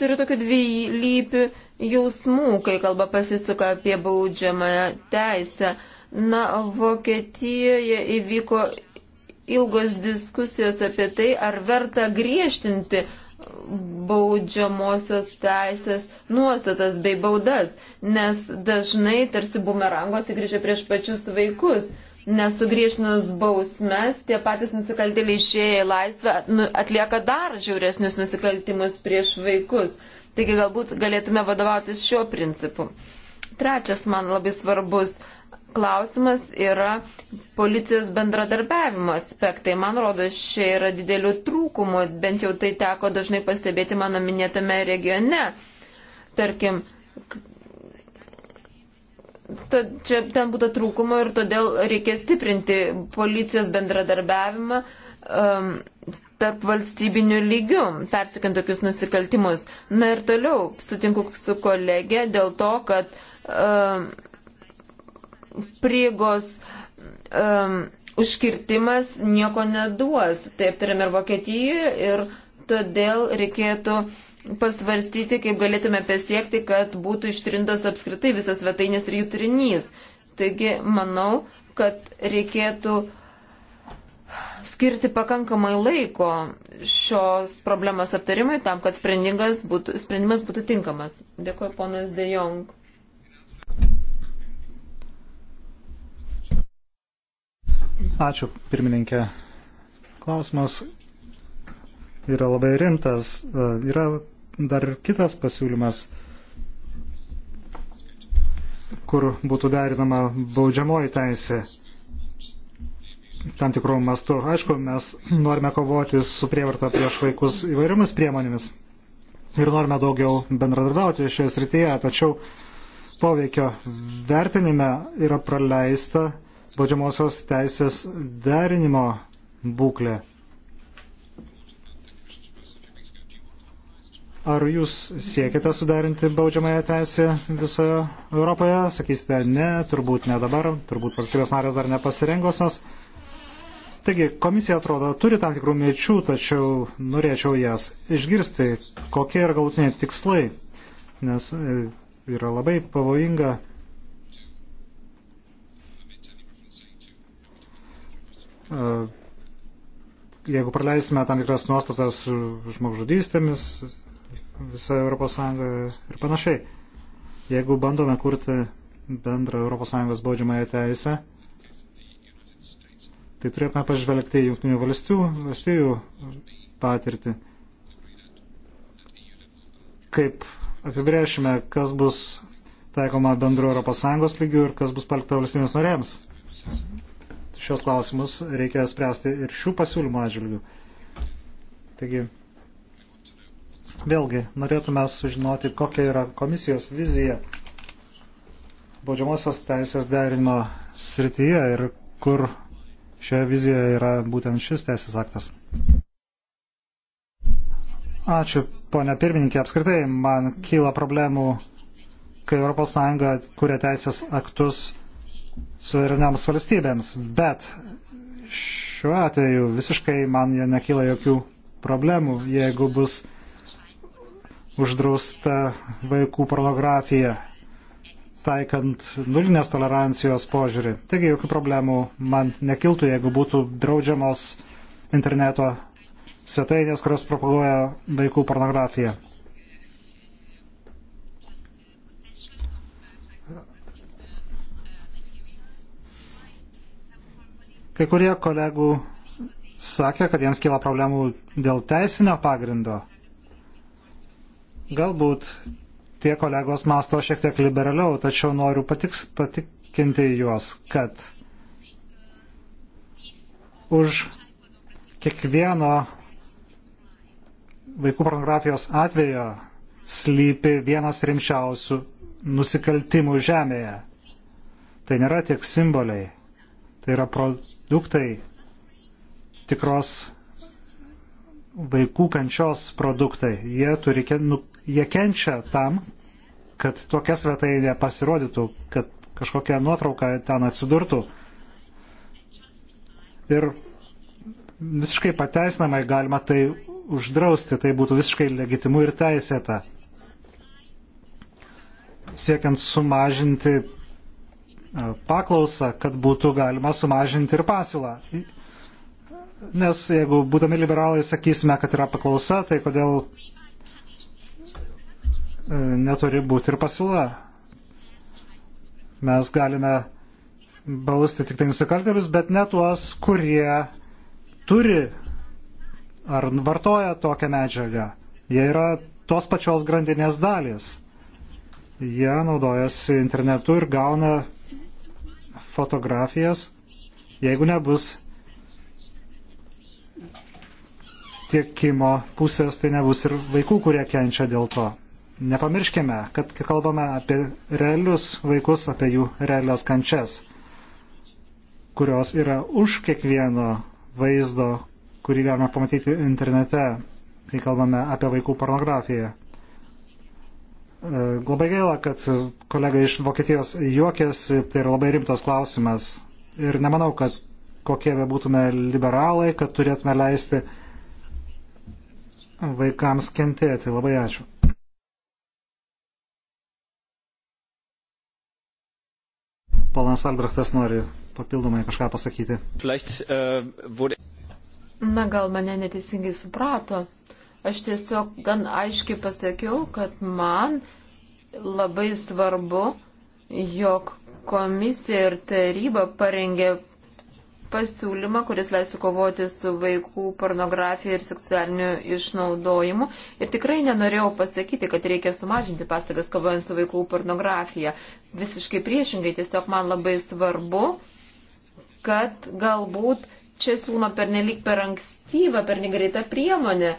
turiu tokių dviejlypių jausmų, kai kalba pasisuka apie baudžiamąją teisę. Na, Vokietijoje įvyko ilgos diskusijos apie tai, ar verta griežtinti baudžiamosios teisės nuostatas bei baudas, nes dažnai tarsi bumerango atsigrįžia prieš pačius vaikus nesugriežtinus bausmes, tie patys nusikaltėliai išėję į laisvę nu, atlieka dar žiauresnius nusikaltimus prieš vaikus. Taigi galbūt galėtume vadovautis šiuo principu. Trečias man labai svarbus klausimas yra policijos bendradarbiavimo aspektai. Man rodos, čia yra didelių trūkumų, bent jau tai teko dažnai pastebėti mano minėtame regione. Tarkim, to, čia ten būtų trūkumo ir todėl reikia stiprinti policijos bendradarbiavimą um, tarp valstybinių lygių, persikant tokius nusikaltimus. Na ir toliau sutinku su kolegė dėl to, kad um, priegos um, užkirtimas nieko neduos. Taip turime ir Vokietijoje ir todėl reikėtų uh, pasvarstyti, kaip galėtume pasiekti, kad būtų ištrintos apskritai visas svetainės ir jų turinys. Taigi, manau, kad reikėtų skirti pakankamai laiko šios problemos aptarimai tam, kad sprendimas būtų, sprendimas būtų tinkamas. Dėkuoju, ponas De Jong. Ačiū, pirmininkė. Klausimas yra labai rimtas. Yra dar ir kitas pasiūlymas, kur būtų derinama baudžiamoji teisė tam tikrų mastų. Aišku, mes norime kovoti su prievarta prieš vaikus įvairiomis priemonėmis ir norime daugiau bendradarbiauti šioje srityje, tačiau poveikio vertinime yra praleista baudžiamosios teisės derinimo būklė. Ar jūs siekite sudarinti baudžiamąją teisę visoje Europoje? Sakysite, ne, turbūt ne dabar, turbūt valstybės narės dar nepasirengusios. Taigi, komisija atrodo turi tam tikrų mėčių, tačiau norėčiau jas išgirsti, kokie yra galutiniai tikslai, nes e, yra labai pavojinga. E, jeigu praleisime tam tikras nuostatas žmogžudystėmis, visoje Europos Sąjungoje ir panašiai. Jeigu bandome kurti bendrą Europos Sąjungos baudžiamąją teisę, tai turėtume pažvelgti į Junktinių valstijų patirtį. Kaip apibrėšime, kas bus taikoma bendru Europos Sąjungos lygiu ir kas bus palikta valstybės narėms. Šios klausimus reikia spręsti ir šių pasiūlymų atžvilgių. Taigi, Vėlgi, norėtume sužinoti, kokia yra komisijos vizija baudžiamosios teisės derinimo srityje ir kur šioje vizijoje yra būtent šis teisės aktas. Ačiū, ponia pirmininkė. Apskritai, man kyla problemų, kai ES kuria teisės aktus suvereniams valstybėms, bet šiuo atveju visiškai man nekyla jokių problemų, jeigu bus uždrausta vaikų pornografija, taikant nulinės tolerancijos požiūrį. Taigi jokių problemų man nekiltų, jeigu būtų draudžiamos interneto svetainės, kurios propaguoja vaikų pornografiją. Kai kurie kolegų sakė, kad jiems kyla problemų dėl teisinio pagrindo. Galbūt tie kolegos masto šiek tiek liberaliau, tačiau noriu patiks, patikinti juos, kad už kiekvieno vaikų pornografijos atvejo slypi vienas rimčiausių nusikaltimų žemėje. Tai nėra tik simboliai, tai yra produktai tikros vaikų kančios produktai. Jie turi nu, jie kenčia tam, kad tokia svetainė pasirodytų, kad kažkokia nuotrauka ten atsidurtų. Ir visiškai pateisinamai galima tai uždrausti, tai būtų visiškai legitimu ir teisėta. Siekiant sumažinti e, paklausą, kad būtų galima sumažinti ir pasiūlą. Nes jeigu būdami liberalai sakysime, kad yra paklausa, tai kodėl E, neturi būti ir pasiūla. Mes galime bausti tik tai nusikaltėlius, bet ne tuos, kurie turi ar vartoja tokią medžiagą. Jie yra tos pačios grandinės dalis. Jie naudojasi internetu ir gauna fotografijas, jeigu nebus tiekimo pusės, tai nebus ir vaikų, kurie kenčia dėl to. Nepamirškime, kad kalbame apie realius vaikus, apie jų realias kančias, kurios yra už kiekvieno vaizdo, kurį galime pamatyti internete, kai kalbame apie vaikų pornografiją. E, labai gaila, kad kolega iš Vokietijos juokėsi, tai yra labai rimtas klausimas. Ir nemanau, kad kokie be būtume liberalai, kad turėtume leisti vaikams kentėti. Labai ačiū. Ponas Albrechtas nori papildomai kažką pasakyti. Äh, Na gal mane neteisingai suprato. Aš tiesiog gan aiškiai pasakiau, kad man labai svarbu, jog komisija ir taryba parengė pasiūlymą, kuris leistų kovoti su vaikų pornografija ir seksualiniu išnaudojimu. Ir tikrai nenorėjau pasakyti, kad reikia sumažinti pastangas kovojant su vaikų pornografija. Visiškai priešingai, tiesiog man labai svarbu, kad galbūt čia siūloma pernelik per ankstyvą, per negreitą priemonę e,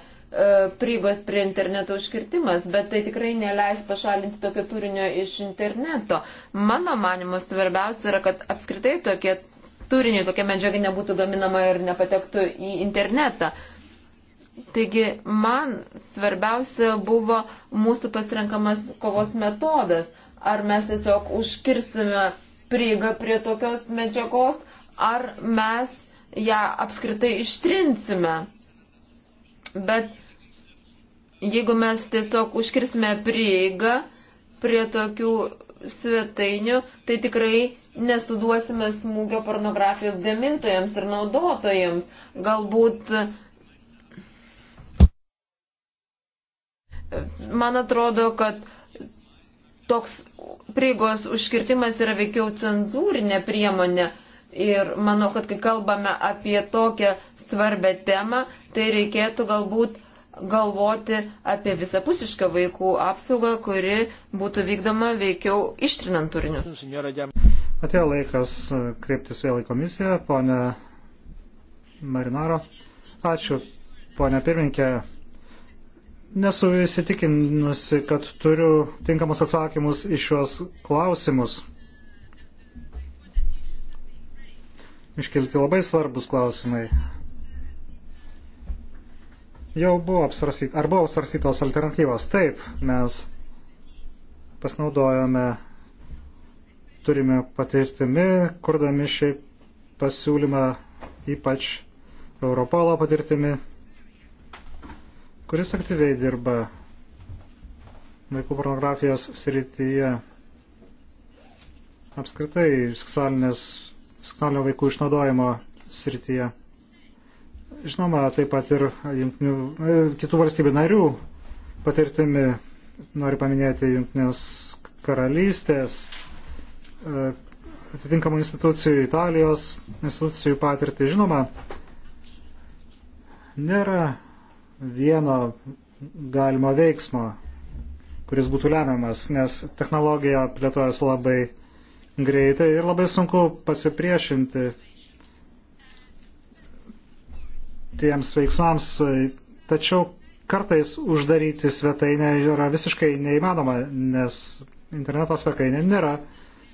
prigos prie interneto užkirtimas, bet tai tikrai neleis pašalinti tokio turinio iš interneto. Mano manimo svarbiausia yra, kad apskritai tokie turiniui tokia medžiaga nebūtų gaminama ir nepatektų į internetą. Taigi man svarbiausia buvo mūsų pasirenkamas kovos metodas. Ar mes tiesiog užkirsime prieigą prie tokios medžiagos, ar mes ją apskritai ištrinsime. Bet jeigu mes tiesiog užkirsime prieigą prie tokių svetainių, tai tikrai nesuduosime smūgio pornografijos gamintojams ir naudotojams. Galbūt, man atrodo, kad toks prieigos užkirtimas yra veikiau cenzūrinė priemonė. Ir manau, kad kai kalbame apie tokią svarbę temą, tai reikėtų galbūt galvoti apie visapusišką vaikų apsaugą, kuri būtų vykdoma veikiau ištrinant turinius. Atėjo laikas kreiptis vėl į komisiją, ponė Marinaro. Ačiū, ponė pirminkė. Nesu įsitikinusi, kad turiu tinkamus atsakymus iš šios klausimus. Iškelti labai svarbus klausimai. Jau buvo apsvarstytos, ar buvo apsvarstytos alternatyvos. Taip, mes pasinaudojame, turime patirtimi, kurdami šį pasiūlymą, ypač Europolo patirtimi, kuris aktyviai dirba vaikų pornografijos srityje. Apskritai, seksualinio vaikų išnaudojimo srityje žinoma, taip pat ir jungtinių, e, kitų valstybių narių patirtimi. Noriu paminėti Junktinės karalystės, e, atitinkamų institucijų, Italijos institucijų patirtį. Žinoma, nėra vieno galimo veiksmo, kuris būtų lemiamas, nes technologija plėtojas labai greitai ir labai sunku pasipriešinti tiems veiksmams, tačiau kartais uždaryti svetainę yra visiškai neįmanoma, nes interneto svetainė nėra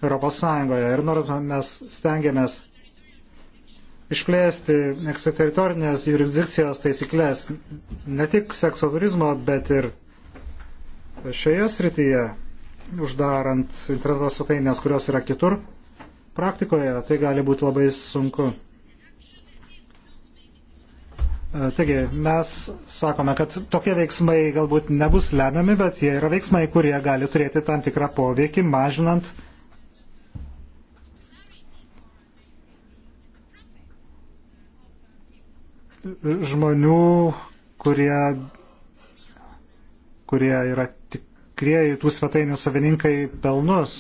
ES ir nors mes stengiamės išplėsti ekstrateritorinės jurisdikcijos taisyklės ne tik sekso turizmo, bet ir šioje srityje, uždarant interneto svetainės, kurios yra kitur, praktikoje tai gali būti labai sunku. E, taigi, mes sakome, kad tokie veiksmai galbūt nebus lemiami, bet jie yra veiksmai, kurie gali turėti tam tikrą poveikį, mažinant žmonių, kurie, kurie yra tikrieji tų svetainių savininkai pelnus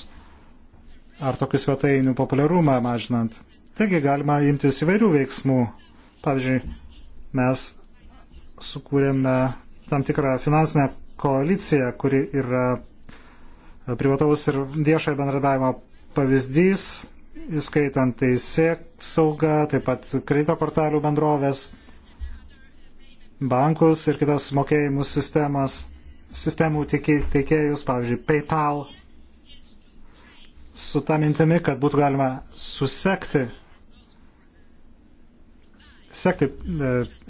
ar tokių svetainių populiarumą mažinant. Taigi galima imtis įvairių veiksmų. Pavyzdžiui, mes sukūrėme tam tikrą finansinę koaliciją, kuri yra e, privataus ir viešojo bendradavimo pavyzdys, įskaitant teisė saugą, taip pat kredito kortelių bendrovės, bankus ir kitas mokėjimų sistemas, sistemų teikėjus, pavyzdžiui, PayPal, su tą mintimi, kad būtų galima susekti sekti e,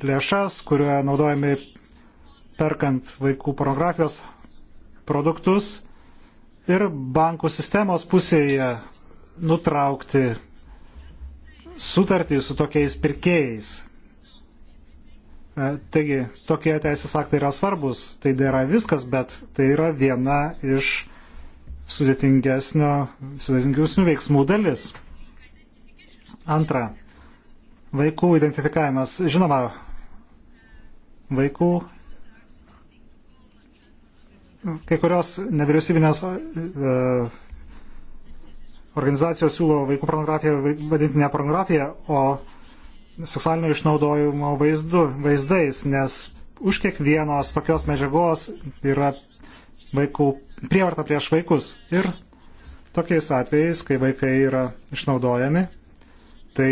lėšas, kurie naudojami perkant vaikų pornografijos produktus ir bankų sistemos pusėje nutraukti sutartį su tokiais pirkėjais. E, taigi, tokie teisės aktai yra svarbus, tai nėra viskas, bet tai yra viena iš sudėtingesnių veiksmų dalis. Antra, Vaikų identifikavimas. Žinoma, vaikų kai kurios nevyriausybinės uh, organizacijos siūlo vaikų pornografiją vadinti ne pornografija, o seksualinio išnaudojimo vaizdu, vaizdais, nes už kiekvienos tokios medžiagos yra vaikų prievarta prieš vaikus. Ir tokiais atvejais, kai vaikai yra išnaudojami, tai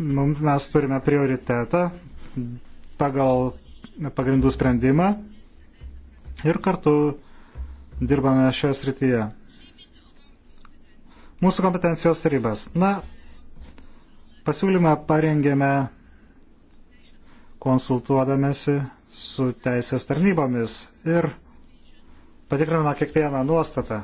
mes turime prioritetą pagal pagrindų sprendimą ir kartu dirbame šioje srityje. Mūsų kompetencijos ribas. Na, pasiūlymą parengėme konsultuodamėsi su teisės tarnybomis ir patikrinama kiekvieną nuostatą.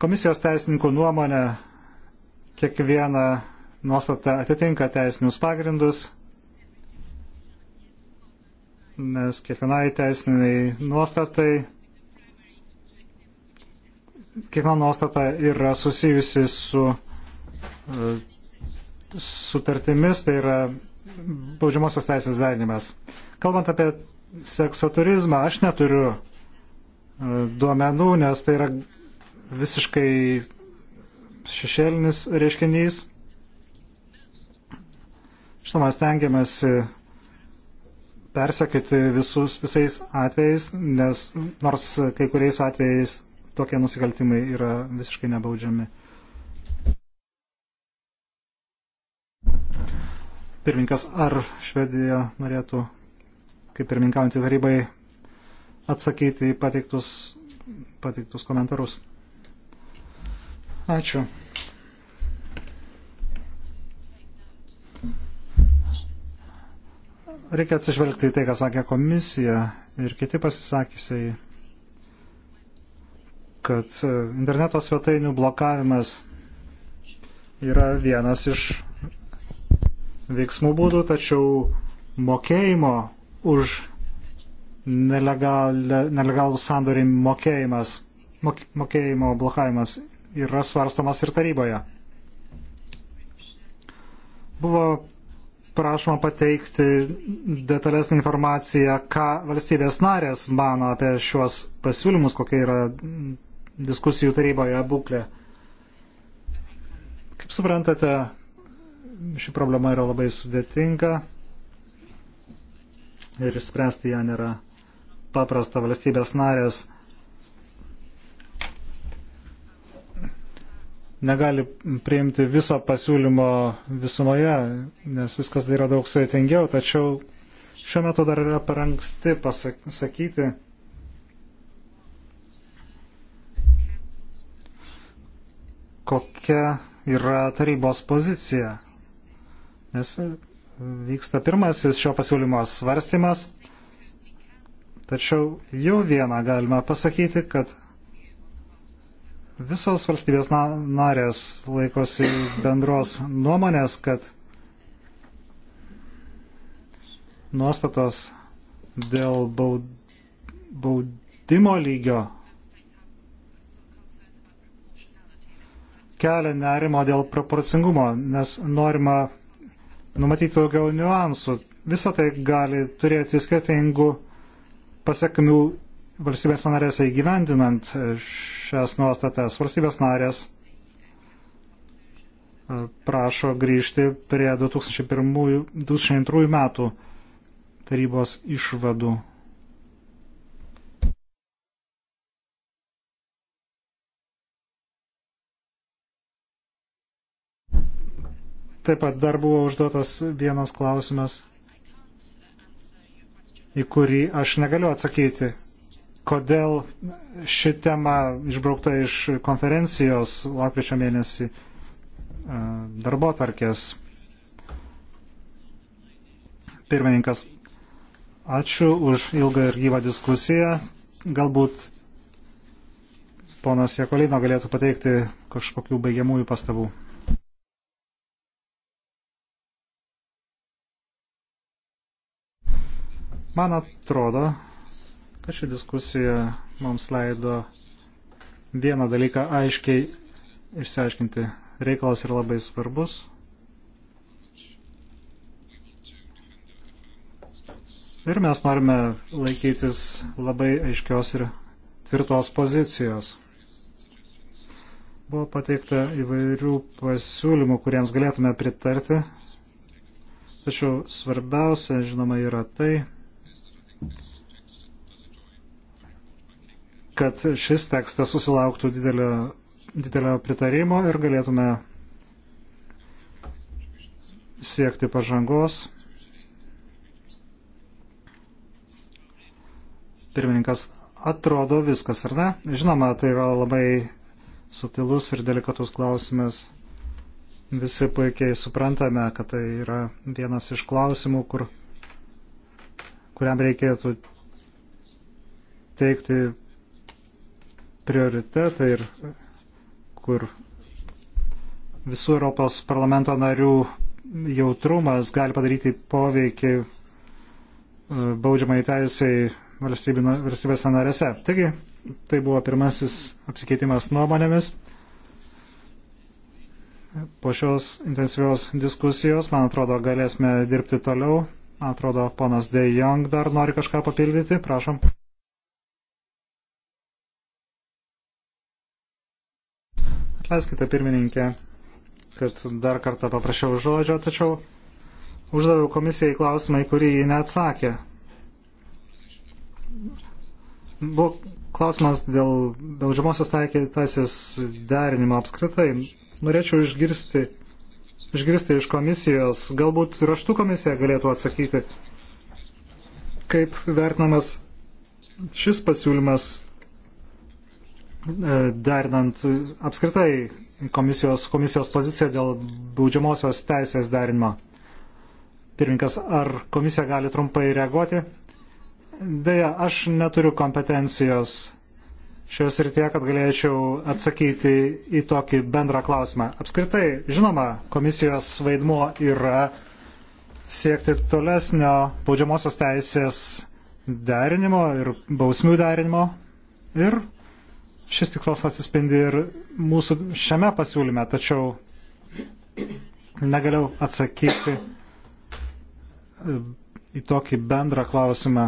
Komisijos teisininkų nuomonė kiekviena nuostata atitinka teisinius pagrindus, nes kiekvienai teisiniai nuostatai, kiekviena nuostata yra susijusi su e, sutartimis, tai yra baudžiamosios teisės derinimas. Kalbant apie seksoturizmą, aš neturiu e, duomenų, nes tai yra visiškai šešėlinis reiškinys. Žinoma, stengiamės persekyti visus, visais atvejais, nes nors kai kuriais atvejais tokie nusikaltimai yra visiškai nebaudžiami. Pirmininkas, ar Švedija norėtų, kaip pirmininkaujantį tarybai, atsakyti į pateiktus, pateiktus komentarus? Ačiū. Reikia atsižvelgti į tai, ką sakė komisija ir kiti pasisakysiai, kad interneto svetainių blokavimas yra vienas iš veiksmų būdų, tačiau mokėjimo už nelegalų sandorį mokėjimas, mok, mokėjimo blokavimas yra svarstomas ir taryboje. Buvo prašoma pateikti detalesnį informaciją, ką valstybės narės mano apie šiuos pasiūlymus, kokia yra diskusijų taryboje būklė. Kaip suprantate, ši problema yra labai sudėtinga ir išspręsti ją nėra paprasta valstybės narės negali priimti viso pasiūlymo visumoje, nes viskas tai yra daug sudėtingiau, tačiau šiuo metu dar yra per anksti pasakyti, kokia yra tarybos pozicija. Nes vyksta pirmasis šio pasiūlymo svarstymas, tačiau jau vieną galima pasakyti, kad Visos valstybės narės laikosi bendros nuomonės, kad nuostatos dėl baudimo lygio kelia nerimo dėl proporcingumo, nes norima numatyti daugiau niuansų. Visą tai gali turėti skirtingų pasiekmių valstybės narėse įgyvendinant šias nuostatas. Valstybės narės e, prašo grįžti prie 2001, 2002 metų tarybos išvadų. Taip pat dar buvo užduotas vienas klausimas, į kurį aš negaliu atsakyti kodėl ši tema išbraukta iš konferencijos lapkričio mėnesį e, darbo tvarkės. Pirmininkas, ačiū už ilgą ir gyvą diskusiją. Galbūt ponas Jekolino galėtų pateikti kažkokių baigiamųjų pastabų. Man atrodo, kad ši diskusija mums leido vieną dalyką aiškiai išsiaiškinti. Reikalas yra labai svarbus. Ir mes norime laikytis labai aiškios ir tvirtos pozicijos. Buvo pateikta įvairių pasiūlymų, kuriems galėtume pritarti. Tačiau svarbiausia, žinoma, yra tai, kad šis tekstas susilauktų didelio, didelio pritarimo ir galėtume siekti pažangos. Pirmininkas atrodo viskas, ar ne? Žinoma, tai yra labai subtilus ir delikatus klausimas. Visi puikiai suprantame, kad tai yra vienas iš klausimų, kur, kuriam reikėtų teikti prioritetai ir kur visų Europos parlamento narių jautrumas gali padaryti poveikį e, baudžiamai teisėjai valstybėse narėse. Taigi, tai buvo pirmasis apsikeitimas nuomonėmis. Po šios intensyvios diskusijos, man atrodo, galėsime dirbti toliau. Man atrodo, ponas De Jong dar nori kažką papildyti. Prašom. Leiskite pirmininkė, kad dar kartą paprašiau žodžio, tačiau uždaviau komisijai klausimą, į kurį ji neatsakė. Buvo klausimas dėl baudžiamosios taikytasis derinimo apskritai. Norėčiau išgirsti, išgirsti iš komisijos, galbūt raštų komisija galėtų atsakyti, kaip vertinamas šis pasiūlymas E, derinant apskritai komisijos, komisijos poziciją dėl baudžiamosios teisės derinimo. Pirminkas, ar komisija gali trumpai reaguoti? Deja, aš neturiu kompetencijos šios rytie, kad galėčiau atsakyti į tokį bendrą klausimą. Apskritai, žinoma, komisijos vaidmuo yra siekti tolesnio baudžiamosios teisės derinimo ir bausmių derinimo ir Šis tikslas atsispindi ir mūsų šiame pasiūlyme, tačiau negaliu atsakyti e, į tokį bendrą klausimą.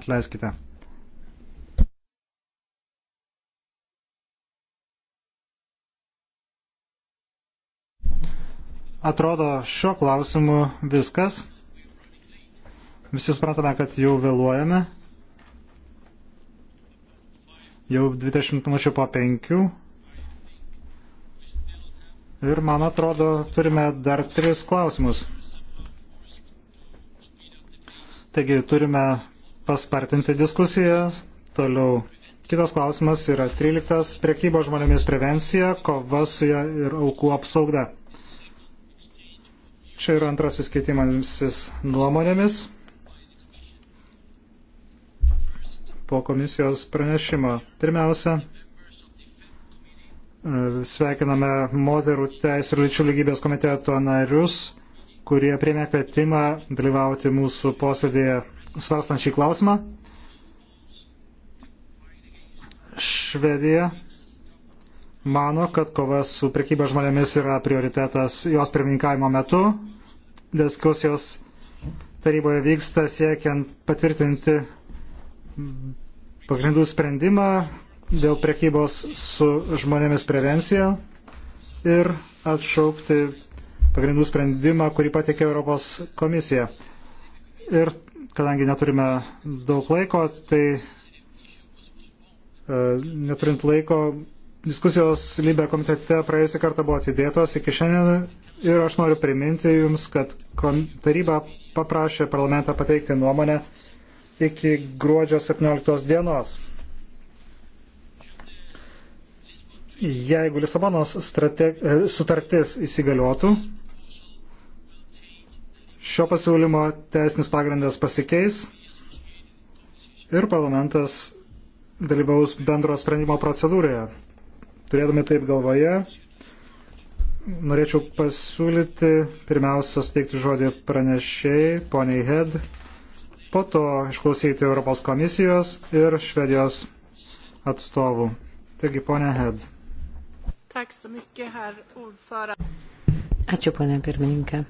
Atleiskite. atrodo šiuo klausimu viskas. Visi suprantame, kad jau vėluojame jau 20 minučių po 5. Ir man atrodo, turime dar tris klausimus. Taigi turime paspartinti diskusiją. Toliau kitas klausimas yra 13. Priekybo žmonėmis prevencija, kova su ją ir aukų apsauga. Čia yra antrasis keitimasis nuomonėmis. po komisijos pranešimo. Pirmiausia, e, sveikiname moterų teisų ir lyčių lygybės komiteto narius, kurie priemė kvietimą dalyvauti mūsų posėdėje svarstant šį klausimą. Švedija mano, kad kova su prekyba žmonėmis yra prioritetas jos pirmininkavimo metu. Diskusijos taryboje vyksta siekiant patvirtinti pagrindų sprendimą dėl prekybos su žmonėmis prevencija ir atšaukti pagrindų sprendimą, kurį patikė Europos komisija. Ir kadangi neturime daug laiko, tai e, neturint laiko, diskusijos lybė komitete praėjusią kartą buvo atidėtos iki šiandien ir aš noriu priminti Jums, kad taryba paprašė parlamentą pateikti nuomonę iki gruodžio 17 dienos. Jeigu Lisabonos strate... E, sutartis įsigaliotų, šio pasiūlymo teisinis pagrindas pasikeis ir parlamentas dalyvaus bendro sprendimo procedūroje. Turėdami taip galvoje, norėčiau pasiūlyti pirmiausia suteikti žodį pranešėjai, poniai Head, po to išklausyti Europos komisijos ir Švedijos atstovų. Taigi, ponė Hed. Ačiū, ponė pirmininkė.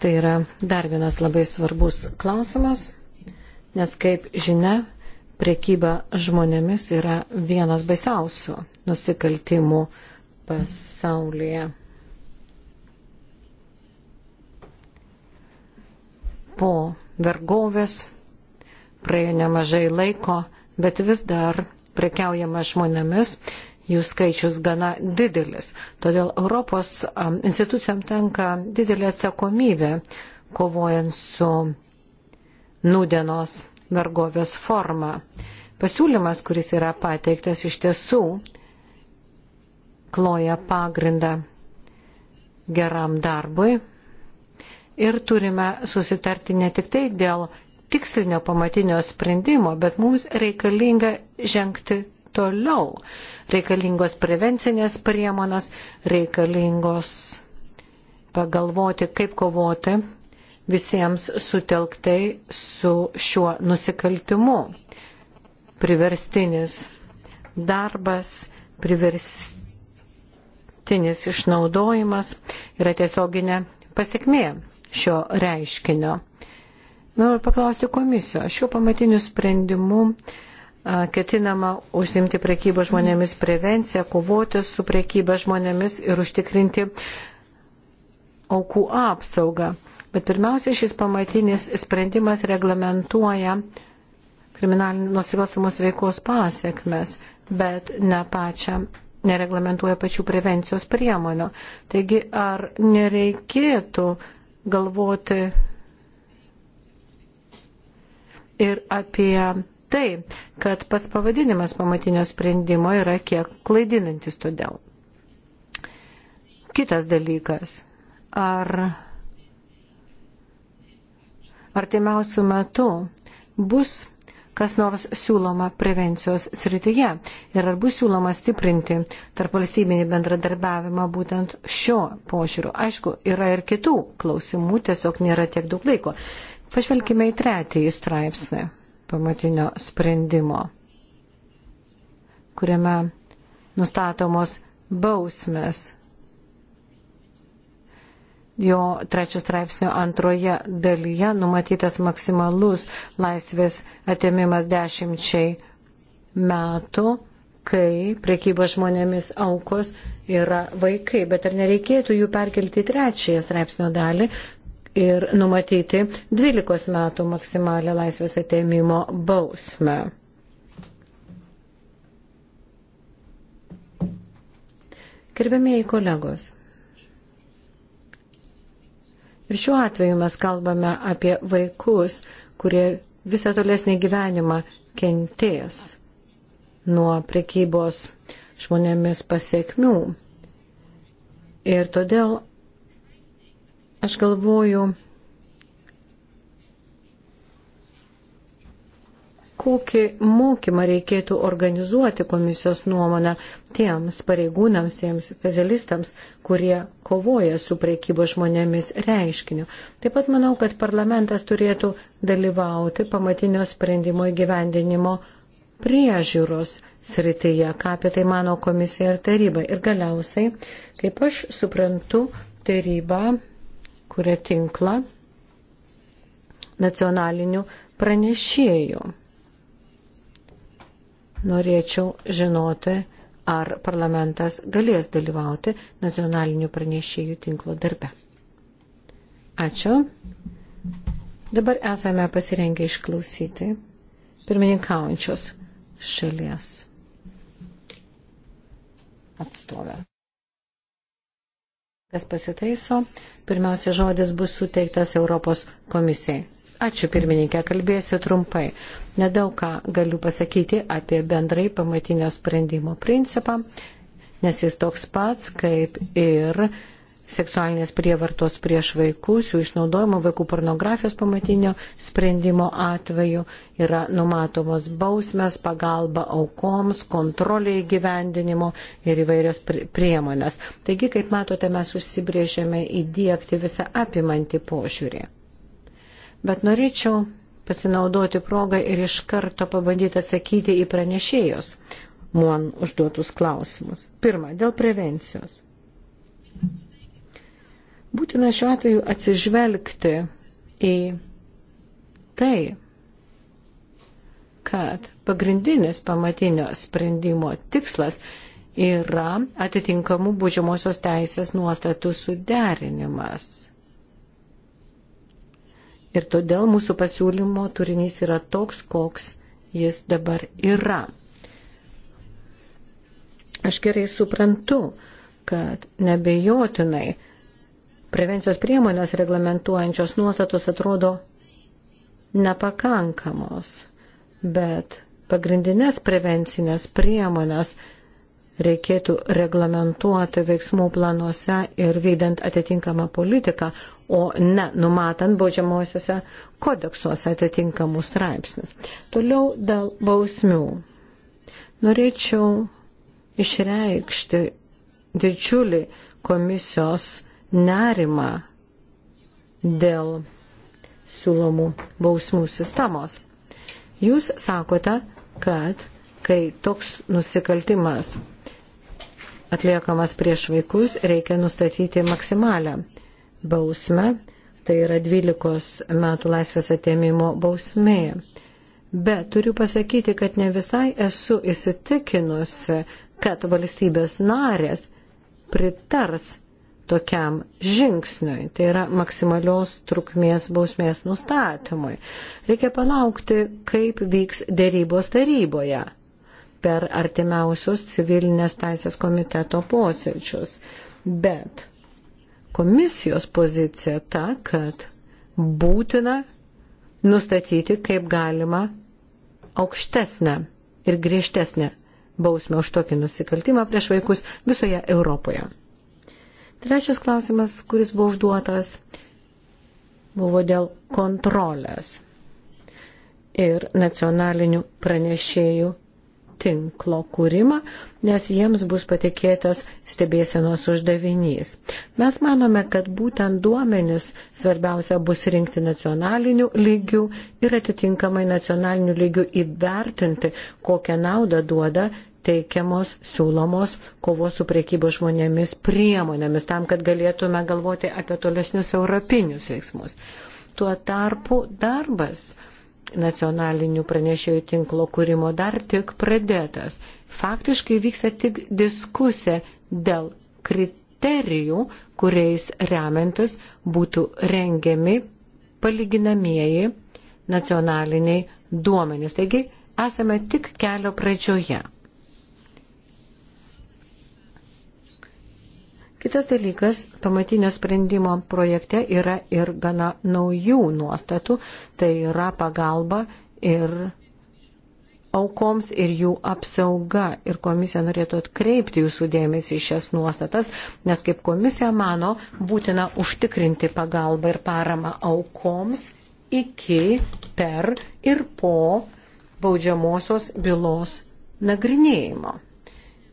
Tai yra dar vienas labai svarbus klausimas, nes kaip žinia, priekyba žmonėmis yra vienas baisiausių nusikaltimų pasaulyje. po vergovės, praėjo nemažai laiko, bet vis dar prekiaujama žmonėmis, jų skaičius gana didelis. Todėl Europos institucijom tenka didelė atsakomybė kovojant su nudenos vergovės forma. Pasiūlymas, kuris yra pateiktas iš tiesų, kloja pagrindą geram darbui, ir turime susitarti ne tik tai dėl tikslinio pamatinio sprendimo, bet mums reikalinga žengti toliau. Reikalingos prevencinės priemonas, reikalingos pagalvoti, kaip kovoti visiems sutelktai su šiuo nusikaltimu. Priverstinis darbas, priverstinis išnaudojimas yra tiesioginė pasiekmė šio reiškinio. Noriu paklausti komisijos. Šiuo pamatiniu sprendimu ketinama užsimti prekybą žmonėmis prevenciją, kovoti su prekyba žmonėmis ir užtikrinti aukų apsaugą. Bet pirmiausia, šis pamatinis sprendimas reglamentuoja kriminalinių nusikalstamos veikos pasiekmes, bet ne pačią nereglamentuoja pačių prevencijos priemonių. Taigi, ar nereikėtų galvoti ir apie tai, kad pats pavadinimas pamatinio sprendimo yra kiek klaidinantis todėl. Kitas dalykas. Ar artimiausių metų bus kas nors siūloma prevencijos srityje ir ar bus siūloma stiprinti tarp valstybinį bendradarbiavimą būtent šio požiūriu. Aišku, yra ir kitų klausimų, tiesiog nėra tiek daug laiko. Pažvelkime į trečiąjį straipsnį pamatinio sprendimo, kuriame nustatomos bausmės jo trečios straipsnio antroje dalyje numatytas maksimalus laisvės atėmimas dešimčiai metų, kai priekyba žmonėmis aukos yra vaikai, bet ar nereikėtų jų perkelti į trečiąją straipsnio dalį ir numatyti 12 metų maksimalę laisvės atėmimo bausmę. Gerbėmėjai kolegos, Ir šiuo atveju mes kalbame apie vaikus, kurie visą tolesnį gyvenimą kentės nuo prekybos žmonėmis pasiekmių. Ir todėl aš galvoju, kokį mokymą reikėtų organizuoti komisijos nuomonę tiems pareigūnams, tiems specialistams, kurie kovoja su priekybo žmonėmis reiškiniu. Taip pat manau, kad parlamentas turėtų dalyvauti pamatinio sprendimo įgyvendinimo priežiūros srityje, ką apie tai mano komisija ir taryba. Ir galiausiai, kaip aš suprantu, taryba kuria tinklą nacionalinių pranešėjų. Norėčiau žinoti, ar parlamentas galės dalyvauti nacionalinių pranešėjų tinklo darbe. Ačiū. Dabar esame pasirengę išklausyti pirmininkaujančios šalies atstovę. Kas pasitaiso, pirmiausia žodis bus suteiktas Europos komisijai. Ačiū pirmininkė, kalbėsiu trumpai. Nedaug ką galiu pasakyti apie bendrai pamatinio sprendimo principą, nes jis toks pats kaip ir seksualinės prievartos prieš vaikus, jų išnaudojimo vaikų pornografijos pamatinio sprendimo atveju yra numatomos bausmės, pagalba aukoms, kontrolė įgyvendinimo ir įvairios priemonės. Taigi, kaip matote, mes užsibrėžėme įdėkti visą apimantį požiūrį Bet norėčiau pasinaudoti progą ir iš karto pabandyti atsakyti į pranešėjos man užduotus klausimus. Pirma, dėl prevencijos. Būtina šiuo atveju atsižvelgti į tai, kad pagrindinis pamatinio sprendimo tikslas yra atitinkamų būdžiamosios teisės nuostatų suderinimas. Ir todėl mūsų pasiūlymo turinys yra toks, koks jis dabar yra. Aš gerai suprantu, kad nebejotinai prevencijos priemonės reglamentuojančios nuostatos atrodo nepakankamos, bet pagrindinės prevencinės priemonės reikėtų reglamentuoti veiksmų planuose ir vykdant atitinkamą politiką, o ne numatant baudžiamosiuose kodeksuose atitinkamus straipsnius. Toliau dėl bausmių. Norėčiau išreikšti didžiulį komisijos nerimą dėl siūlomų bausmų sistemos. Jūs sakote, kad kai toks nusikaltimas atliekamas prieš vaikus, reikia nustatyti maksimalę bausmę, tai yra 12 metų laisvės atėmimo bausmė. Bet turiu pasakyti, kad ne visai esu įsitikinusi, kad valstybės narės pritars tokiam žingsniui, tai yra maksimalios trukmės bausmės nustatymui. Reikia palaukti, kaip vyks dėrybos taryboje per artimiausius civilinės teisės komiteto posėdžius. Bet komisijos pozicija ta, kad būtina nustatyti, kaip galima aukštesnę ir griežtesnę bausmę už tokį nusikaltimą prieš vaikus visoje Europoje. Trečias klausimas, kuris buvo užduotas, buvo dėl kontrolės ir nacionalinių pranešėjų tinklo kūrimą, nes jiems bus patikėtas stebėsienos uždavinys. Mes manome, kad būtent duomenis svarbiausia bus rinkti nacionaliniu lygiu ir atitinkamai nacionaliniu lygiu įvertinti, kokią naudą duoda teikiamos, siūlomos kovos su priekybo žmonėmis priemonėmis, tam, kad galėtume galvoti apie tolesnius europinius veiksmus. Tuo tarpu darbas nacionalinių pranešėjų tinklo kūrimo dar tik pradėtas. Faktiškai vyksta tik diskusija dėl kriterijų, kuriais remiantis būtų rengiami palyginamieji nacionaliniai duomenys. Taigi esame tik kelio pradžioje. Kitas dalykas, pamatinio sprendimo projekte yra ir gana naujų nuostatų, tai yra pagalba ir aukoms ir jų apsauga. Ir komisija norėtų atkreipti jūsų dėmesį į šias nuostatas, nes kaip komisija mano, būtina užtikrinti pagalbą ir paramą aukoms iki, per ir po baudžiamosios bylos nagrinėjimo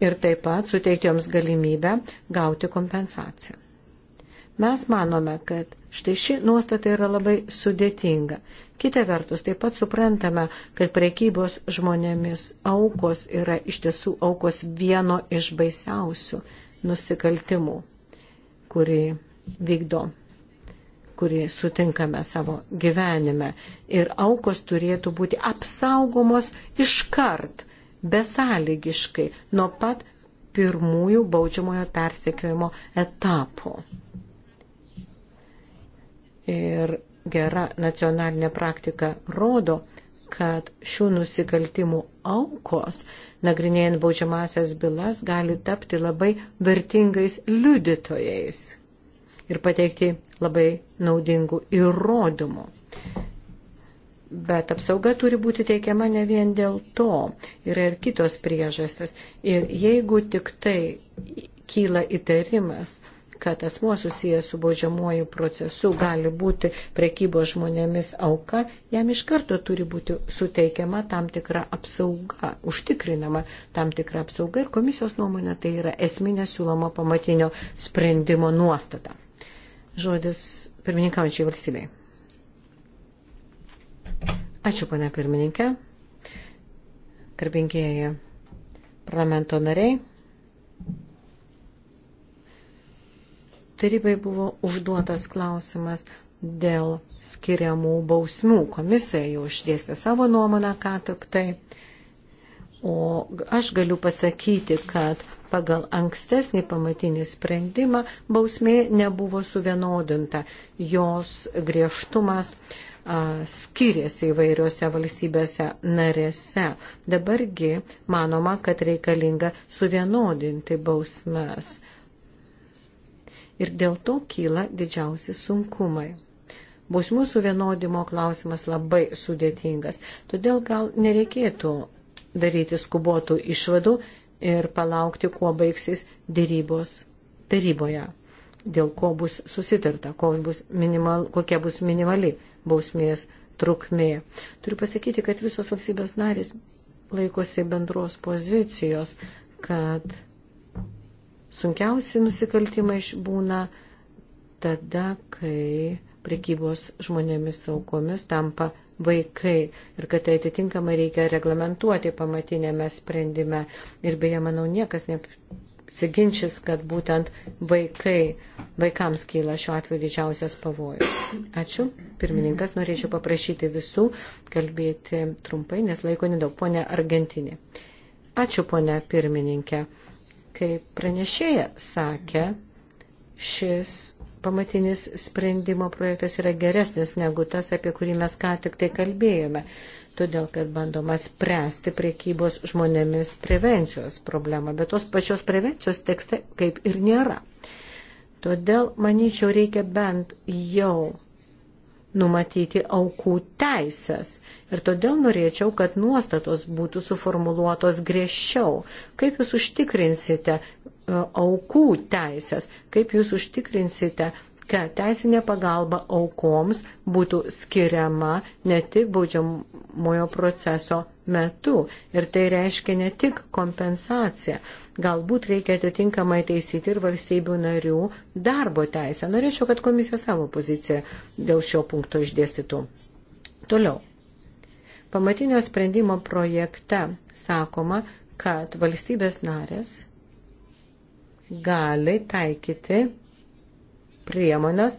ir taip pat suteikti joms galimybę gauti kompensaciją. Mes manome, kad štai ši nuostata yra labai sudėtinga. Kita vertus, taip pat suprantame, kad prekybos žmonėmis aukos yra iš tiesų aukos vieno iš baisiausių nusikaltimų, kurį vykdo kurį sutinkame savo gyvenime. Ir aukos turėtų būti apsaugomos iškart besąlygiškai nuo pat pirmųjų baudžiamojo persekiojimo etapų. Ir gera nacionalinė praktika rodo, kad šių nusikaltimų aukos, nagrinėjant baudžiamasias bylas, gali tapti labai vertingais liudytojais ir pateikti labai naudingų įrodymų. Bet apsauga turi būti teikiama ne vien dėl to, yra ir kitos priežastis. Ir jeigu tik tai kyla įtarimas, kad asmo susijęs su baudžiamuoju procesu gali būti prekybo žmonėmis auka, jam iš karto turi būti suteikiama tam tikra apsauga, užtikrinama tam tikra apsauga ir komisijos nuomonė tai yra esminė siūloma pamatinio sprendimo nuostata. Žodis pirmininkaujančiai valstybei. Ačiū, pane pirmininkė. Garbingieji parlamento nariai. Tarybai buvo užduotas klausimas dėl skiriamų bausmių. Komisija jau išdėstė savo nuomonę, ką tik tai. O aš galiu pasakyti, kad pagal ankstesnį pamatinį sprendimą bausmė nebuvo suvienodinta, jos griežtumas uh, skiriasi įvairiose valstybėse narėse. Dabargi manoma, kad reikalinga suvienodinti bausmes. Ir dėl to kyla didžiausi sunkumai. Bausmų suvienodimo klausimas labai sudėtingas, todėl gal nereikėtų daryti skubotų išvadų ir palaukti, kuo baigsis dėrybos taryboje, dėl ko bus susitarta, bus minimal, kokia bus minimali bausmės trukmė. Turiu pasakyti, kad visos valstybės narės laikosi bendros pozicijos, kad sunkiausi nusikaltimai būna tada, kai prekybos žmonėmis aukomis tampa vaikai ir kad tai atitinkamai reikia reglamentuoti pamatinėme sprendime. Ir beje, manau, niekas ne, apsiginčys, kad būtent vaikai, vaikams kyla šiuo atveju didžiausias pavojus. Ačiū. Pirmininkas, norėčiau paprašyti visų kalbėti trumpai, nes laiko nedaug. Pone Argentinė. Ačiū, pone pirmininkė. Kaip pranešėja sakė, šis pamatinis sprendimo projektas yra geresnis negu tas, apie kurį mes ką tik tai kalbėjome, todėl kad bandoma spręsti priekybos žmonėmis prevencijos problemą, bet tos pačios prevencijos tekste kaip ir nėra. Todėl, manyčiau, reikia bent jau numatyti aukų teisės Ir todėl norėčiau, kad nuostatos būtų suformuluotos griežčiau. Kaip jūs užtikrinsite e, aukų teisės, kaip jūs užtikrinsite kad teisinė pagalba aukoms būtų skiriama ne tik baudžiamojo proceso metu. Ir tai reiškia ne tik kompensaciją. Galbūt reikia atitinkamai taisyti ir valstybių narių darbo teisę. Norėčiau, kad komisija savo poziciją dėl šio punkto išdėstytų. Toliau. Pamatinio sprendimo projekte sakoma, kad valstybės narės gali taikyti priemonės,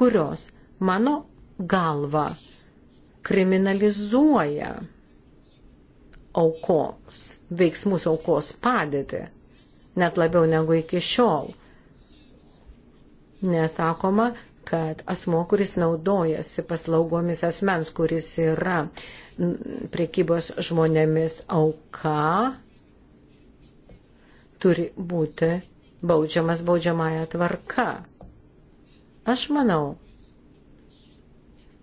kurios mano galva kriminalizuoja aukos, veiksmus aukos padėti, net labiau negu iki šiol. Nesakoma, kad asmo, kuris naudojasi paslaugomis asmens, kuris yra prekybos žmonėmis auka turi būti baudžiamas baudžiamąją tvarka. Aš manau,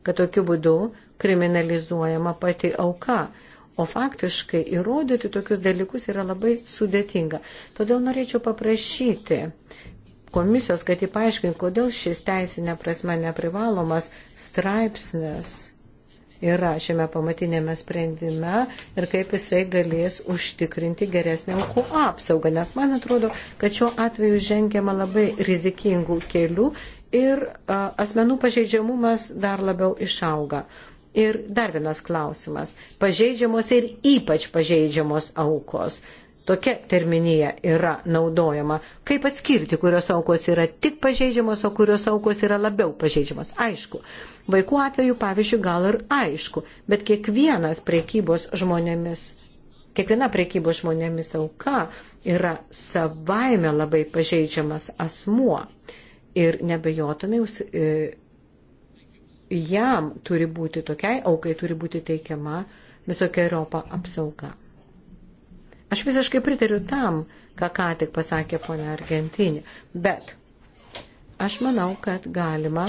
kad tokiu būdu kriminalizuojama pati auka, o faktiškai įrodyti tokius dalykus yra labai sudėtinga. Todėl norėčiau paprašyti komisijos, kad įpaaiškint, kodėl šis teisinė prasme neprivalomas straipsnis yra šiame pamatinėme sprendime ir kaip jisai galės užtikrinti geresnę aukų apsaugą. Nes man atrodo, kad šiuo atveju žengiama labai rizikingų kelių ir a, asmenų pažeidžiamumas dar labiau išauga. Ir dar vienas klausimas. Pažeidžiamos ir ypač pažeidžiamos aukos. Tokia terminija yra naudojama. Kaip atskirti, kurios aukos yra tik pažeidžiamos, o kurios aukos yra labiau pažeidžiamos? Aišku, Vaikų atveju, pavyzdžiui, gal ir aišku, bet kiekvienas priekybos žmonėmis, kiekviena priekybos žmonėmis auka yra savaime labai pažeidžiamas asmuo. Ir nebejotinai e, jam turi būti tokiai aukai, turi būti teikiama visokia Europa apsauga. Aš visiškai pritariu tam, ką ką tik pasakė ponia Argentinė, bet aš manau, kad galima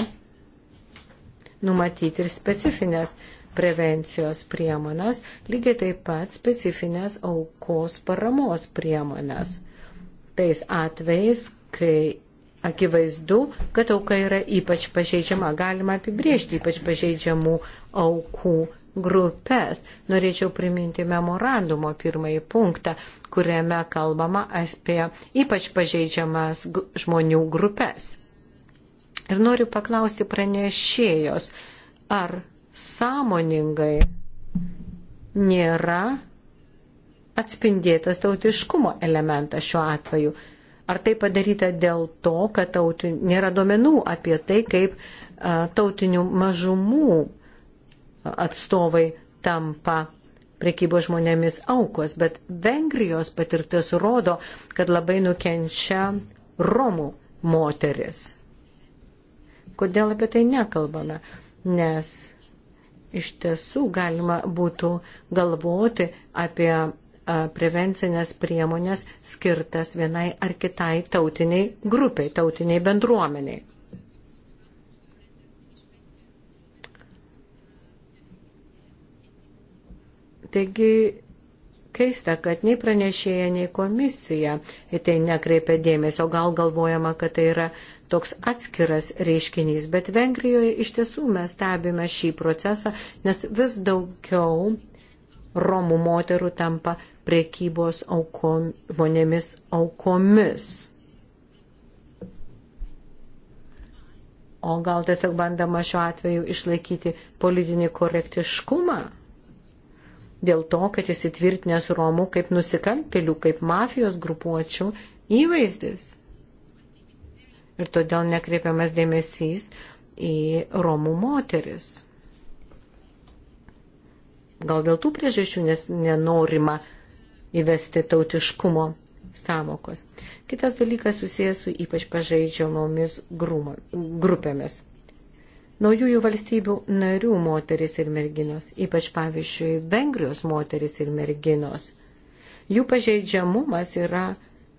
numatyti ir specifines prevencijos priemonės, lygiai taip pat specifines aukos paramos priemonės. Tais atvejais, kai akivaizdu, kad auka yra ypač pažeidžiama, galima apibriežti ypač pažeidžiamų aukų grupės. Norėčiau priminti memorandumo pirmąjį punktą, kuriame kalbama apie ypač pažeidžiamas žmonių grupės. Ir noriu paklausti pranešėjos, ar sąmoningai nėra atspindėtas tautiškumo elementas šiuo atveju. Ar tai padaryta dėl to, kad tauti, nėra duomenų apie tai, kaip a, tautinių mažumų atstovai tampa prekybos žmonėmis aukos, bet Vengrijos patirtis rodo, kad labai nukenčia Romų moteris. Kodėl apie tai nekalbame? Nes iš tiesų galima būtų galvoti apie prevencinės priemonės skirtas vienai ar kitai tautiniai grupiai, tautiniai bendruomeniai. Taigi keista, kad nei pranešėja, nei komisija į tai nekreipia dėmesio, gal galvojama, kad tai yra toks atskiras reiškinys, bet Vengrijoje iš tiesų mes stebime šį procesą, nes vis daugiau Romų moterų tampa priekybos aukom, žmonėmis aukomis. O gal tiesiog bandama šiuo atveju išlaikyti politinį korektiškumą? Dėl to, kad įsitvirtinęs Romų kaip nusikaltelių, kaip mafijos grupuočių įvaizdis ir todėl nekreipiamas dėmesys į Romų moteris. Gal dėl tų priežasčių, nes nenorima įvesti tautiškumo samokos. Kitas dalykas susijęs su ypač pažeidžiamomis grupėmis. Naujųjų valstybių narių moteris ir merginos, ypač pavyzdžiui, Vengrijos moteris ir merginos. Jų pažeidžiamumas yra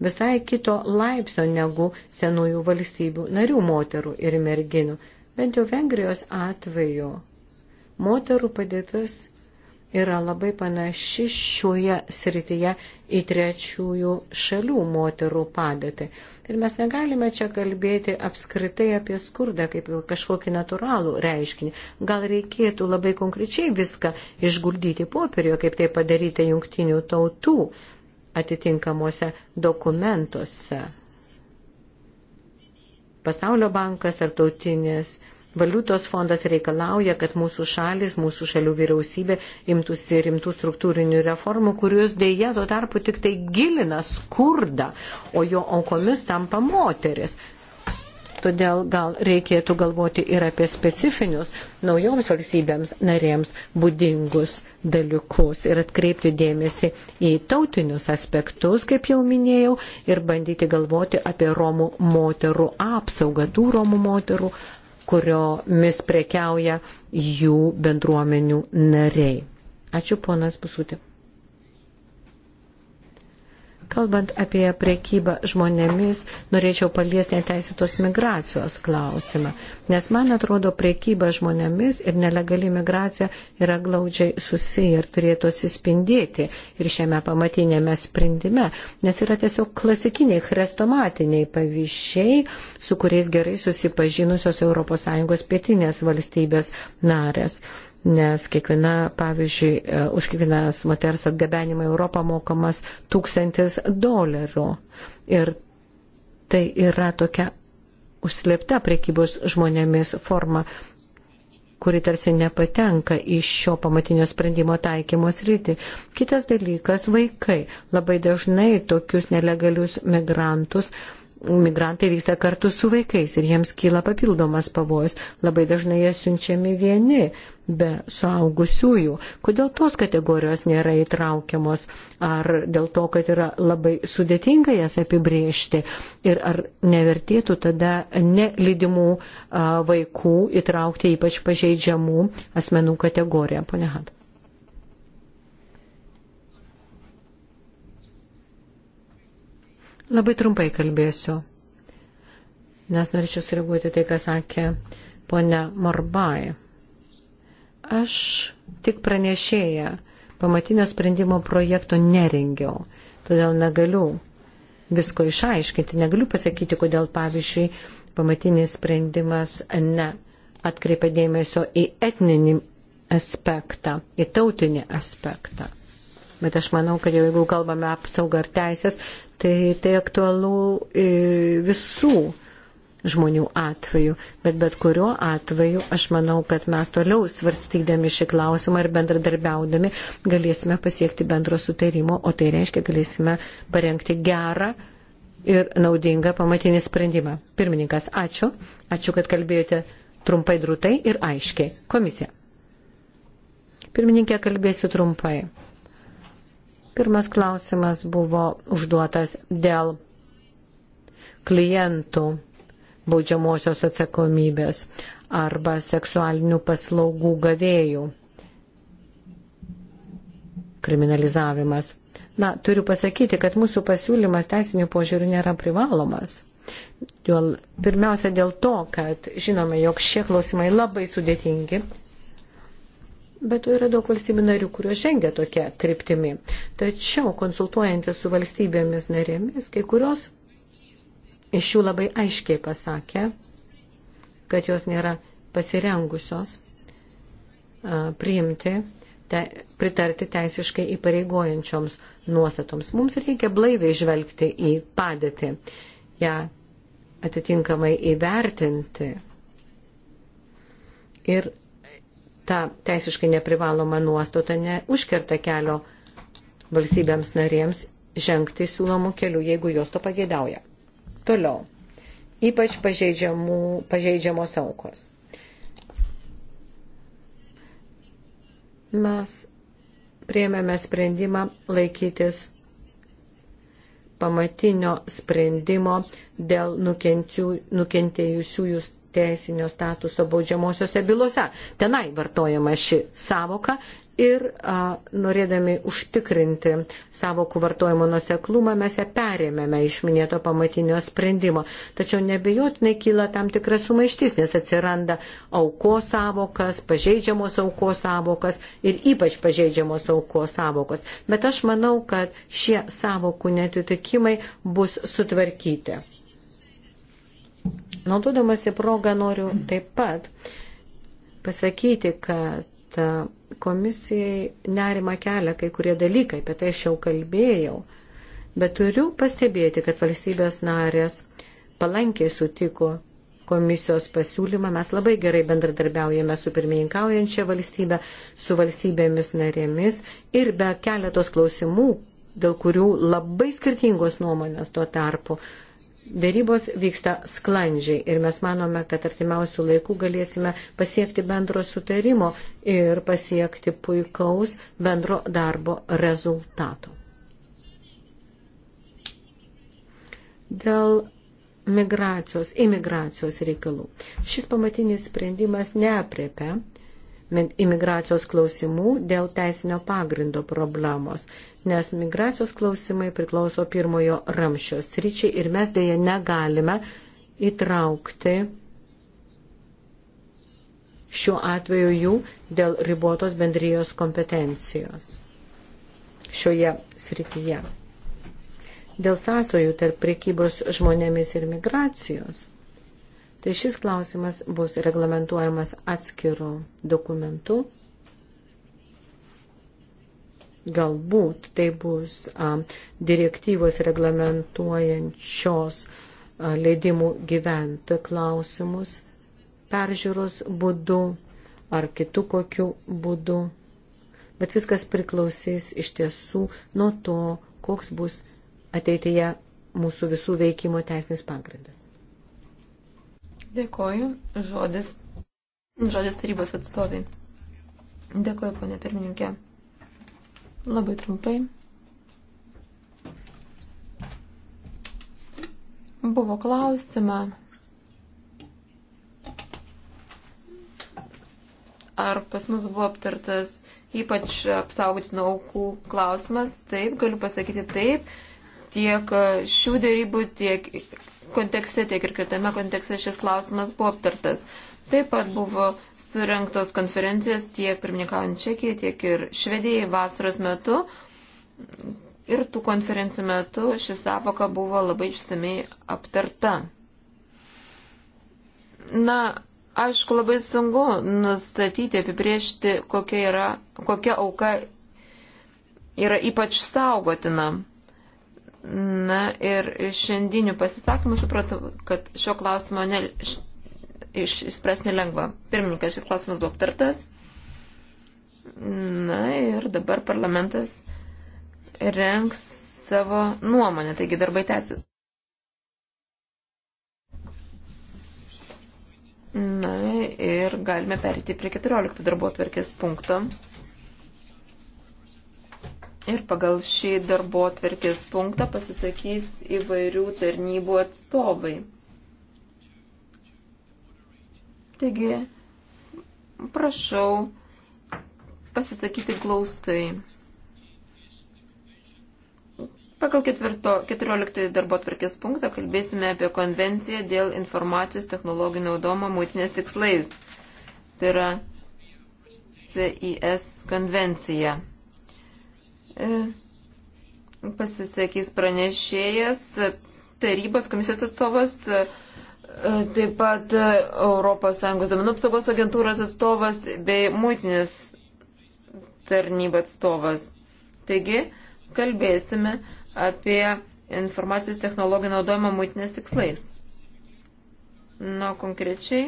visai kito laipsnio negu senųjų valstybių narių moterų ir merginų. Bent jau Vengrijos atveju moterų padėtis yra labai panaši šioje srityje į trečiųjų šalių moterų padėtį. Ir mes negalime čia kalbėti apskritai apie skurdą kaip kažkokį natūralų reiškinį. Gal reikėtų labai konkrečiai viską išguldyti popierio, kaip tai padaryti jungtinių tautų atitinkamuose dokumentuose. Pasaulio bankas ar tautinės valiutos fondas reikalauja, kad mūsų šalis, mūsų šalių vyriausybė imtųsi rimtų struktūrinių reformų, kurios dėja tuo tarpu tik tai gilina skurdą, o jo aukomis tampa moteris. Todėl gal reikėtų galvoti ir apie specifinius naujoms valstybėms narėms būdingus dalykus ir atkreipti dėmesį į tautinius aspektus, kaip jau minėjau, ir bandyti galvoti apie Romų moterų apsaugą, tų Romų moterų, kuriomis prekiauja jų bendruomenių nariai. Ačiū, ponas Pusutė. Kalbant apie priekybą žmonėmis, norėčiau paliesti neteisėtos migracijos klausimą, nes man atrodo, priekyba žmonėmis ir nelegali migracija yra glaudžiai susiję ir turėtų atsispindėti ir šiame pamatinėme sprendime, nes yra tiesiog klasikiniai chrestomatiniai pavyzdžiai, su kuriais gerai susipažinusios ES pietinės valstybės narės nes kiekviena, pavyzdžiui, e, už kiekvienas moters atgabenimą į Europą mokamas tūkstantis dolerių. Ir tai yra tokia užslėpta priekybos žmonėmis forma, kuri tarsi nepatenka iš šio pamatinio sprendimo taikymos rytį. Kitas dalykas - vaikai. Labai dažnai tokius nelegalius migrantus uh, migrantai vyksta kartu su vaikais ir jiems kyla papildomas pavojus. Labai dažnai jie siunčiami vieni be suaugusiųjų. Kodėl tos kategorijos nėra įtraukiamos? Ar dėl to, kad yra labai sudėtinga jas apibriežti? Ir ar nevertėtų tada nelydimų vaikų įtraukti ypač pažeidžiamų asmenų kategoriją? Pone Hat. Labai trumpai kalbėsiu, nes norėčiau sureaguoti tai, ką sakė ponia Morbai. Aš tik pranešėję pamatinio sprendimo projekto nerengiau, todėl negaliu visko išaiškinti, negaliu pasakyti, kodėl pavyzdžiui pamatinis sprendimas ne atkreipia dėmesio į etninį aspektą, į tautinį aspektą bet aš manau, kad jau jeigu kalbame apsaugą ar teisės, tai tai aktualu e, visų žmonių atveju. Bet bet kuriuo atveju aš manau, kad mes toliau svarstydami šį klausimą ir bendradarbiaudami galėsime pasiekti bendro sutarimo, o tai reiškia galėsime parengti gerą ir naudingą pamatinį sprendimą. Pirmininkas, ačiū. Ačiū, kad kalbėjote trumpai, drūtai ir aiškiai. Komisija. Pirmininkė, kalbėsiu trumpai. Pirmas klausimas buvo užduotas dėl klientų baudžiamosios atsakomybės arba seksualinių paslaugų gavėjų kriminalizavimas. Na, turiu pasakyti, kad mūsų pasiūlymas teisinių požiūrių nėra privalomas. Dėl, pirmiausia dėl to, kad žinome, jog šie klausimai labai sudėtingi, Bet yra daug valstybių narių, kurios žengia tokia kryptimi. Tačiau, konsultuojantis su valstybėmis narėmis, kai kurios iš jų labai aiškiai pasakė, kad jos nėra pasirengusios a, priimti, te, pritarti teisiškai įpareigojančioms nuostatoms. Mums reikia blaiviai žvelgti į padėtį, ją atitinkamai įvertinti ir ta teisiškai neprivaloma nuostata neužkerta kelio valstybėms narėms žengti siūlomų kelių, jeigu jos to pageidauja. Toliau. Ypač pažeidžiamos aukos. Mes prieėmėme sprendimą laikytis pamatinio sprendimo dėl nukentėjusiųjų teisinio statuso baudžiamosiose bylose. Tenai vartojama ši savoka ir a, norėdami užtikrinti savokų vartojimo nuseklumą mes ją perėmėme iš minėto pamatinio sprendimo. Tačiau nebejotinai kyla tam tikras sumaištis, nes atsiranda aukos savokas, pažeidžiamos aukos savokas ir ypač pažeidžiamos aukos savokos. Bet aš manau, kad šie savokų netitikimai bus sutvarkyti. Naudodamasi progą noriu taip pat pasakyti, kad e, komisijai nerima kelia kai kurie dalykai, apie tai aš jau kalbėjau, bet turiu pastebėti, kad valstybės narės palankiai sutiko komisijos pasiūlymą. Mes labai gerai bendradarbiaujame su pirmininkaujančia valstybė, su valstybėmis narėmis ir be keletos klausimų, dėl kurių labai skirtingos nuomonės tuo tarpu Dėrybos vyksta sklandžiai ir mes manome, kad artimiausių laikų galėsime pasiekti bendro sutarimo ir pasiekti puikaus bendro darbo rezultato. Dėl migracijos, imigracijos reikalų. Šis pamatinis sprendimas neapriepia imigracijos klausimų dėl teisinio pagrindo problemos, nes migracijos klausimai priklauso pirmojo ramšio sričiai ir mes dėje negalime įtraukti šiuo atveju jų dėl ribotos bendrijos kompetencijos šioje srityje. Dėl sąsojų tarp priekybos žmonėmis ir migracijos tai šis klausimas bus reglamentuojamas atskiru dokumentu. Galbūt tai bus a, direktyvos reglamentuojančios a, leidimų gyventi klausimus peržiūros būdu ar kitų kokių būdų. Bet viskas priklausys iš tiesų nuo to, koks bus ateityje mūsų visų veikimo teisinis pagrindas. Dėkoju. Žodis. Žodis tarybos atstoviai. Dėkoju, ponė pirmininkė. Labai trumpai. Buvo klausima, ar pas mus buvo aptartas ypač apsaugoti nuo aukų klausimas. Taip, galiu pasakyti taip. Tiek šių dėrybų, tiek kontekste, tiek ir kitame kontekste šis klausimas buvo aptartas. Taip pat buvo surinktos konferencijos tiek pirmininkaujant Čekijai, tiek ir Švedijai vasaros metu. Ir tų konferencijų metu šis savoka buvo labai išsamei aptarta. Na, aišku, labai sunku nustatyti, apibriežti, kokia, yra, kokia auka yra ypač saugotina. Na ir iš šiandienių pasisakymų supratau, kad šio klausimo ne, iš, išspręs nelengva. Pirmininkas, šis klausimas buvo aptartas. Na ir dabar parlamentas renks savo nuomonę, taigi darbai tęsis. Na ir galime perėti prie 14 darbo atverkės punkto. Ir pagal šį darbo tvarkės punktą pasisakys įvairių tarnybų atstovai. Taigi, prašau pasisakyti glaustai. Pagal 14 darbo tvarkės punktą kalbėsime apie konvenciją dėl informacijos technologijų naudojimo mūtinės tikslais. Tai yra CIS konvencija. E, pasisakys pranešėjas, tarybos komisijos atstovas, e, e, taip pat ES duomenų apsaugos agentūros atstovas bei muitinės tarnybų atstovas. Taigi, kalbėsime apie informacijos technologijų naudojimą muitinės tikslais. Na, konkrečiai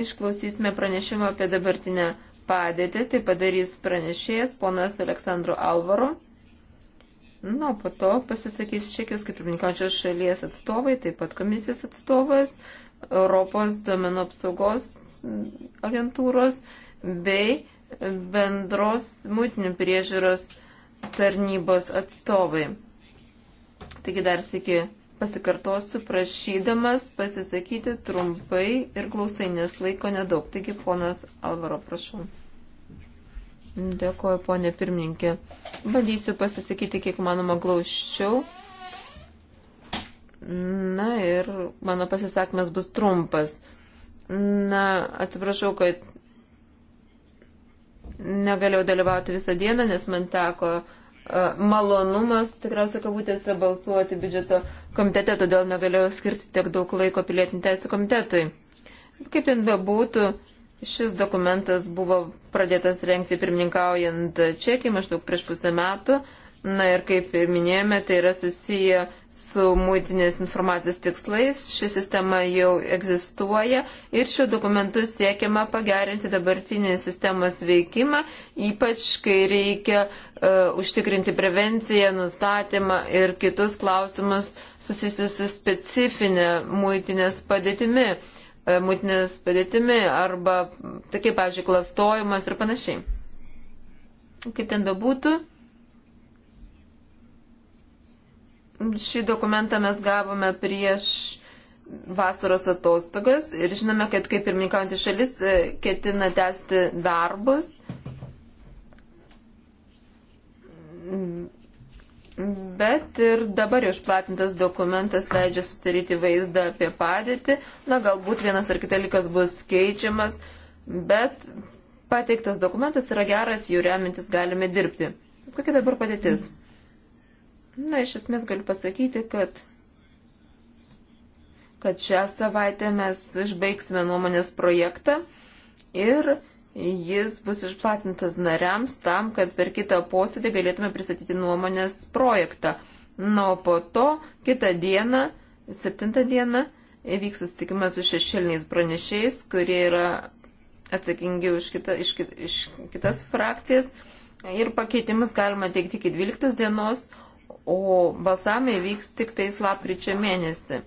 išklausysime pranešimą apie dabartinę padėtį, tai padarys pranešėjas ponas Aleksandru Alvaro. Na, nu, po to pasisakys Čekijos kaip pirmininkančios šalies atstovai, taip pat komisijos atstovas, Europos duomenų apsaugos agentūros bei bendros mūtinių priežiūros tarnybos atstovai. Taigi dar sėki pasikartosiu, prašydamas pasisakyti trumpai ir glaustai, nes laiko nedaug. Taigi, ponas Alvaro, prašau. Dėkuoju, ponė pirmininkė. Bandysiu pasisakyti kiek manoma glaušiau. Na ir mano pasisakymas bus trumpas. Na, atsiprašau, kad negalėjau dalyvauti visą dieną, nes man teko e, malonumas, tikriausiai kabutėse, balsuoti biudžeto komitete, todėl negalėjau skirti tiek daug laiko pilietinį teisų komitetui. Kaip ten bebūtų, Šis dokumentas buvo pradėtas renkti pirmininkaujant Čekijai maždaug prieš pusę metų. Na ir kaip minėjome, tai yra susiję su muitinės informacijos tikslais. Ši sistema jau egzistuoja ir šiuo dokumentu siekiama pagerinti dabartinį sistemos veikimą, ypač kai reikia uh, užtikrinti prevenciją, nustatymą ir kitus klausimus susijusius su specifinė muitinės padėtimi. Uh, E, mutinės padėtimi arba tokie, tai pavyzdžiui, klastojimas ir panašiai. Kaip ten bebūtų, šį dokumentą mes gavome prieš vasaros atostogas ir žinome, kad kaip ir minkaujantį šalis e, ketina tęsti darbus Bet ir dabar išplatintas dokumentas leidžia susidaryti vaizdą apie padėtį. Na, galbūt vienas ar kitalikas bus keičiamas, bet pateiktas dokumentas yra geras, jų remintis galime dirbti. Kokia dabar padėtis? Na, iš esmės galiu pasakyti, kad, kad šią savaitę mes išbaigsime nuomonės projektą ir Jis bus išplatintas nariams tam, kad per kitą posėdį galėtume pristatyti nuomonės projektą. Na, o po to kitą dieną, septintą dieną, įvyks susitikimas su šešėliniais pranešėjais, kurie yra atsakingi už kita, iš, iš kitas frakcijas. Ir pakeitimus galima teikti iki 12 dienos, o balsamai vyks tik tais lapkričio mėnesį.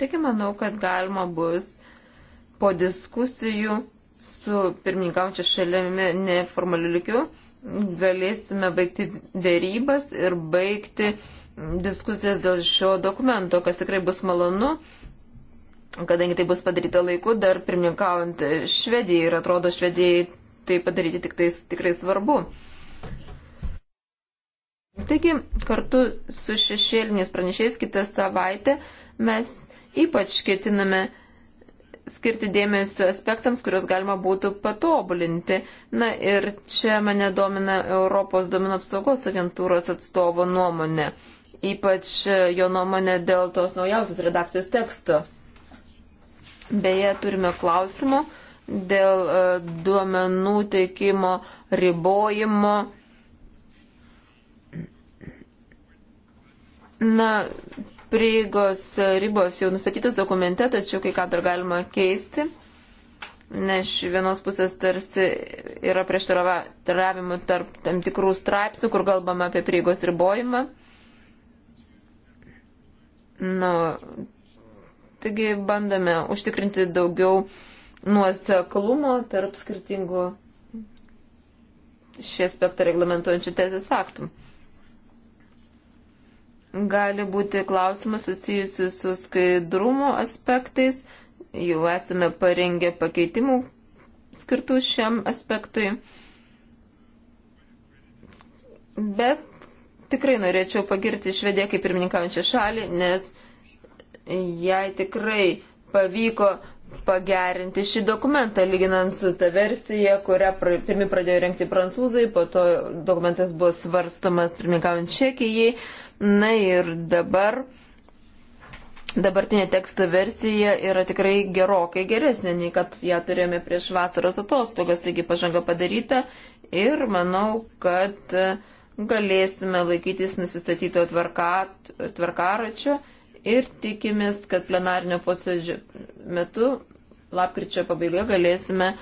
Taigi manau, kad galima bus po diskusijų su pirmininkaujančia šalimi neformaliu likiu galėsime baigti dėrybas ir baigti diskusijas dėl šio dokumento, kas tikrai bus malonu, kadangi tai bus padaryta laiku, dar pirmininkaujant Švedijai ir atrodo Švedijai tai padaryti tik tai, tikrai svarbu. Taigi, kartu su šešėliniais pranešėjais kitą savaitę mes ypač ketiname skirti dėmesio aspektams, kuriuos galima būtų patobulinti. Na ir čia mane domina Europos domino apsaugos agentūros atstovo nuomonė, ypač jo nuomonė dėl tos naujausios redakcijos teksto. Beje, turime klausimų dėl e, duomenų teikimo ribojimo. Na, prieigos ribos jau nustatytas dokumente, tačiau kai ką dar galima keisti, nes iš vienos pusės tarsi yra prieštaravimų tarp tam tikrų straipsnių, kur kalbama apie prieigos ribojimą. Nu, taigi bandome užtikrinti daugiau nuoseklumo tarp skirtingų šį aspektą reglamentuojančių teisės aktų gali būti klausimas susijusi su skaidrumo aspektais. Jau esame parengę pakeitimų skirtų šiam aspektui. Bet tikrai norėčiau pagirti Švediją kaip pirmininkaujančią šalį, nes jai tikrai pavyko pagerinti šį dokumentą, lyginant su ta versija, kurią pra, pirmi pradėjo renkti prancūzai, po to dokumentas buvo svarstomas pirmininkaujant Čekijai. Uh, Na ir dabar dabartinė teksto versija yra tikrai gerokai geresnė, nei kad ją turėjome prieš vasaros atostogas, taigi pažanga padaryta ir manau, kad galėsime laikytis nusistatyto tvarka, tvarkaračio ir tikimės, kad plenarnio posėdžio metu lapkričio pabaigoje galėsime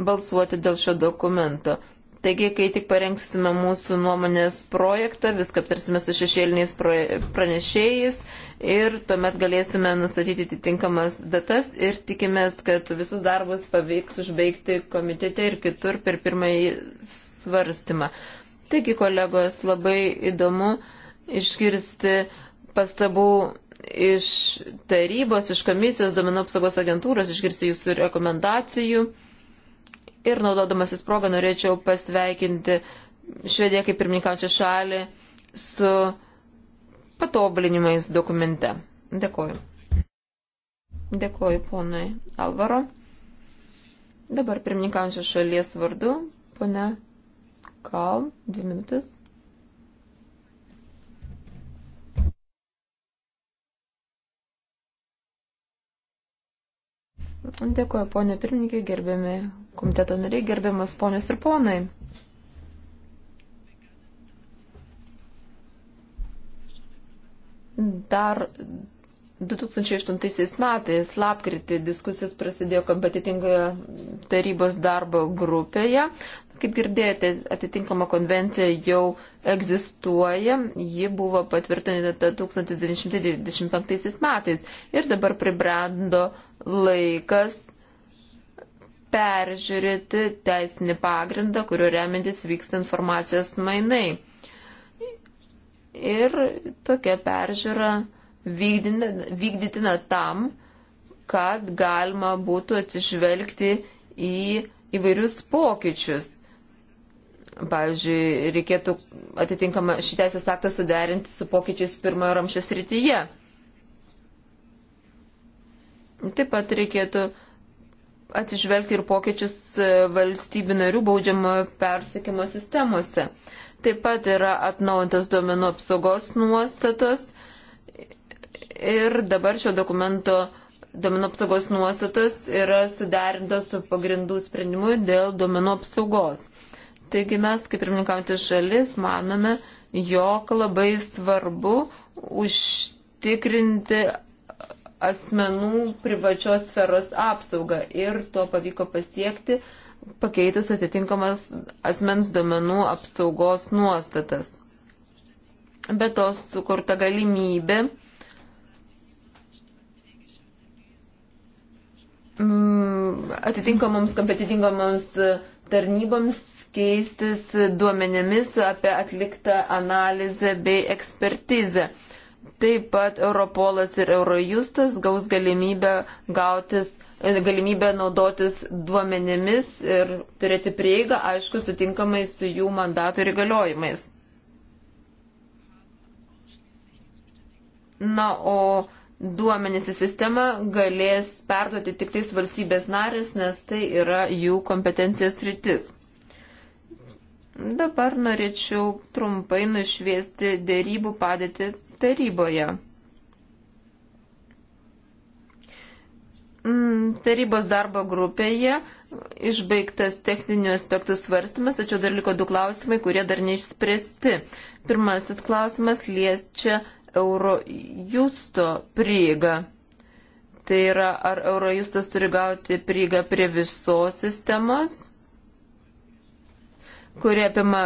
balsuoti dėl šio dokumento. Taigi, kai tik parengsime mūsų nuomonės projektą, viską aptarsime su šešėliniais pranešėjais ir tuomet galėsime nustatyti atitinkamas datas ir tikimės, kad visus darbus pavyks užbaigti komitete ir kitur per pirmąjį svarstymą. Taigi, kolegos, labai įdomu išgirsti pastabų iš tarybos, iš komisijos, domenų apsaugos agentūros, išgirsti jūsų rekomendacijų. Ir naudodamasis progą norėčiau pasveikinti Švediją kaip pirmininkaučią šalį su patobulinimais dokumente. Dėkoju. Dėkoju ponui Alvaro. Dabar pirmininkaujančios šalies vardu, pone Kal, dvi minutės. Dėkoju, ponė pirmininkė, gerbiami komiteto nariai, gerbiamas ponios ir ponai. Dar 2008 metais lapkritį diskusijos prasidėjo kompetitingoje tarybos darbo grupėje. Kaip girdėjote, atitinkama konvencija jau egzistuoja, ji buvo patvirtinta 1995 metais ir dabar pribrendo laikas peržiūrėti teisinį pagrindą, kuriuo remintis vyksta informacijos mainai. Ir tokia peržiūra vykdytina tam, kad galima būtų atsižvelgti į įvairius pokyčius. Pavyzdžiui, reikėtų atitinkamą šį teisės aktą suderinti su pokyčiais pirmojo ramšės rytyje. Taip pat reikėtų uh, atsižvelgti ir pokyčius e, valstybių narių baudžiamo persekimo sistemose. Taip pat yra atnaujintas duomenų apsaugos nuostatos ir dabar šio dokumento duomenų apsaugos nuostatos yra suderintos su pagrindų sprendimu dėl duomenų apsaugos. Taigi mes, kaip pirmininkaujantis šalis, manome, jog labai svarbu užtikrinti asmenų privačios sferos apsaugą ir to pavyko pasiekti pakeitus atitinkamas asmens duomenų apsaugos nuostatas. Be to sukurta galimybė mm, atitinkamoms kompetitingoms tarnyboms keistis duomenėmis apie atliktą analizę bei ekspertizę. Taip pat Europolas ir Eurojustas gaus galimybę gautis galimybę naudotis duomenėmis ir turėti prieigą, aišku, sutinkamai su jų mandato ir įgaliojimais. Na, o duomenys į sistemą galės perduoti tik tais valstybės narės, nes tai yra jų kompetencijos rytis. Dabar norėčiau trumpai nušviesti dėrybų padėti taryboje. Mm, tarybos darbo grupėje išbaigtas techninių aspektų svarstymas, tačiau dar liko du klausimai, kurie dar neišspręsti. Pirmasis klausimas liečia Eurojusto prieigą. Tai yra, ar Eurojustas turi gauti prieigą prie visos sistemos kuri apima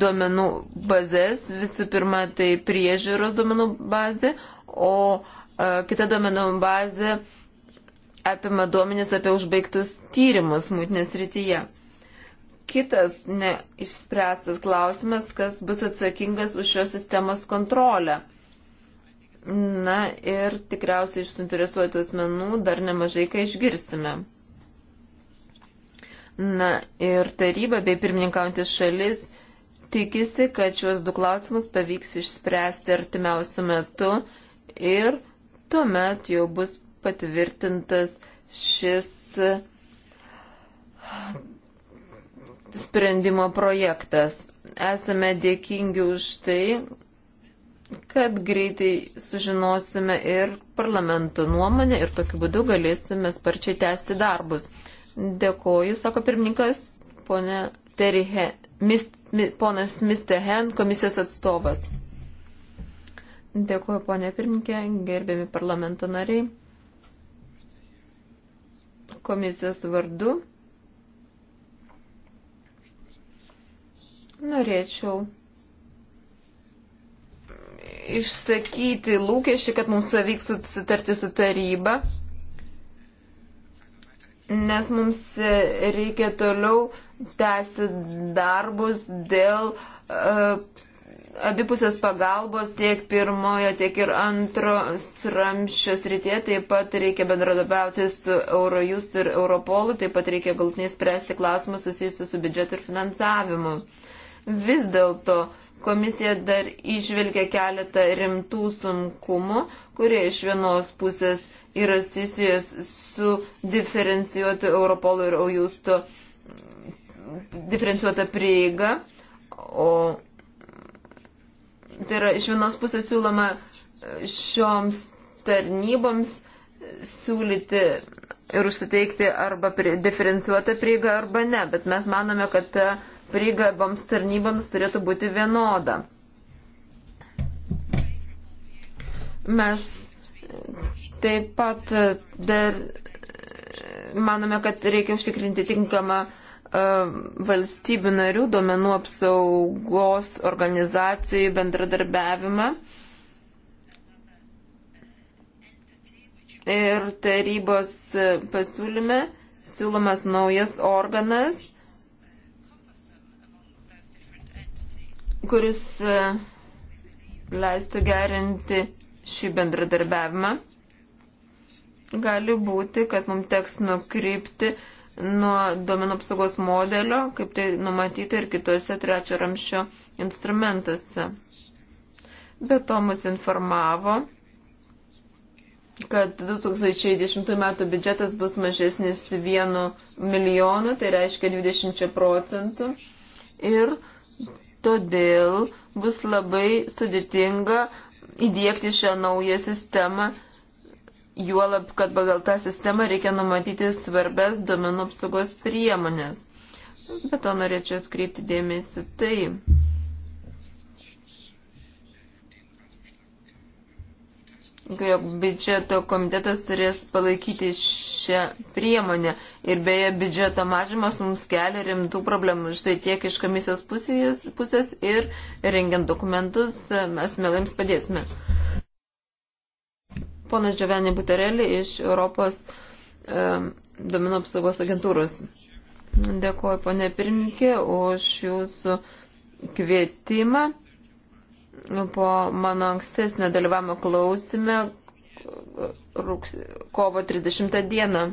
duomenų bazės. Visų pirma, tai priežiūros duomenų bazė, o e, kita duomenų bazė apima duomenis apie užbaigtus tyrimus mūtinės rytyje. Kitas neišspręstas klausimas, kas bus atsakingas už šios sistemos kontrolę. Na ir tikriausiai iš suinteresuotų asmenų dar nemažai ką išgirsime. Na ir taryba bei pirmininkaujantis šalis tikisi, kad šiuos du klausimus pavyks išspręsti artimiausių metų ir tuomet jau bus patvirtintas šis sprendimo projektas. Esame dėkingi už tai, kad greitai sužinosime ir parlamento nuomonę ir tokiu būdu galėsime sparčiai tęsti darbus. Dėkoju, sako pirmininkas, ponė Terihe, mis, mi, ponas Mr. Hen, komisijos atstovas. Dėkoju, ponė pirmininkė, gerbiami parlamento nariai. Komisijos vardu norėčiau išsakyti lūkesčiai, kad mums pavyks susitarti su taryba nes mums e, reikia toliau tęsti darbus dėl uh, abipusės pagalbos tiek pirmojo, tiek ir antro sramščios rytie. Taip pat reikia bendradabiauti su Eurojus ir Europolu, taip pat reikia galutiniai spręsti klausimus susijusius su biudžetu ir finansavimu. Vis dėlto komisija dar išvelgia keletą rimtų sunkumų, kurie iš vienos pusės yra susijęs su diferencijuotu Europolu ir Aujusto mm, diferencijuota prieiga. O tai yra iš vienos pusės siūloma e, šioms tarnyboms siūlyti ir užsiteikti arba prie, diferencijuotą prieigą arba ne, bet mes manome, kad ta prieiga boms tarnyboms turėtų būti vienoda. Mes taip pat dar manome, kad reikia užtikrinti tinkamą e, valstybių narių duomenų apsaugos organizacijų bendradarbiavimą. Ir tarybos pasiūlyme siūlomas naujas organas, kuris e, leistų gerinti šį bendradarbiavimą gali būti, kad mums teks nukrypti nuo domenų apsaugos modelio, kaip tai numatyti ir kitose trečio ramščio instrumentuose. Be to mus informavo, kad 2010 m. biudžetas bus mažesnis 1 milijonu, tai reiškia 20 procentų. Ir todėl bus labai sudėtinga įdėkti šią naują sistemą Juolab, kad pagal tą sistemą reikia numatyti svarbes duomenų apsaugos priemonės. Bet to norėčiau atkreipti dėmesį tai, jog biudžeto komitetas turės palaikyti šią priemonę. Ir beje, biudžeto mažimas mums kelia rimtų problemų. Štai tiek iš komisijos pusės, pusės ir rengiant dokumentus mes mielaims padėsime. Ponas Džiavenė Buterelį iš Europos e, domino apsaugos agentūros. Dėkuoju, ponė pirmininkė, už jūsų kvietimą po mano ankstesnio dalyvavimo klausime kovo 30 dieną.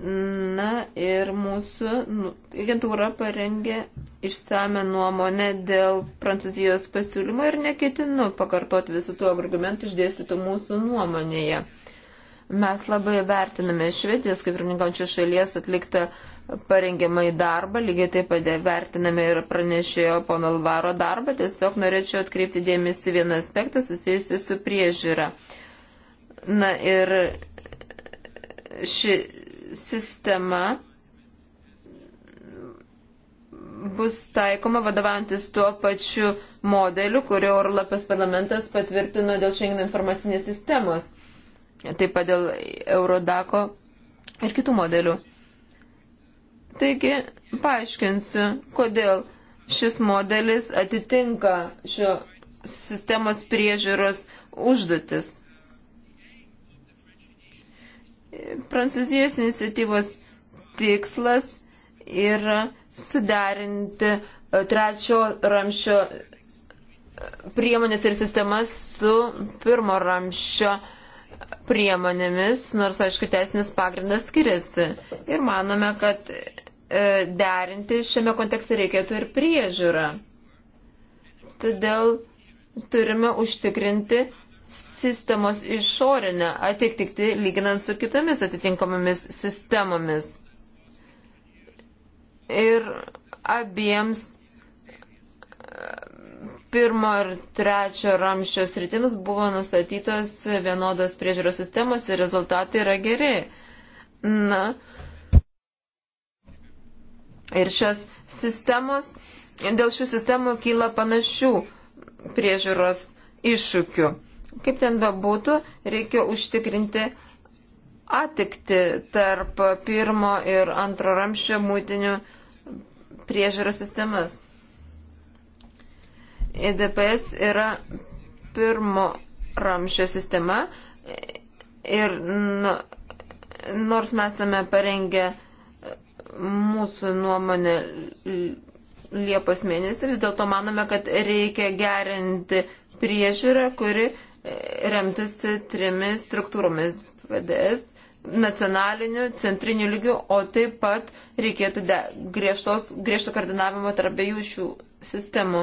Na ir mūsų nu, agentūra parengė išsame nuomonę dėl Prancūzijos pasiūlymo ir neketinu pakartoti visų tų argumentų išdėstytų mūsų nuomonėje. Mes labai vertiname Švedijos kaip pirmininkančios šalies atliktą parengiamą į darbą, lygiai taip pat vertiname ir pranešėjo pono Alvaro darbą, tiesiog norėčiau atkreipti dėmesį vieną aspektą susijusi su priežiūra. Na ir ši sistema bus taikoma vadovantis tuo pačiu modeliu, kurio Europos parlamentas patvirtino dėl Šengino informacinės sistemos, taip pat dėl Eurodako ir kitų modelių. Taigi, paaiškinsiu, kodėl šis modelis atitinka šio sistemos priežiūros užduotis. Prancūzijos iniciatyvos tikslas yra suderinti e, trečio ramščio e, priemonės ir sistemas su pirmo ramščio priemonėmis, nors, aišku, teisinis pagrindas skiriasi. Ir manome, kad e, derinti šiame kontekste reikėtų ir priežiūrą. Todėl turime užtikrinti sistemos išorinę atitikti lyginant su kitomis atitinkamomis sistemomis. Ir abiems e, pirmo ir trečio ramščio sritims buvo nustatytos vienodos priežiūros sistemos ir rezultatai yra geri. Na. Ir šios sistemos, dėl šių sistemų kyla panašių priežiūros iššūkių. Kaip ten bebūtų, reikia užtikrinti atikti tarp pirmo ir antro ramščio mūtinių priežiūros sistemas. EDPS yra pirmo ramščio sistema ir nu, nors mes esame parengę mūsų nuomonę Liepos mėnesį, vis dėlto manome, kad reikia gerinti priežiūrą, kuri remtis trimis struktūromis PDS nacionaliniu, centriniu lygiu, o taip pat reikėtų de, griežtos, griežto koordinavimo tarp abiejų šių sistemų.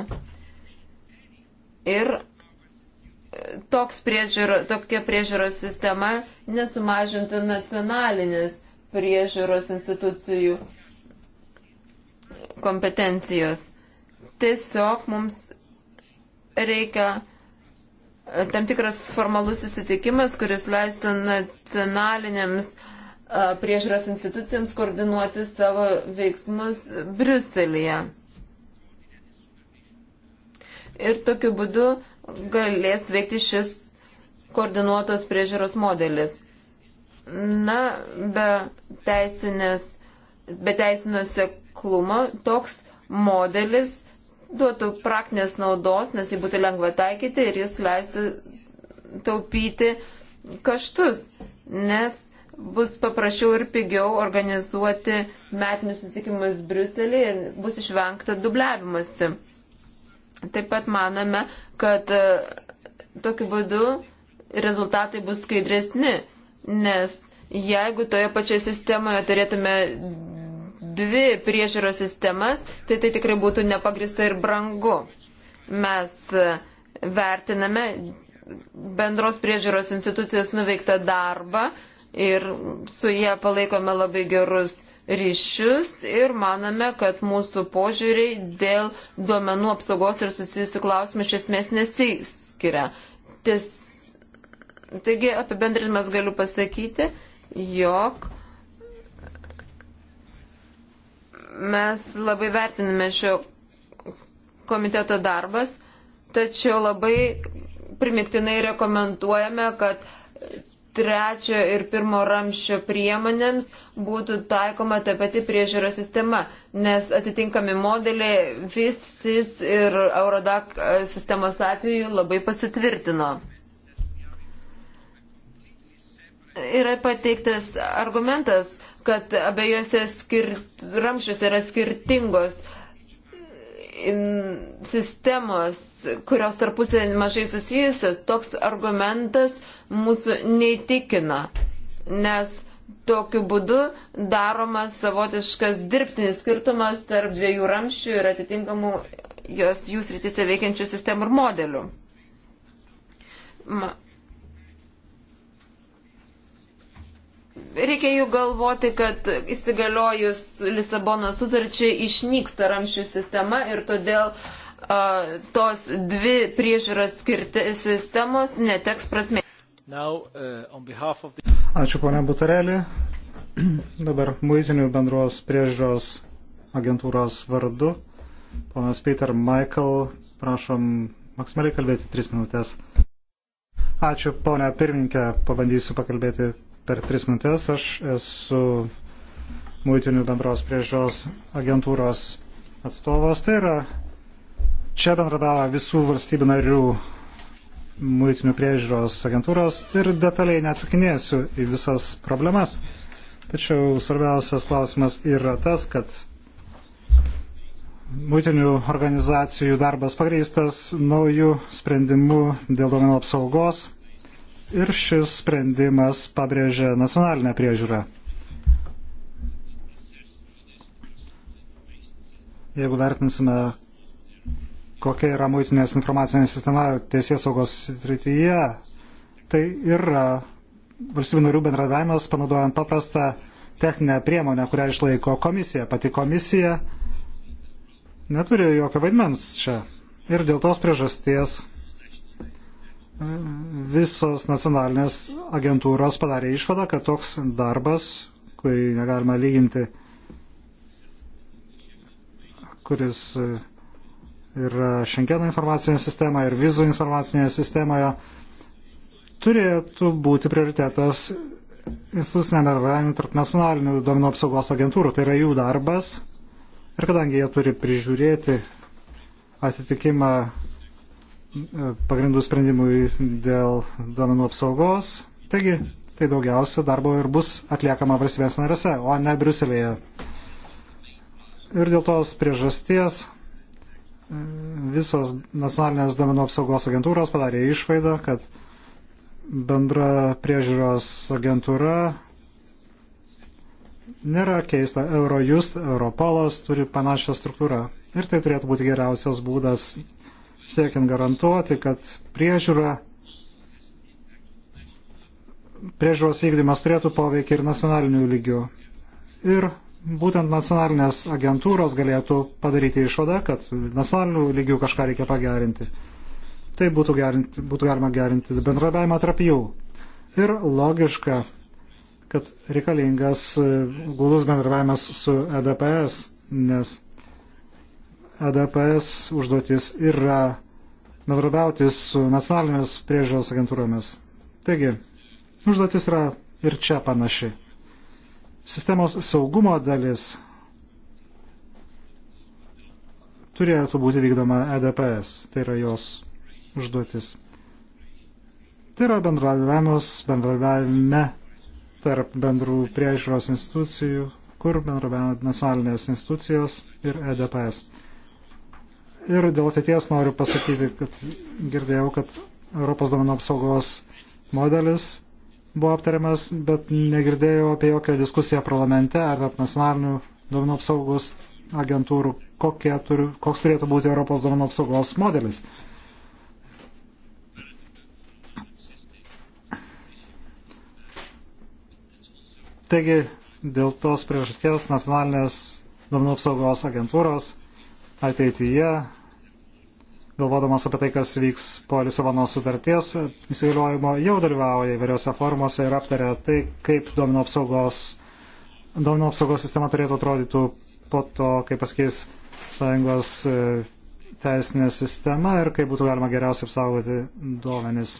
Ir e, toks priežiūro, tokia priežiūros sistema nesumažintų nacionalinės priežiūros institucijų kompetencijos. Tiesiog mums reikia E, tam tikras formalus susitikimas, kuris leistų nacionalinėms e, priežiūros institucijoms koordinuoti savo veiksmus Briuselėje. Ir tokiu būdu galės veikti šis koordinuotos priežiūros modelis. Na, be, teisinės, be teisinio seklumo toks modelis duotų praktinės naudos, nes jį būtų lengva taikyti ir jis leistų taupyti kaštus, nes bus paprasčiau ir pigiau organizuoti metinius susitikimus Briuselį ir bus išvengta dubliavimasi. Taip pat manome, kad e, tokiu būdu rezultatai bus skaidresni, nes jeigu toje pačioje sistemoje turėtume dvi priežiūros sistemas, tai tai tikrai būtų nepagrista ir brangu. Mes e, vertiname bendros priežiūros institucijos nuveiktą darbą ir su jie palaikome labai gerus ryšius ir manome, kad mūsų požiūriai dėl duomenų apsaugos ir susijusių klausimų iš esmės nesiskiria. Ties... Taigi apibendrinimas galiu pasakyti, jog Mes labai vertiname šio komiteto darbas, tačiau labai primiktinai rekomenduojame, kad trečio ir pirmo ramščio priemonėms būtų taikoma ta pati priežiūros sistema, nes atitinkami modeliai visis ir Eurodac sistemos atveju labai pasitvirtino. Yra pateiktas argumentas, kad abiejose skir... ramščiuose yra skirtingos sistemos, kurios tarpusė mažai susijusios, toks argumentas mūsų neįtikina, nes tokiu būdu daromas savotiškas dirbtinis skirtumas tarp dviejų ramščių ir atitinkamų jos jūs rytise veikiančių sistemų ir modelių. Ma, Reikia jų galvoti, kad įsigaliojus Lisabono sutarčiai išnyksta ramščių sistema ir todėl uh, tos dvi priežiūros skirti sistemos neteks prasme. Now, uh, the... Ačiū ponia Butarelė. Dabar muitinių bendros priežiūros agentūros vardu. Ponas Peter Michael, prašom maksimaliai kalbėti tris minutės. Ačiū, ponia pirmininkė, pabandysiu pakalbėti per tris minutės. Aš esu muitinių bendros priežiūros agentūros atstovas. Tai yra čia bendrabiavo visų valstybių narių muitinių priežiūros agentūros ir detaliai neatsakinėsiu į visas problemas. Tačiau svarbiausias klausimas yra tas, kad muitinių organizacijų darbas pagrįstas naujų sprendimų dėl duomenų apsaugos ir šis sprendimas pabrėžia nacionalinę priežiūrą. Jeigu vertinsime, kokia yra muitinės informacinė sistema teisės saugos srityje, tai yra valstybių narių bendradavimas panaudojant paprastą techninę priemonę, kurią išlaiko komisija. Pati komisija neturi jokio vaidmens čia. Ir dėl tos priežasties visos nacionalinės agentūros padarė išvadą, kad toks darbas, kurį negalima lyginti, kuris yra Šengeno informacinėje sistemoje ir vizų informacinėje sistemoje, turėtų būti prioritetas institucinė bendravimai tarp nacionalinių duomenų apsaugos agentūrų. Tai yra jų darbas. Ir kadangi jie turi prižiūrėti atitikimą pagrindų sprendimui dėl duomenų apsaugos. Taigi, tai daugiausia darbo ir bus atliekama valstybės narėse, o ne Briuselėje. Ir dėl tos priežasties e, visos nacionalinės duomenų apsaugos agentūros padarė išvaidą, kad bendra priežiūros agentūra nėra keista. Eurojust, Europolas turi panašią struktūrą. Ir tai turėtų būti geriausias būdas siekiant garantuoti, kad priežiūra, priežiūros vykdymas turėtų poveikį ir nacionalinių lygių. Ir būtent nacionalinės agentūros galėtų padaryti išvadą, kad nacionalinių lygių kažką reikia pagerinti. Tai būtų, gerinti, būtų galima gerinti bendradavimą tarp jų. Ir logiška, kad reikalingas e, glūdus bendradavimas su EDPS, nes EDPS užduotis yra bendradarbiauti su nacionalinėmis priežiūros agentūromis. Taigi, užduotis yra ir čia panaši. Sistemos saugumo dalis turėtų būti vykdoma EDPS, tai yra jos užduotis. Tai yra bendradarbiavimas, bendradarbiavime tarp bendrų priežiūros institucijų, kur bendradarbiavimo nacionalinės institucijos ir EDPS. Ir dėl ateities noriu pasakyti, kad girdėjau, kad Europos domenų apsaugos modelis buvo aptariamas, bet negirdėjau apie jokią diskusiją parlamente ar tarp nacionalinių duomenų apsaugos agentūrų, turi, koks turėtų būti Europos duomenų apsaugos modelis. Taigi, dėl tos priežasties nacionalinės duomenų apsaugos agentūros ateityje galvodamas apie tai, kas vyks po Lisabono sutarties įsigaliojimo, jau dalyvauja įvairiose formuose ir aptaria tai, kaip duomenų apsaugos, duomenų apsaugos sistema turėtų atrodytų po to, kaip pasikeis sąjungos e, teisinė sistema ir kaip būtų galima geriausiai apsaugoti duomenis.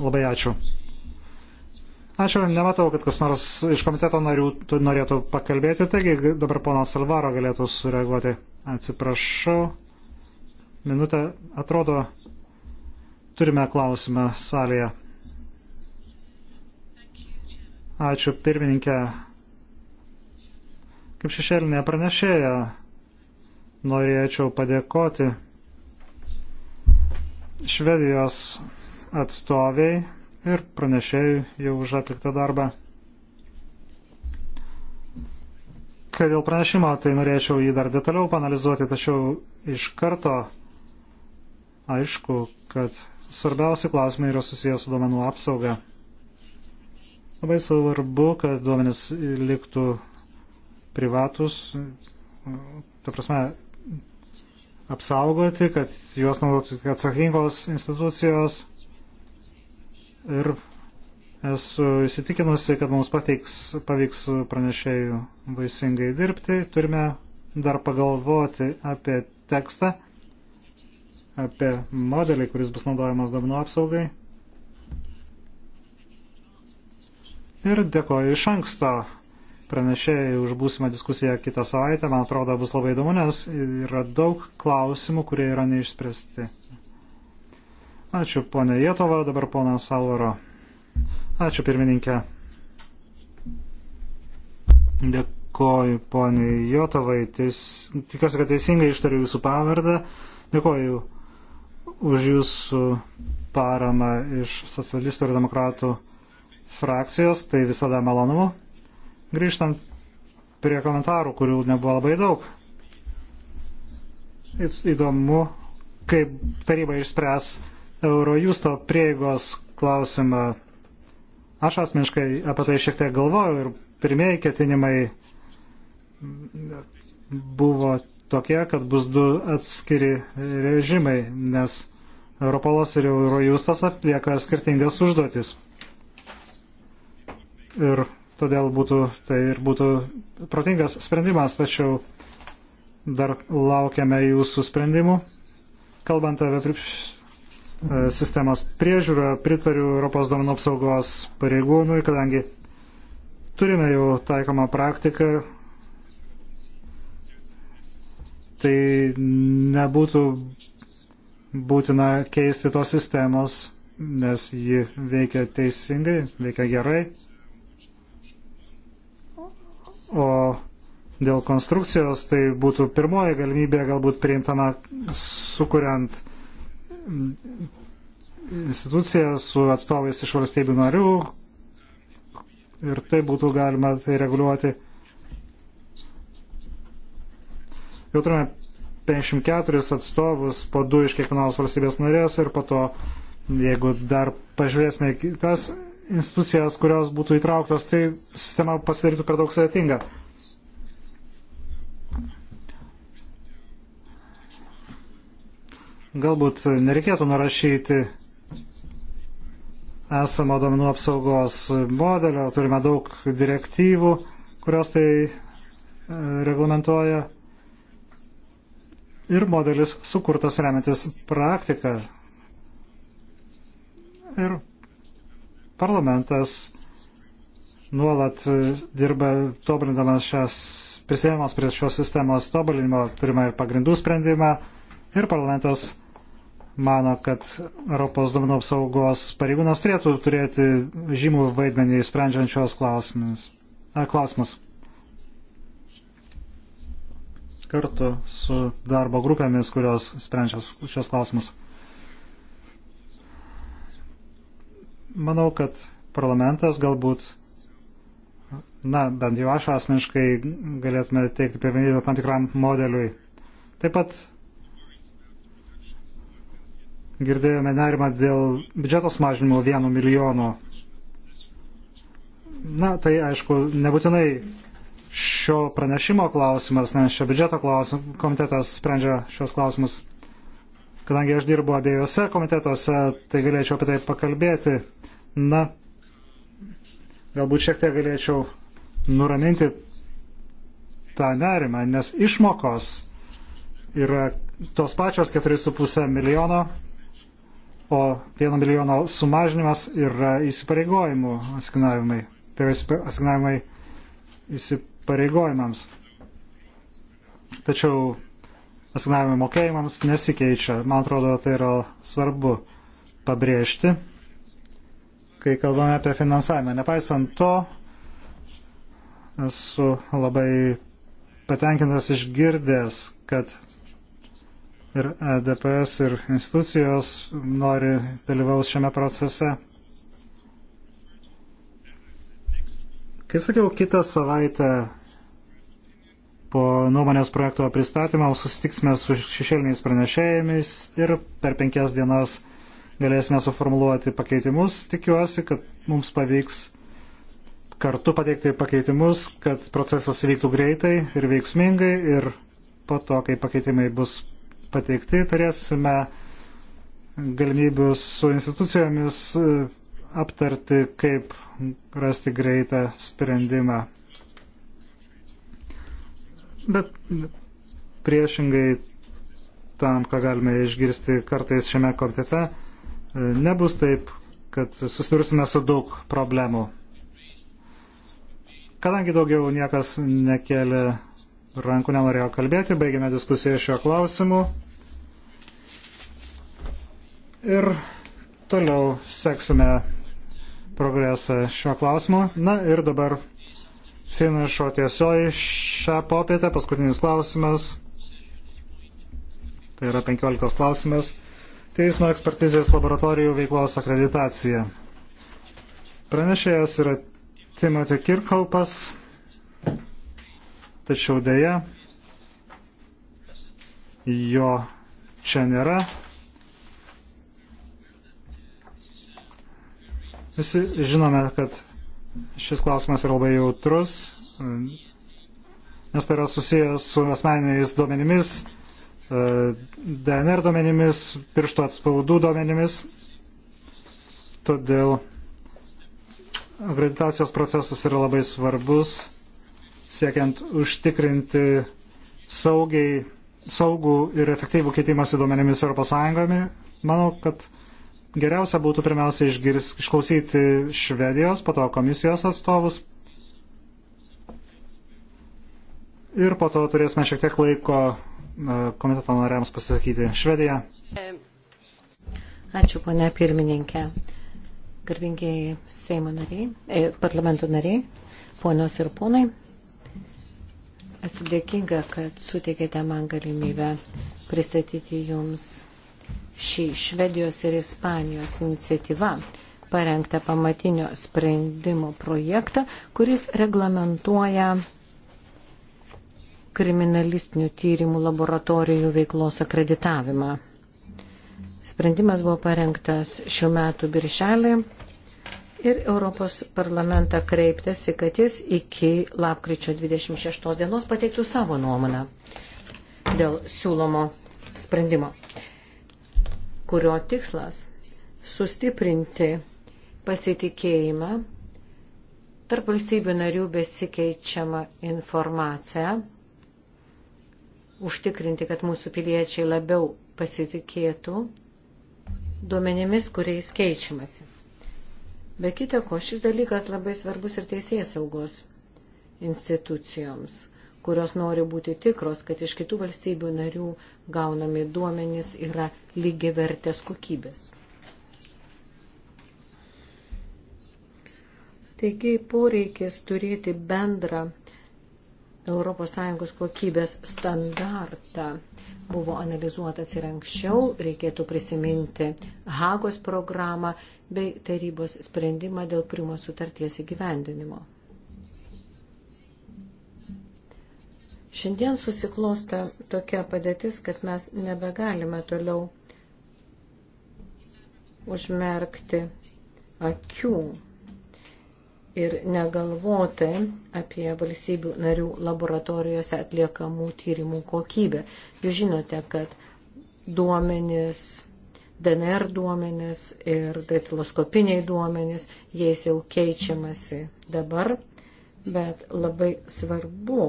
Labai ačiū. Ačiū, nematau, kad kas nors iš komiteto narių norėtų pakalbėti, taigi dabar ponas Alvaro galėtų sureaguoti. Atsiprašau minutę. Atrodo, turime klausimą salėje. Ačiū pirmininkė. Kaip šešėlinė pranešėja, norėčiau padėkoti Švedijos atstoviai ir pranešėjai jau už atliktą darbą. Kai dėl pranešimo, tai norėčiau jį dar detaliau panalizuoti, tačiau iš karto aišku, kad svarbiausi klausimai yra susijęs su duomenų apsauga. Labai svarbu, kad duomenys liktų privatus, ta prasme, apsaugoti, kad juos naudotų atsakingos institucijos. Ir esu įsitikinusi, kad mums pateiks, pavyks pranešėjų vaisingai dirbti. Turime dar pagalvoti apie tekstą apie modelį, kuris bus naudojamas duomenų apsaugai. Ir dėkoju iš anksto pranešėjai už būsimą diskusiją kitą savaitę. Man atrodo, bus labai įdomu, nes yra daug klausimų, kurie yra neišspręsti. Ačiū ponė Jėtova, dabar ponas Alvaro. Ačiū pirmininkė. Dėkoju poniai Jotovai. Teis... Tikiuosi, kad teisingai ištariu jūsų pavardę. Dėkoju už jūsų paramą iš socialistų ir demokratų frakcijos, tai visada malonumu. Grįžtant prie komentarų, kurių nebuvo labai daug. Įdomu, kaip taryba išspręs Eurojusto prieigos klausimą. Aš asmeniškai apie tai šiek tiek galvoju ir pirmieji ketinimai buvo tokie, kad bus du atskiri režimai, nes Europolas ir Eurojustas atlieka skirtingas užduotis. Ir todėl būtų, tai ir būtų protingas sprendimas, tačiau dar laukiame jūsų sprendimų. Kalbant apie pri... E, sistemos priežiūrą, pritariu Europos duomenų apsaugos pareigūnui, kadangi turime jau taikomą praktiką, tai nebūtų būtina keisti tos sistemos, nes ji veikia teisingai, veikia gerai. O dėl konstrukcijos tai būtų pirmoji galimybė galbūt priimtama sukuriant instituciją su atstovais iš valstybių narių ir tai būtų galima tai reguliuoti. Jau turime 54 atstovus, po 2 iš kiekvienos valstybės narės ir po to, jeigu dar pažiūrėsime kitas institucijas, kurios būtų įtrauktos, tai sistema pasidarytų per daug sudėtinga. Galbūt nereikėtų nurašyti esamo domenų apsaugos modelio, turime daug direktyvų, kurios tai e, reglamentuoja ir modelis sukurtas remiantis praktiką. Ir parlamentas nuolat dirba tobulindamas šias prisėjimas prie šios sistemos tobulinimo, turime ir pagrindų sprendimą ir parlamentas mano, kad Europos duomenų apsaugos pareigūnas turėtų turėti žymų vaidmenį sprendžiančios klausimus. E, kartu su darbo grupėmis, kurios sprendžia šios klausimus. Manau, kad parlamentas galbūt, na, bent jau aš asmeniškai galėtume teikti pirmenybę tam tikram modeliui. Taip pat girdėjome nerimą dėl biudžeto sumažinimo vienu milijonu. Na, tai aišku, nebūtinai šio pranešimo klausimas, nes šio biudžeto klausimas, komitetas sprendžia šios klausimus. Kadangi aš dirbu abiejose komitetuose, tai galėčiau apie tai pakalbėti. Na, galbūt šiek tiek galėčiau nuraminti tą nerimą, nes išmokos yra tos pačios 4,5 milijono, o 1 milijono sumažinimas yra įsipareigojimų asignavimai. Tai yra asignavimai įsipareigojimai pareigojimams. Tačiau asignavimai mokėjimams nesikeičia. Man atrodo, tai yra svarbu pabrėžti, kai kalbame apie finansavimą. Nepaisant to, esu labai patenkintas išgirdęs, kad ir EDPS, ir institucijos nori dalyvaus šiame procese. Kaip sakiau, kitą savaitę po nuomonės projekto pristatymo susitiksime su šešėliniais pranešėjimais ir per penkias dienas galėsime suformuluoti pakeitimus. Tikiuosi, kad mums pavyks kartu pateikti pakeitimus, kad procesas vyktų greitai ir veiksmingai ir po to, kai pakeitimai bus pateikti, turėsime galimybių su institucijomis aptarti, kaip rasti greitą sprendimą. Bet priešingai tam, ką galime išgirsti kartais šiame komitete, e, nebus taip, kad susidursime su daug problemų. Kadangi daugiau niekas nekėlė rankų, nenorėjo kalbėti, baigėme diskusiją šiuo klausimu. Ir toliau seksime progresą šiuo klausimu. Na ir dabar finišo tiesioji šią popietę, paskutinis klausimas. Tai yra 15 klausimas. Teismo ekspertizės laboratorijų veiklos akreditacija. Pranešėjas yra Timothy Kirkhaupas, tačiau dėja jo čia nėra. Visi žinome, kad šis klausimas yra labai jautrus, nes tai yra susijęs su asmeniniais duomenimis, DNR duomenimis, piršto atspaudų duomenimis. Todėl akreditacijos procesas yra labai svarbus, siekiant užtikrinti saugiai, saugų ir efektyvų keitimąsi duomenimis Europos Sąjungomis. Manau, kad Geriausia būtų pirmiausia išgirs, išklausyti Švedijos, po to komisijos atstovus. Ir po to turėsime šiek tiek laiko e, komiteto nariams pasisakyti. Švedija. Ačiū, ponia pirmininkė. Garbingieji Seimo nariai, eh, parlamento nariai, ponios ir ponai, esu dėkinga, kad suteikėte man galimybę pristatyti jums šį Švedijos ir Ispanijos iniciatyvą parengtą pamatinio sprendimo projektą, kuris reglamentuoja kriminalistinių tyrimų laboratorijų veiklos akreditavimą. Sprendimas buvo parengtas šių metų birželį ir Europos parlamentą kreiptasi, kad jis iki lapkričio 26 dienos pateiktų savo nuomonę dėl siūlomo sprendimo kurio tikslas - sustiprinti pasitikėjimą tarp valstybių narių besikeičiamą informaciją, užtikrinti, kad mūsų piliečiai labiau pasitikėtų duomenimis, kuriais keičiamasi. Be kita ko, šis dalykas labai svarbus ir teisės saugos institucijoms, kurios nori būti tikros, kad iš kitų valstybių narių gaunami duomenys yra lygi vertės kokybės. Taigi poreikis turėti bendrą ES kokybės standartą buvo analizuotas ir anksčiau, reikėtų prisiminti Hagos programą bei tarybos sprendimą dėl primos sutarties įgyvendinimo. Šiandien susiklosta tokia padėtis, kad mes nebegalime toliau užmerkti akių ir negalvoti apie valstybių narių laboratorijose atliekamų tyrimų kokybę. Jūs žinote, kad duomenis, DNR duomenis ir datiloskopiniai duomenis, jais jau keičiamasi dabar, bet labai svarbu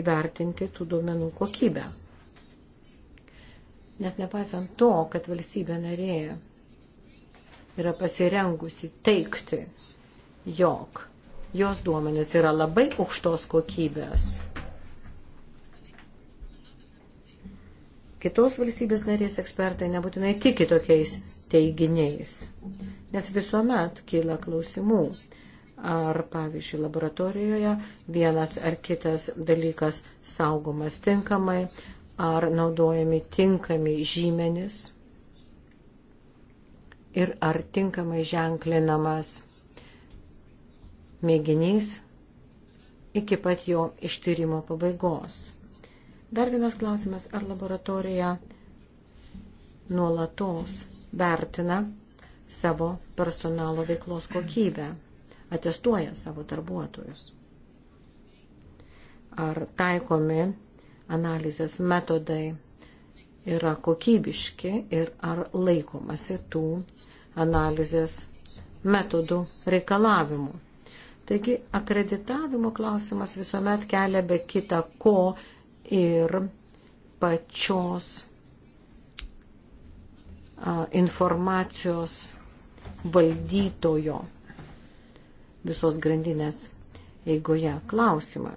įvertinti tų duomenų kokybę. Nes nepaisant to, kad valstybė narėja yra pasirengusi teikti, jog jos duomenys yra labai aukštos kokybės. Kitos valstybės narės ekspertai nebūtinai tiki tokiais teiginiais, nes visuomet kyla klausimų, ar, pavyzdžiui, laboratorijoje vienas ar kitas dalykas saugomas tinkamai, ar naudojami tinkami žymenis ir ar tinkamai ženklinamas mėginys iki pat jo ištyrimo pabaigos. Dar vienas klausimas, ar laboratorija nuolatos vertina savo personalo veiklos kokybę atestuoja savo darbuotojus? Ar taikomi analizės metodai yra kokybiški ir ar laikomasi tų analizės metodų reikalavimų? Taigi akreditavimo klausimas visuomet kelia be kita ko ir pačios a, informacijos valdytojo visos grandinės eigoje klausimą.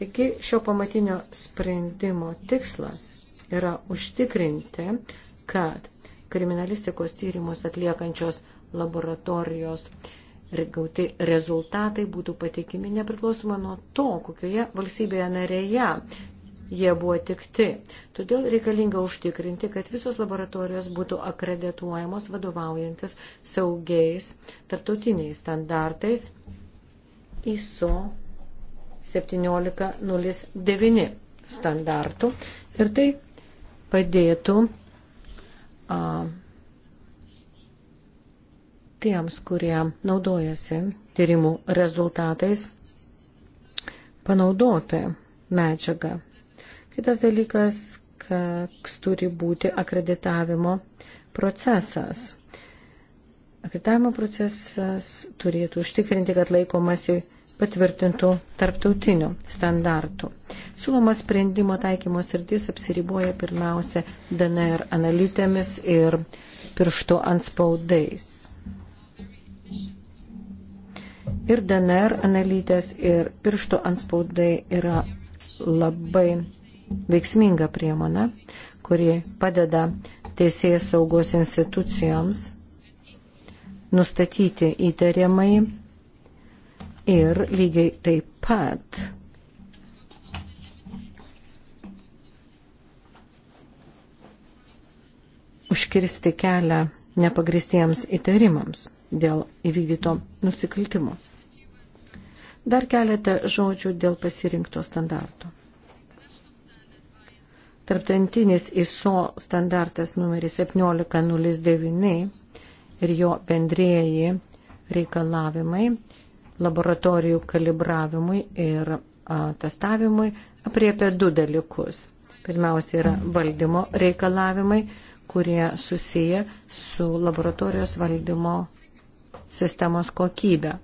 Taigi šio pamatinio sprendimo tikslas yra užtikrinti, kad kriminalistikos tyrimus atliekančios laboratorijos gauti rezultatai būtų patikimi nepriklausoma nuo to, kokioje valstybėje narėje jie buvo tikti. Todėl reikalinga užtikrinti, kad visos laboratorijos būtų akredituojamos vadovaujantis saugiais tarptautiniais standartais ISO 1709 standartų ir tai padėtų a, tiems, kurie naudojasi tyrimų rezultatais panaudoti medžiagą Kitas dalykas, koks turi būti akreditavimo procesas. Akreditavimo procesas turėtų užtikrinti, kad laikomasi patvirtintų tarptautinių standartų. Siūlomas sprendimo taikymo sritis apsiriboja pirmiausia DNR analitėmis ir pirštų anspaudais. Ir DNR analytės ir pirštų anspaudai yra labai veiksminga priemonė, kuri padeda teisėjai saugos institucijoms nustatyti įtariamai ir lygiai taip pat užkirsti kelią nepagristiems įtarimams dėl įvykdyto nusikaltimo. Dar keletą žodžių dėl pasirinkto standarto. Tarptautinis ISO standartas numeris 1709 ir jo bendrėjai reikalavimai laboratorijų kalibravimui ir a, testavimui apriepia du dalykus. Pirmiausia yra valdymo reikalavimai, kurie susiję su laboratorijos valdymo sistemos kokybė.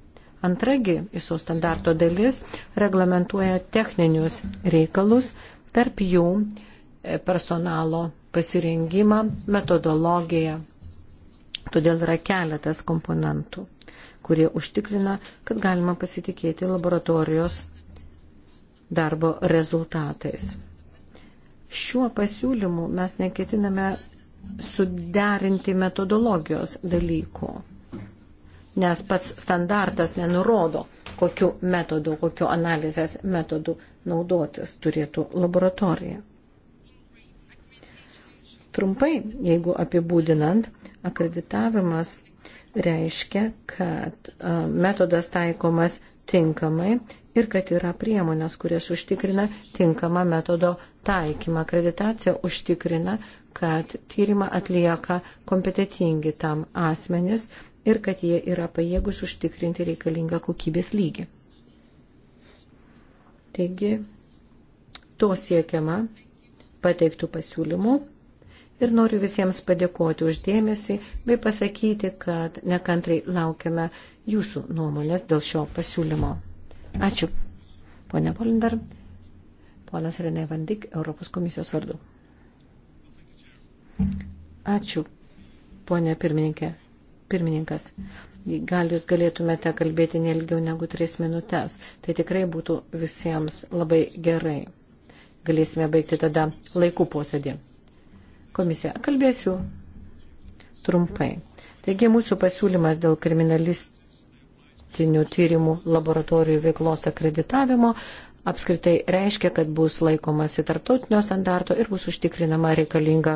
Antragi ISO standarto dalis reglamentuoja techninius reikalus, tarp jų personalo pasirengimą, metodologiją. Todėl yra keletas komponentų, kurie užtikrina, kad galima pasitikėti laboratorijos darbo rezultatais. Šiuo pasiūlymu mes neketiname suderinti metodologijos dalykų, nes pats standartas nenurodo, kokiu metodu, kokiu analizės metodu naudotis turėtų laboratorija. Trumpai, jeigu apibūdinant, akreditavimas reiškia, kad metodas taikomas tinkamai ir kad yra priemonės, kurias užtikrina tinkamą metodo taikymą. Akreditacija užtikrina, kad tyrimą atlieka kompetitingi tam asmenys ir kad jie yra pajėgus užtikrinti reikalingą kokybės lygį. Taigi, to siekiama pateiktų pasiūlymų ir noriu visiems padėkoti uždėmesį bei pasakyti, kad nekantrai laukiame jūsų nuomonės dėl šio pasiūlymo. Ačiū. Pone Polindar, ponas Renai Vandik, Europos komisijos vardu. Ačiū, ponė pirmininkė. Pirmininkas, gal jūs galėtumėte kalbėti nelgiau negu tris minutės. Tai tikrai būtų visiems labai gerai. Galėsime baigti tada laikų posėdį komisija. Kalbėsiu trumpai. Taigi mūsų pasiūlymas dėl kriminalistinių tyrimų laboratorijų veiklos akreditavimo apskritai reiškia, kad bus laikomasi tarptautinio standarto ir bus užtikrinama reikalinga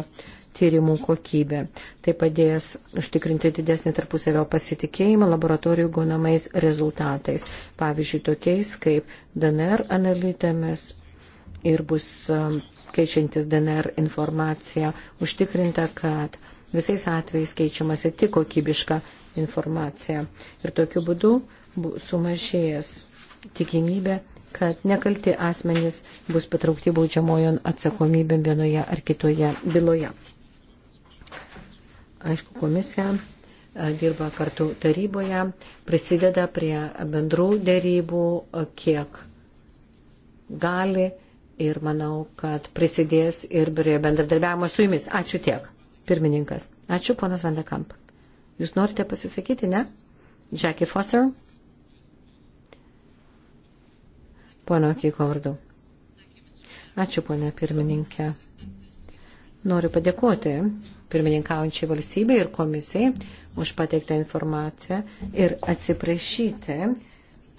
tyrimų kokybė. Tai padės užtikrinti didesnį tarpusavio pasitikėjimą laboratorijų gaunamais rezultatais, pavyzdžiui, tokiais kaip DNR analitėmis ir bus um, keičiantis DNR informacija užtikrinta, kad visais atvejais keičiamasi tik kokybiška informacija. Ir tokiu būdu sumažėjęs tikimybė, kad nekalti asmenys bus patraukti baudžiamojon atsakomybėm vienoje ar kitoje byloje. Aišku, komisija dirba kartu taryboje, prisideda prie bendrų dėrybų, kiek gali ir manau, kad prisidės ir prie bendradarbiavimo su jumis. Ačiū tiek, pirmininkas. Ačiū, ponas Vandekamp. Jūs norite pasisakyti, ne? Jackie Foster. Pono Kiko vardu. Ačiū, ponė pirmininkė. Noriu padėkoti pirmininkaujančiai valstybei ir komisijai už pateiktą informaciją ir atsiprašyti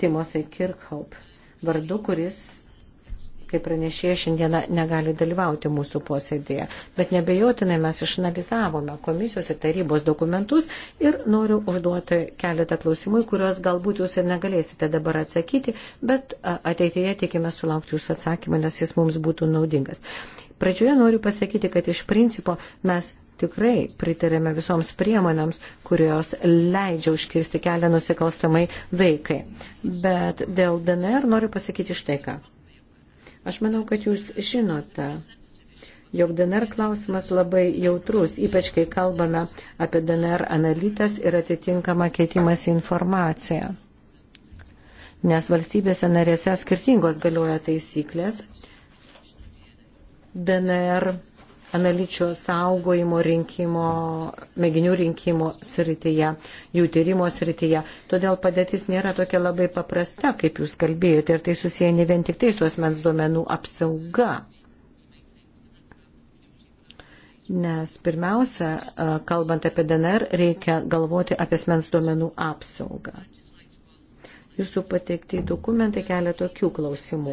Timothy Kirkhope vardu, kuris kaip pranešėja, šiandieną negali dalyvauti mūsų posėdėje. Bet nebejotinai mes išanalizavome komisijos ir tarybos dokumentus ir noriu užduoti keletą klausimų, kuriuos galbūt jūs ir negalėsite dabar atsakyti, bet ateityje tikime sulaukti jūsų atsakymą, nes jis mums būtų naudingas. Pradžioje noriu pasakyti, kad iš principo mes tikrai pritarėme visoms priemonėms, kurios leidžia užkirsti kelią nusikalstamai veikai. Bet dėl DNR noriu pasakyti štai ką. Aš manau, kad jūs žinote, jog DNR klausimas labai jautrus, ypač kai kalbame apie DNR analitas ir atitinkamą keitimas informaciją. Nes valstybėse narėse skirtingos galioja taisyklės. DNR analičio saugojimo rinkimo, mėginių rinkimo srityje, jų tyrimo srityje. Todėl padėtis nėra tokia labai paprasta, kaip jūs kalbėjote, ir tai susiję ne vien tik tai su asmens duomenų apsauga. Nes pirmiausia, kalbant apie DNR, reikia galvoti apie asmens duomenų apsaugą. Jūsų pateikti dokumentai kelia tokių klausimų.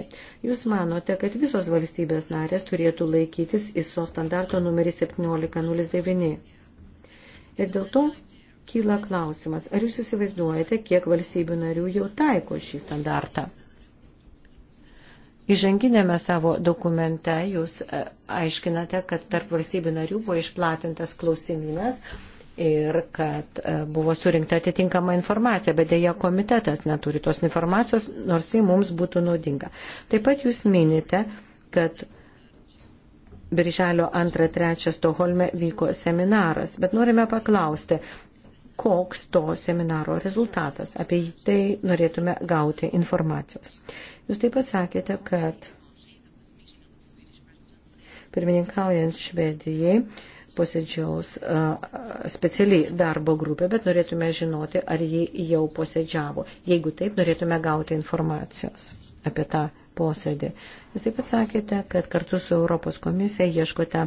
Jūs manote, kad visos valstybės narės turėtų laikytis ISO standarto numeris 1709. Ir dėl to kyla klausimas, ar jūs įsivaizduojate, kiek valstybių narių jau taiko šį standartą? Įžanginėme savo dokumente jūs e, aiškinate, kad tarp valstybių narių buvo išplatintas klausimynas ir kad e, buvo surinkta atitinkama informacija, bet dėja komitetas neturi tos informacijos, nors jį mums būtų naudinga. Taip pat jūs minite, kad Birželio 2-3 Stoholme vyko seminaras, bet norime paklausti, koks to seminaro rezultatas. Apie tai norėtume gauti informacijos. Jūs taip pat sakėte, kad pirmininkaujant Švedijai posėdžiaus specialiai darbo grupė, bet norėtume žinoti, ar ji jau posėdžiavo. Jeigu taip, norėtume gauti informacijos apie tą posėdį. Jūs taip pat sakėte, kad kartu su Europos komisija ieškote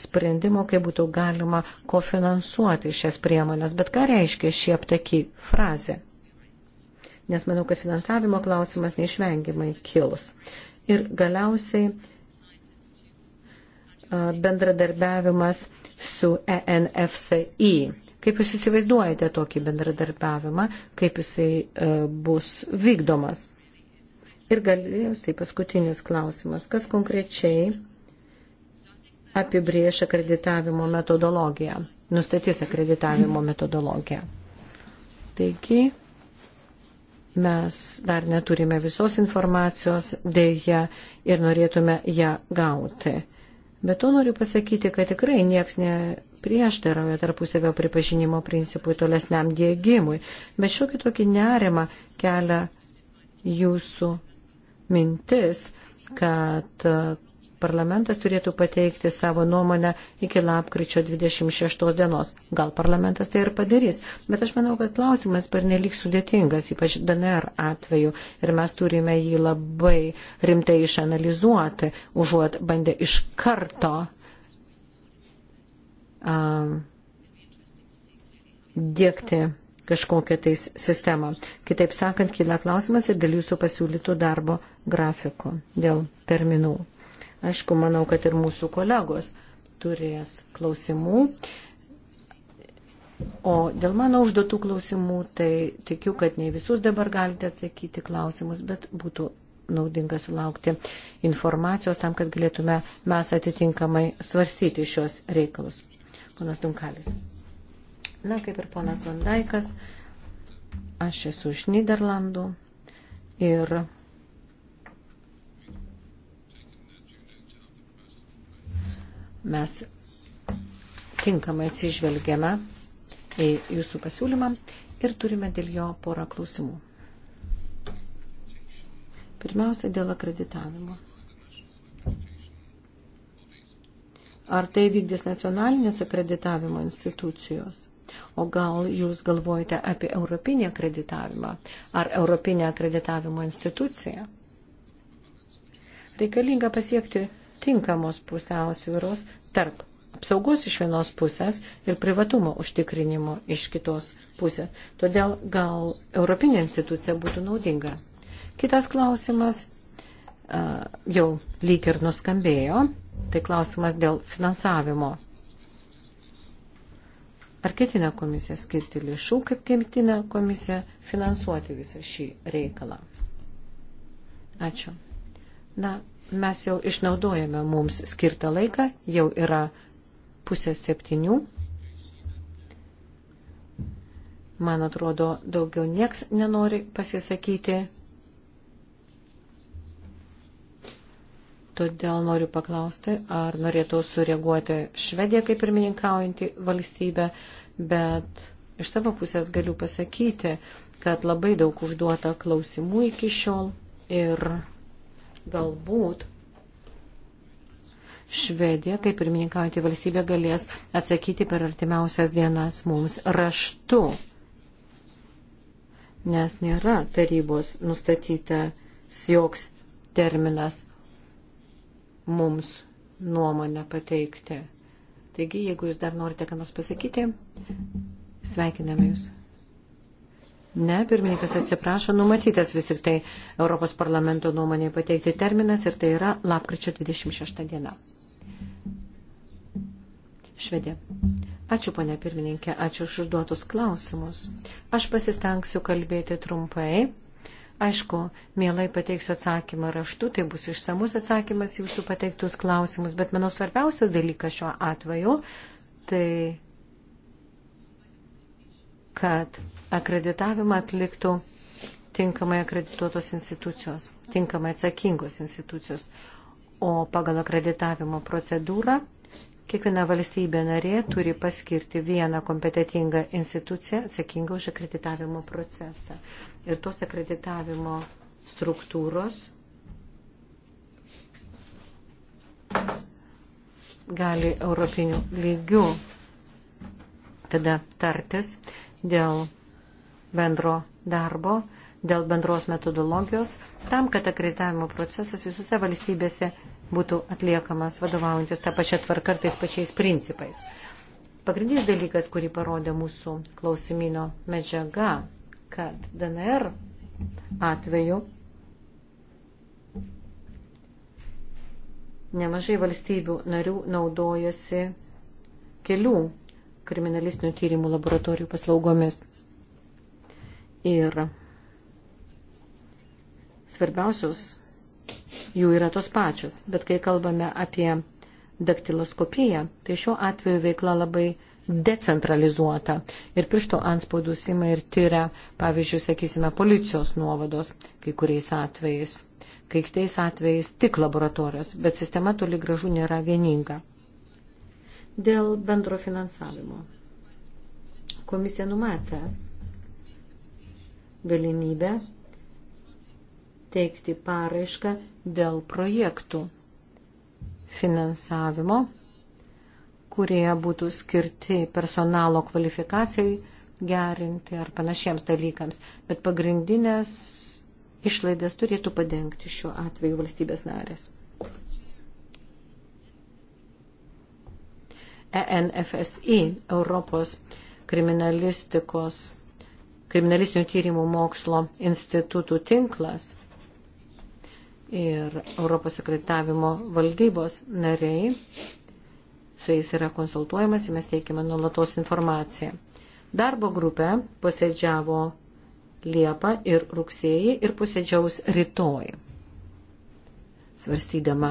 sprendimo, kaip būtų galima kofinansuoti šias priemonės. Bet ką reiškia šie aptaki frazė? Nes manau, kad finansavimo klausimas neišvengiamai kils. Ir galiausiai bendradarbiavimas su ENFCI. Kaip jūs įsivaizduojate tokį bendradarbiavimą, kaip jisai bus vykdomas? Ir galiausiai paskutinis klausimas. Kas konkrečiai apibrieš akreditavimo metodologiją, nustatys akreditavimo metodologiją? Taigi, mes dar neturime visos informacijos dėja ir norėtume ją gauti. Bet to noriu pasakyti, kad tikrai nieks neprieštarauja tarpusavio pripažinimo principui tolesniam dėgymui, bet šiokį tokį nerimą kelia jūsų mintis, kad parlamentas turėtų pateikti savo nuomonę iki lapkričio 26 dienos. Gal parlamentas tai ir padarys, bet aš manau, kad klausimas per nelik sudėtingas, ypač DNR atveju, ir mes turime jį labai rimtai išanalizuoti, užuot bandę iš karto um, dėkti kažkokią tais sistemą. Kitaip sakant, kyla klausimas ir dėl jūsų pasiūlytų darbo grafikų, dėl terminų. Aišku, manau, kad ir mūsų kolegos turės klausimų. O dėl mano užduotų klausimų, tai tikiu, kad ne visus dabar galite atsakyti klausimus, bet būtų naudinga sulaukti informacijos tam, kad galėtume mes atitinkamai svarstyti šios reikalus. Ponas Dunkalis. Na, kaip ir ponas Vandaikas, aš esu iš Niderlandų ir mes tinkamai atsižvelgiame į jūsų pasiūlymą ir turime dėl jo porą klausimų. Pirmiausia, dėl akreditavimo. Ar tai vykdys nacionalinės akreditavimo institucijos? O gal jūs galvojate apie europinį akreditavimą ar europinę akreditavimo instituciją? Reikalinga pasiekti tinkamos pusiausvyros tarp apsaugos iš vienos pusės ir privatumo užtikrinimo iš kitos pusės. Todėl gal Europinė institucija būtų naudinga. Kitas klausimas uh, jau lyg ir nuskambėjo, tai klausimas dėl finansavimo. Ar ketina komisija skirti lėšų, kaip ketina komisija finansuoti visą šį reikalą? Ačiū. Na, Mes jau išnaudojame mums skirtą laiką, jau yra pusė septynių. Man atrodo, daugiau nieks nenori pasisakyti. Todėl noriu paklausti, ar norėtų sureaguoti Švedija kaip pirmininkaujanti valstybė, bet iš savo pusės galiu pasakyti, kad labai daug užduota klausimų iki šiol ir Galbūt Švedija, kaip pirmininkaujantį valstybę, galės atsakyti per artimiausias dienas mums raštu, nes nėra tarybos nustatytas joks terminas mums nuomonę pateikti. Taigi, jeigu jūs dar norite ką nors pasakyti, sveikiname jūs. Ne, pirmininkas atsiprašo, numatytas vis tik tai Europos parlamento nuomonėje pateikti terminas ir tai yra lapkričio 26 diena. Švedė. Ačiū, ponė pirmininkė, ačiū už užduotus klausimus. Aš pasistengsiu kalbėti trumpai. Aišku, mielai pateiksiu atsakymą raštu, tai bus išsamus atsakymas jūsų pateiktus klausimus, bet mano svarbiausias dalykas šiuo atveju tai kad akreditavimą atliktų tinkamai akredituotos institucijos, tinkamai atsakingos institucijos. O pagal akreditavimo procedūrą kiekviena valstybė narė turi paskirti vieną kompetitingą instituciją atsakingą už akreditavimo procesą. Ir tos akreditavimo struktūros gali europinių lygių tada tartis dėl bendro darbo dėl bendros metodologijos, tam, kad akreditavimo procesas visose valstybėse būtų atliekamas vadovaujantis tą pačią tvarką ir tais pačiais principais. Pagrindinis dalykas, kurį parodė mūsų klausimino medžiaga, kad DNR atveju nemažai valstybių narių naudojasi kelių kriminalistinių tyrimų laboratorijų paslaugomis. Ir svarbiausios jų yra tos pačios. Bet kai kalbame apie daktiloskopiją, tai šiuo atveju veikla labai decentralizuota ir piršto anspaudus ima ir tyria, pavyzdžiui, sakysime, policijos nuovados kai kuriais atvejais, kai kitais atvejais tik laboratorijos, bet sistema toli gražu nėra vieninga. Dėl bendro finansavimo. Komisija numatė galimybę teikti paraišką dėl projektų finansavimo, kurie būtų skirti personalo kvalifikacijai gerinti ar panašiems dalykams. Bet pagrindinės išlaidas turėtų padengti šiuo atveju valstybės narės. ENFSI, Europos kriminalistikos kriminalistinių tyrimų mokslo institutų tinklas ir Europos sekretavimo valdybos nariai, su jais yra konsultuojamas ir mes teikiame nuolatos informaciją. Darbo grupė posėdžiavo Liepą ir rugsėjį ir posėdžiaus rytoj, svarstydama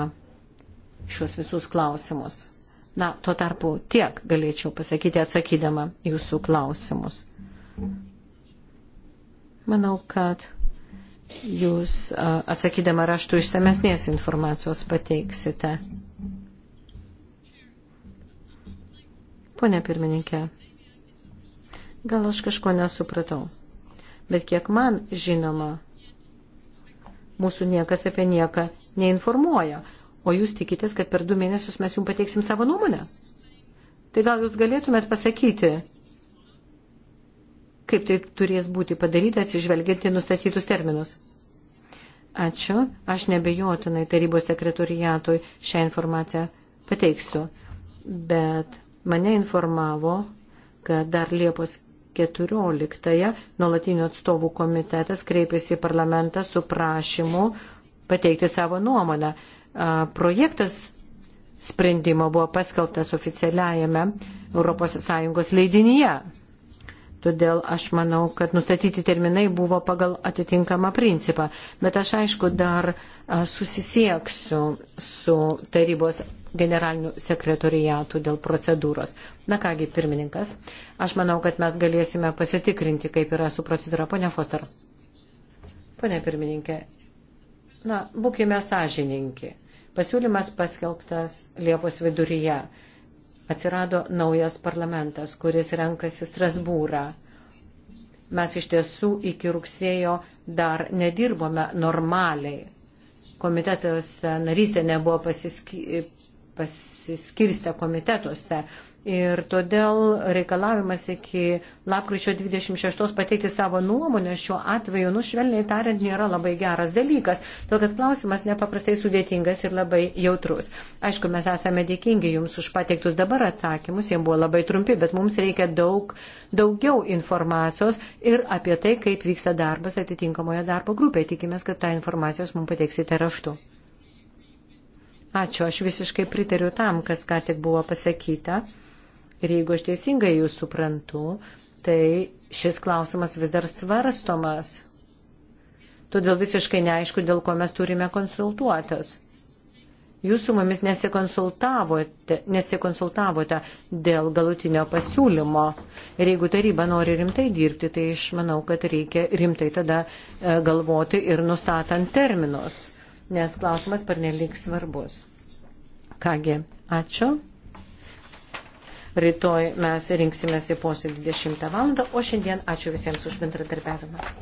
šios visus klausimus. Na, tuo tarpu tiek galėčiau pasakyti atsakydama jūsų klausimus. Manau, kad jūs atsakydama raštų išsamesnės informacijos pateiksite. Pone pirmininkė, gal aš kažko nesupratau, bet kiek man žinoma, mūsų niekas apie nieką neinformuoja, o jūs tikitės, kad per du mėnesius mes jums pateiksim savo nuomonę. Tai gal jūs galėtumėt pasakyti, kaip tai turės būti padaryta atsižvelgiant į nustatytus terminus. Ačiū. Aš nebejotinai tarybos sekretoriatui šią informaciją pateiksiu. Bet mane informavo, kad dar Liepos 14-ąją nuolatinio atstovų komitetas kreipėsi į parlamentą su prašymu pateikti savo nuomonę. Projektas sprendimo buvo paskelbtas oficialiajame ES leidinyje. Todėl aš manau, kad nustatyti terminai buvo pagal atitinkamą principą. Bet aš aišku dar susisieksiu su tarybos generaliniu sekretoriatu dėl procedūros. Na kągi, pirmininkas, aš manau, kad mes galėsime pasitikrinti, kaip yra su procedūra. Pone Foster. Pone pirmininkė, na, būkime sąžininki. Pasiūlymas paskelbtas Liepos viduryje atsirado naujas parlamentas, kuris renkasi Strasbūrą. Mes iš tiesų iki rugsėjo dar nedirbome normaliai. Komitetuose narystė nebuvo pasiski, pasiskirstę komitetuose, Ir todėl reikalavimas iki lapkričio 26 pateikti savo nuomonę šiuo atveju, nu švelniai tariant, nėra labai geras dalykas, todėl kad klausimas nepaprastai sudėtingas ir labai jautrus. Aišku, mes esame dėkingi Jums už pateiktus dabar atsakymus, jie buvo labai trumpi, bet mums reikia daug, daugiau informacijos ir apie tai, kaip vyksta darbas atitinkamoje darbo grupėje. Tikimės, kad tą informacijos mums pateiksite raštu. Ačiū, aš visiškai pritariu tam, kas ką tik buvo pasakyta. Ir jeigu aš teisingai jūs suprantu, tai šis klausimas vis dar svarstomas. Todėl visiškai neaišku, dėl ko mes turime konsultuotas. Jūs su mumis nesikonsultavote, nesikonsultavote dėl galutinio pasiūlymo. Ir jeigu taryba nori rimtai dirbti, tai aš manau, kad reikia rimtai tada e, galvoti ir nustatant terminus, nes klausimas per nelik svarbus. Kągi, ačiū. Rytoj mes rinksimės į posėdį 10 val. O šiandien ačiū visiems už bendradarbiavimą.